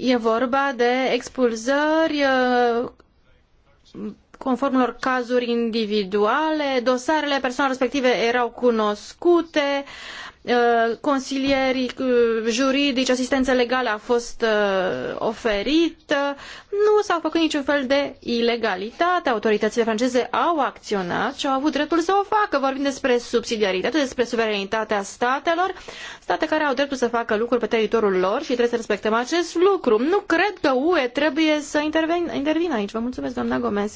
E vorba de expulzări uh, conform unor cazuri individuale, dosarele persoanelor respective erau cunoscute, Uh, consilieri uh, juridici, asistență legală a fost uh, oferită, nu s-a făcut niciun fel de ilegalitate, autoritățile franceze au acționat și au avut dreptul să o facă. Vorbim despre subsidiaritate, despre suveranitatea statelor, state care au dreptul să facă lucruri pe teritoriul lor și trebuie să respectăm acest lucru. Nu cred că UE trebuie să intervină aici. Vă mulțumesc, doamna Gomez.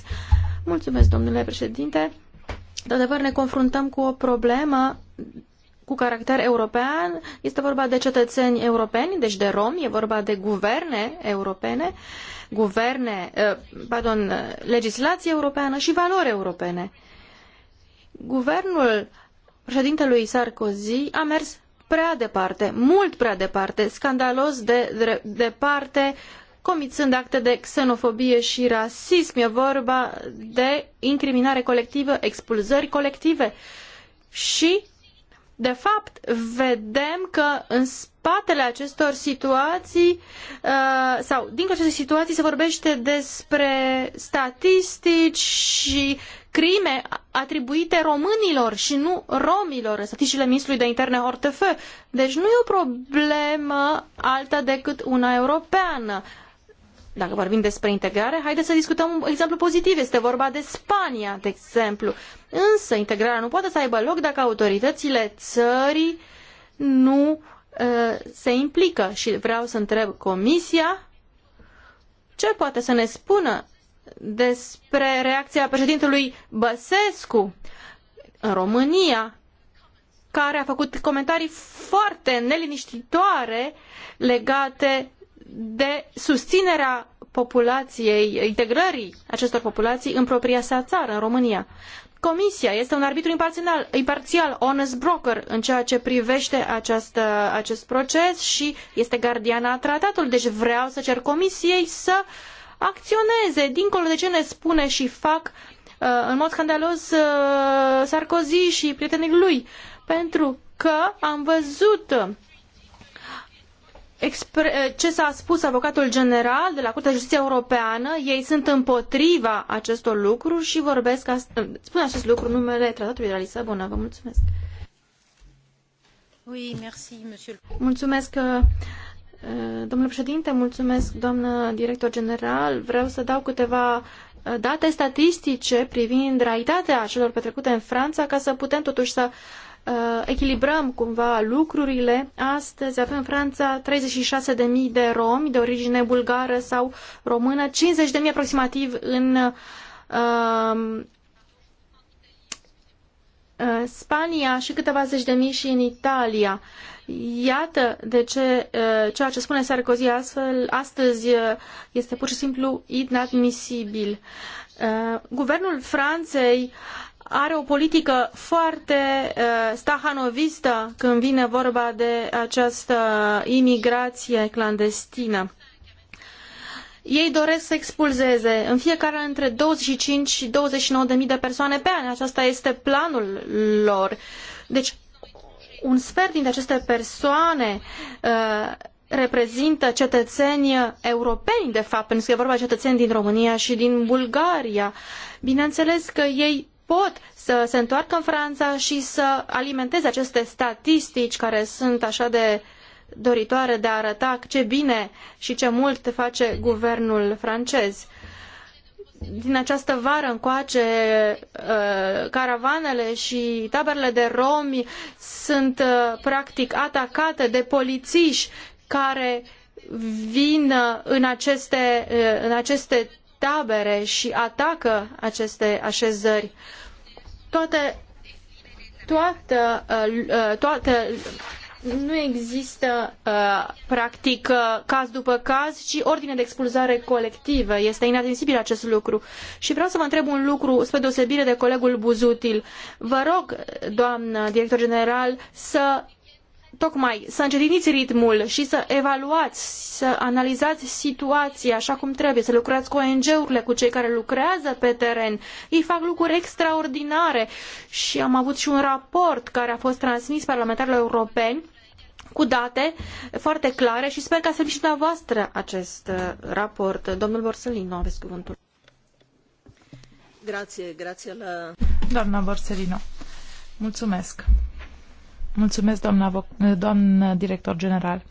Mulțumesc, domnule președinte. De adevăr, ne confruntăm cu o problemă cu caracter european, este vorba de cetățeni europeni, deci de romi, e vorba de guverne europene, guverne, eh, pardon, legislație europeană și valori europene. Guvernul președintelui Sarkozy a mers prea departe, mult prea departe, scandalos de departe, comițând acte de xenofobie și rasism. E vorba de incriminare colectivă, expulzări colective și de fapt, vedem că în spatele acestor situații uh, sau din aceste situații se vorbește despre statistici și crime atribuite românilor și nu romilor în statisticile ministrului de interne Hortefe. Deci nu e o problemă alta decât una europeană. Dacă vorbim despre integrare, haideți să discutăm un exemplu pozitiv. Este vorba de Spania, de exemplu. Însă integrarea nu poate să aibă loc dacă autoritățile țării nu uh, se implică. Și vreau să întreb Comisia ce poate să ne spună despre reacția președintelui Băsescu în România, care a făcut comentarii foarte neliniștitoare legate de susținerea populației, integrării acestor populații în propria sa țară, în România. Comisia este un arbitru imparțial, imparțial honest broker în ceea ce privește această, acest proces și este gardiana a tratatului. Deci vreau să cer Comisiei să acționeze, dincolo de ce ne spune și fac uh, în mod scandalos uh, Sarkozy și prietenii lui. Pentru că am văzut ce s-a spus avocatul general de la Curtea Justiției Justiție Europeană, ei sunt împotriva acestor lucruri și vorbesc, spun acest lucru numele Tratatului de la Lisabona. Vă mulțumesc. Oui, merci, mulțumesc, uh, uh, domnule președinte, mulțumesc, doamnă director general. Vreau să dau câteva uh, date statistice privind realitatea celor petrecute în Franța ca să putem totuși să Uh, echilibrăm cumva lucrurile. Astăzi avem în Franța 36.000 de romi de origine bulgară sau română, 50.000 aproximativ în uh, uh, Spania și câteva zeci de mii și în Italia. Iată de ce uh, ceea ce spune Sarkozy astfel astăzi uh, este pur și simplu inadmisibil. Guvernul Franței are o politică foarte uh, stahanovistă când vine vorba de această imigrație clandestină. Ei doresc să expulzeze în fiecare între 25 și 29 de mii de persoane pe an. Aceasta este planul lor. Deci, un sfert dintre aceste persoane uh, reprezintă cetățeni europeni, de fapt, pentru că e vorba de cetățeni din România și din Bulgaria. Bineînțeles că ei pot să se întoarcă în Franța și să alimenteze aceste statistici care sunt așa de doritoare de a arăta ce bine și ce mult face guvernul francez. Din această vară încoace, uh, caravanele și taberele de romi sunt uh, practic atacate de polițiști care vin uh, în aceste, în aceste tabere și atacă aceste așezări. Toate, toată, uh, uh, toată nu există uh, practic caz după caz, ci ordine de expulzare colectivă. Este inadmisibil acest lucru. Și vreau să vă întreb un lucru spre deosebire de colegul Buzutil. Vă rog, doamnă director general, să tocmai să încetiniți ritmul și să evaluați, să analizați situația așa cum trebuie, să lucrați cu ONG-urile, cu cei care lucrează pe teren. Ei fac lucruri extraordinare și am avut și un raport care a fost transmis parlamentarilor europeni cu date foarte clare și sper că să și dumneavoastră acest uh, raport. Domnul Borsellino, aveți cuvântul. Grație, grație la... Doamna Borsellino, mulțumesc. Mulțumesc, doamna, doamna director general.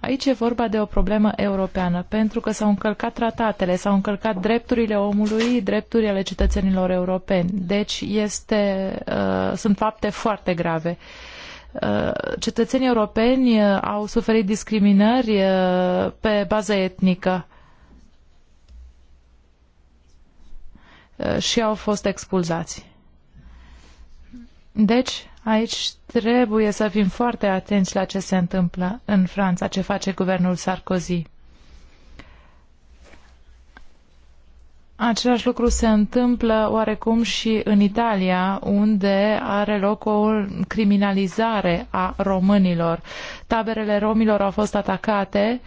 Aici e vorba de o problemă europeană, pentru că s-au încălcat tratatele, s-au încălcat drepturile omului, drepturile ale cetățenilor europeni. Deci este, uh, sunt fapte foarte grave. Uh, cetățenii europeni uh, au suferit discriminări uh, pe bază etnică și au fost expulzați. Deci, Aici trebuie să fim foarte atenți la ce se întâmplă în Franța, ce face guvernul Sarkozy. Același lucru se întâmplă oarecum și în Italia, unde are loc o criminalizare a românilor. Taberele romilor au fost atacate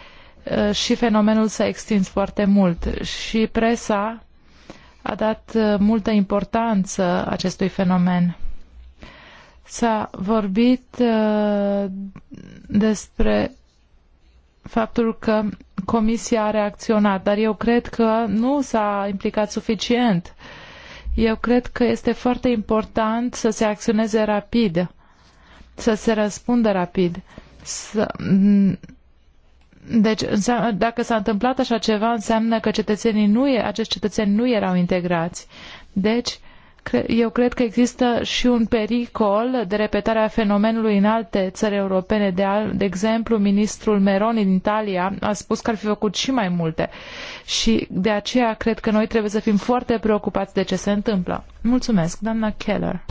uh, și fenomenul s-a extins foarte mult și presa a dat uh, multă importanță acestui fenomen. S-a vorbit uh, despre faptul că Comisia a reacționat, dar eu cred că nu s-a implicat suficient. Eu cred că este foarte important să se acționeze rapid, să se răspundă rapid. Să... Deci, înseamnă, dacă s-a întâmplat așa ceva, înseamnă că cetățenii nu, acești cetățeni nu erau integrați. Deci, uh, eu cred că există și un pericol de repetarea fenomenului în alte țări europene. De, al, de exemplu, ministrul Meroni din Italia a spus că ar fi făcut și mai multe. Și de aceea cred că noi trebuie să fim foarte preocupați de ce se întâmplă. Mulțumesc, doamna Keller.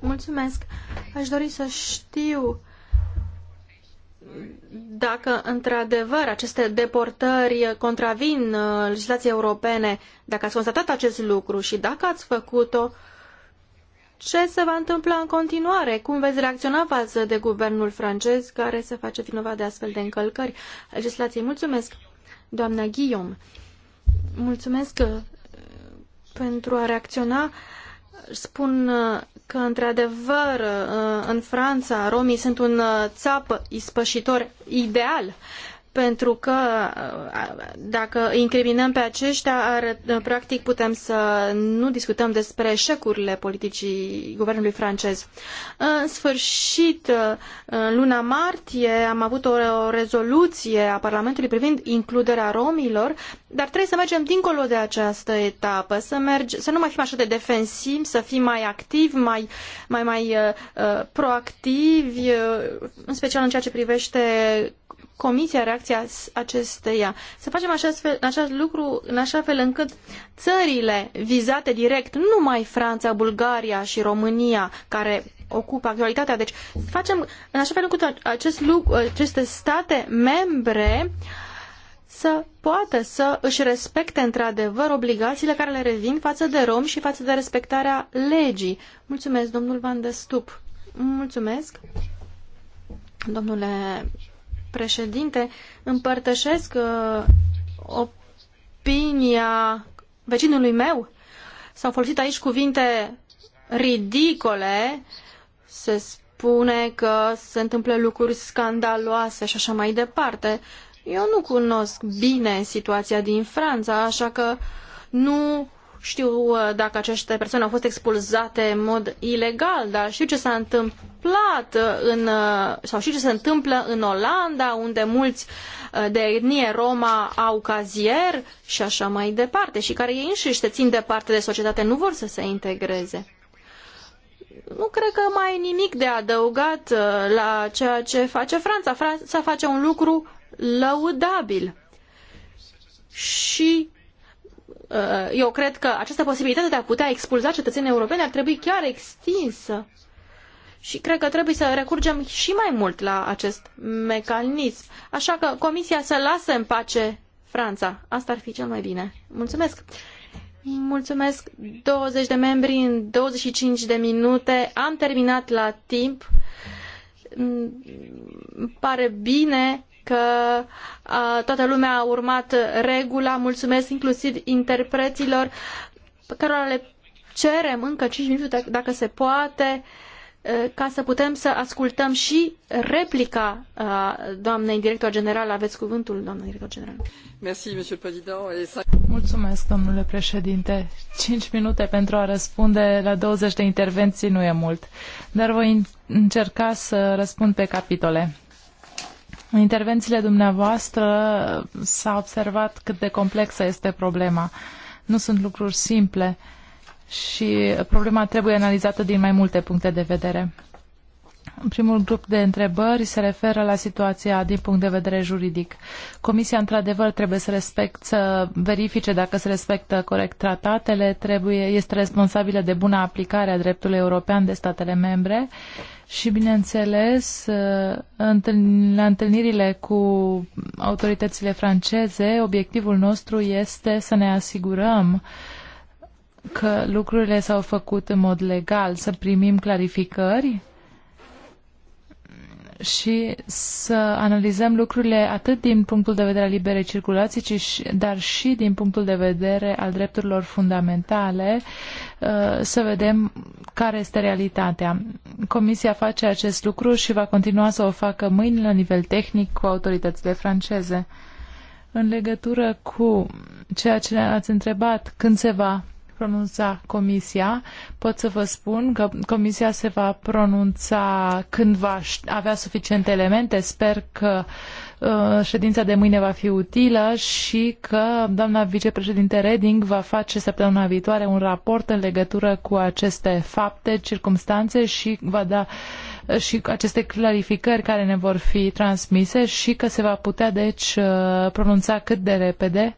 Mulțumesc. Aș dori să știu dacă într-adevăr aceste deportări contravin uh, legislației europene, dacă ați constatat acest lucru și dacă ați făcut-o, ce se va întâmpla în continuare? Cum veți reacționa față de guvernul francez care se face vinovat de astfel de încălcări legislației? Mulțumesc, doamna Guillaume. Mulțumesc uh, pentru a reacționa. Spun uh, că, într-adevăr, uh, în Franța romii sunt un uh, țap ispășitor ideal pentru că uh, dacă incriminăm pe aceștia, ar, uh, practic putem să nu discutăm despre eșecurile politicii guvernului francez. Uh, în sfârșit, în luna martie am avut o rezoluție a Parlamentului privind includerea romilor, dar trebuie să mergem dincolo de această etapă, să, merge, să nu mai fim așa de defensivi, să fim mai activi, mai, mai, mai uh, proactivi, uh, în special în ceea ce privește Comisia reacția acesteia. Să facem acest lucru în așa fel încât țările vizate direct, nu mai Franța, Bulgaria și România, care ocupă actualitatea, deci să facem în așa fel încât acest lucru, aceste state membre să poată să își respecte într-adevăr obligațiile care le revin față de rom și față de respectarea legii. Mulțumesc, domnul Van de Stup. Mulțumesc. Domnule președinte, împărtășesc uh, opinia vecinului meu. S-au folosit aici cuvinte ridicole, se spune că se întâmplă lucruri scandaloase și așa mai departe. Eu nu cunosc bine situația din Franța, așa că nu știu uh, dacă aceste persoane au fost expulzate în mod ilegal, dar știu ce s-a întâmplat uh, în, uh, sau știu ce se întâmplă în Olanda, unde mulți de etnie Roma au cazier și așa mai departe, și care ei înșiși se țin departe de societate, nu vor să se integreze. Nu cred că mai e nimic de adăugat la ceea ce face Franța. Franța face un lucru lăudabil. Și Uh, eu cred că această posibilitate de a putea expulza cetățenii europeni ar trebui chiar extinsă. Și cred că trebuie să recurgem și mai mult la acest mecanism. Așa că Comisia să lase în pace Franța. Asta ar fi cel mai bine. Mulțumesc! Mulțumesc! 20 de membri în 25 de minute. Am terminat la timp. Mm, îmi pare bine că toată lumea a urmat regula. Mulțumesc inclusiv interpreților pe care le cerem încă cinci minute dacă se poate ca să putem să ascultăm și replica doamnei director general. Aveți cuvântul, doamnă director general. Mulțumesc, domnule președinte. Cinci minute pentru a răspunde la 20 de intervenții nu e mult, dar voi încerca să răspund pe capitole. În intervențiile dumneavoastră s-a observat cât de complexă este problema. Nu sunt lucruri simple și problema trebuie analizată din mai multe puncte de vedere. Primul grup de întrebări se referă la situația din punct de vedere juridic. Comisia, într-adevăr, trebuie să, respect, să verifice dacă se respectă corect tratatele, trebuie, este responsabilă de bună aplicare a dreptului european de statele membre și, bineînțeles, la întâlnirile cu autoritățile franceze, obiectivul nostru este să ne asigurăm că lucrurile s-au făcut în mod legal, să primim clarificări și să analizăm lucrurile atât din punctul de vedere al liberei circulații, ci, dar și din punctul de vedere al drepturilor fundamentale, uh, să vedem care este realitatea. Comisia face acest lucru și va continua să o facă mâine la nivel tehnic cu autoritățile franceze. În legătură cu ceea ce ați întrebat, când se va pronunța comisia. Pot să vă spun că comisia se va pronunța când va avea suficiente elemente. Sper că uh, ședința de mâine va fi utilă și că doamna vicepreședinte Reding va face săptămâna viitoare un raport în legătură cu aceste fapte, circumstanțe și va da uh, și aceste clarificări care ne vor fi transmise și că se va putea deci uh, pronunța cât de repede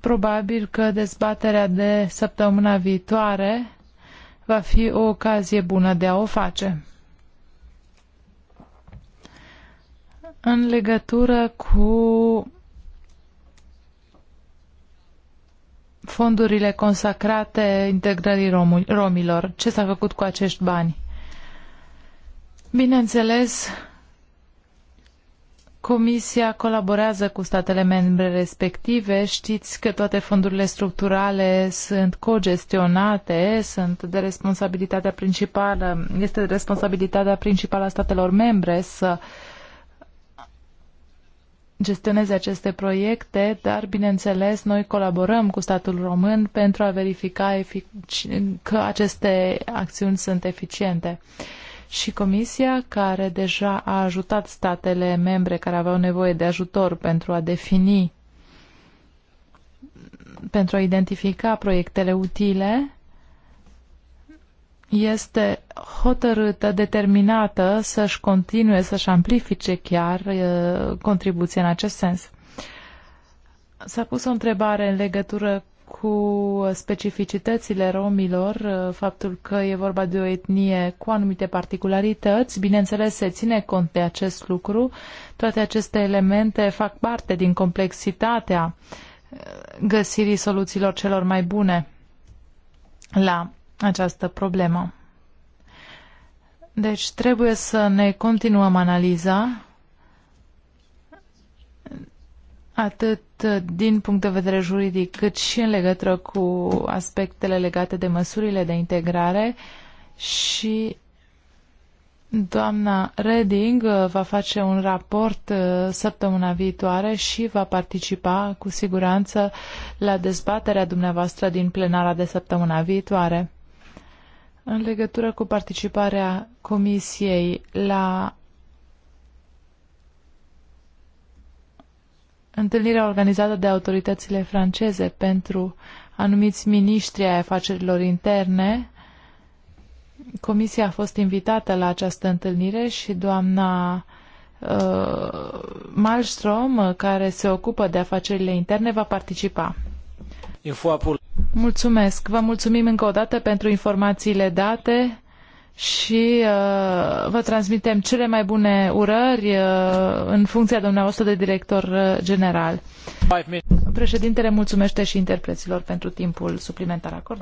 Probabil că dezbaterea de săptămâna viitoare va fi o ocazie bună de a o face. În legătură cu fondurile consacrate integrării romilor, ce s-a făcut cu acești bani? Bineînțeles, Comisia colaborează cu statele membre respective. Știți că toate fondurile structurale sunt cogestionate, sunt de responsabilitatea principală, este de responsabilitatea principală a statelor membre să gestioneze aceste proiecte, dar, bineînțeles, noi colaborăm cu statul român pentru a verifica că aceste acțiuni sunt eficiente. Uh, și Comisia, care deja a ajutat statele membre care aveau nevoie de ajutor pentru a defini, pentru a identifica proiectele utile, este hotărâtă, determinată să-și continue, să-și amplifice chiar uh, contribuția în acest sens. S-a pus o întrebare în legătură cu specificitățile romilor, uh, faptul că e vorba de o etnie cu anumite particularități, bineînțeles se ține cont de acest lucru, toate aceste elemente fac parte din complexitatea uh, găsirii soluțiilor celor mai bune la această problemă. Deci trebuie să ne continuăm analiza atât din punct de vedere juridic, cât și în legătură cu aspectele legate de măsurile de integrare și doamna Reding uh, va face un raport uh, săptămâna viitoare și va participa cu siguranță la dezbaterea dumneavoastră din plenara de săptămâna viitoare. În legătură cu participarea Comisiei la Întâlnirea organizată de autoritățile franceze pentru anumiți miniștri ai afacerilor interne. Comisia a fost invitată la această întâlnire și doamna uh, Malmström, care se ocupă de afacerile interne, va participa. Mulțumesc. Vă mulțumim încă o dată pentru informațiile date și uh, vă transmitem cele mai bune urări uh, în funcția dumneavoastră de director uh, general. Președintele mulțumește și interpreților pentru timpul suplimentar acordat.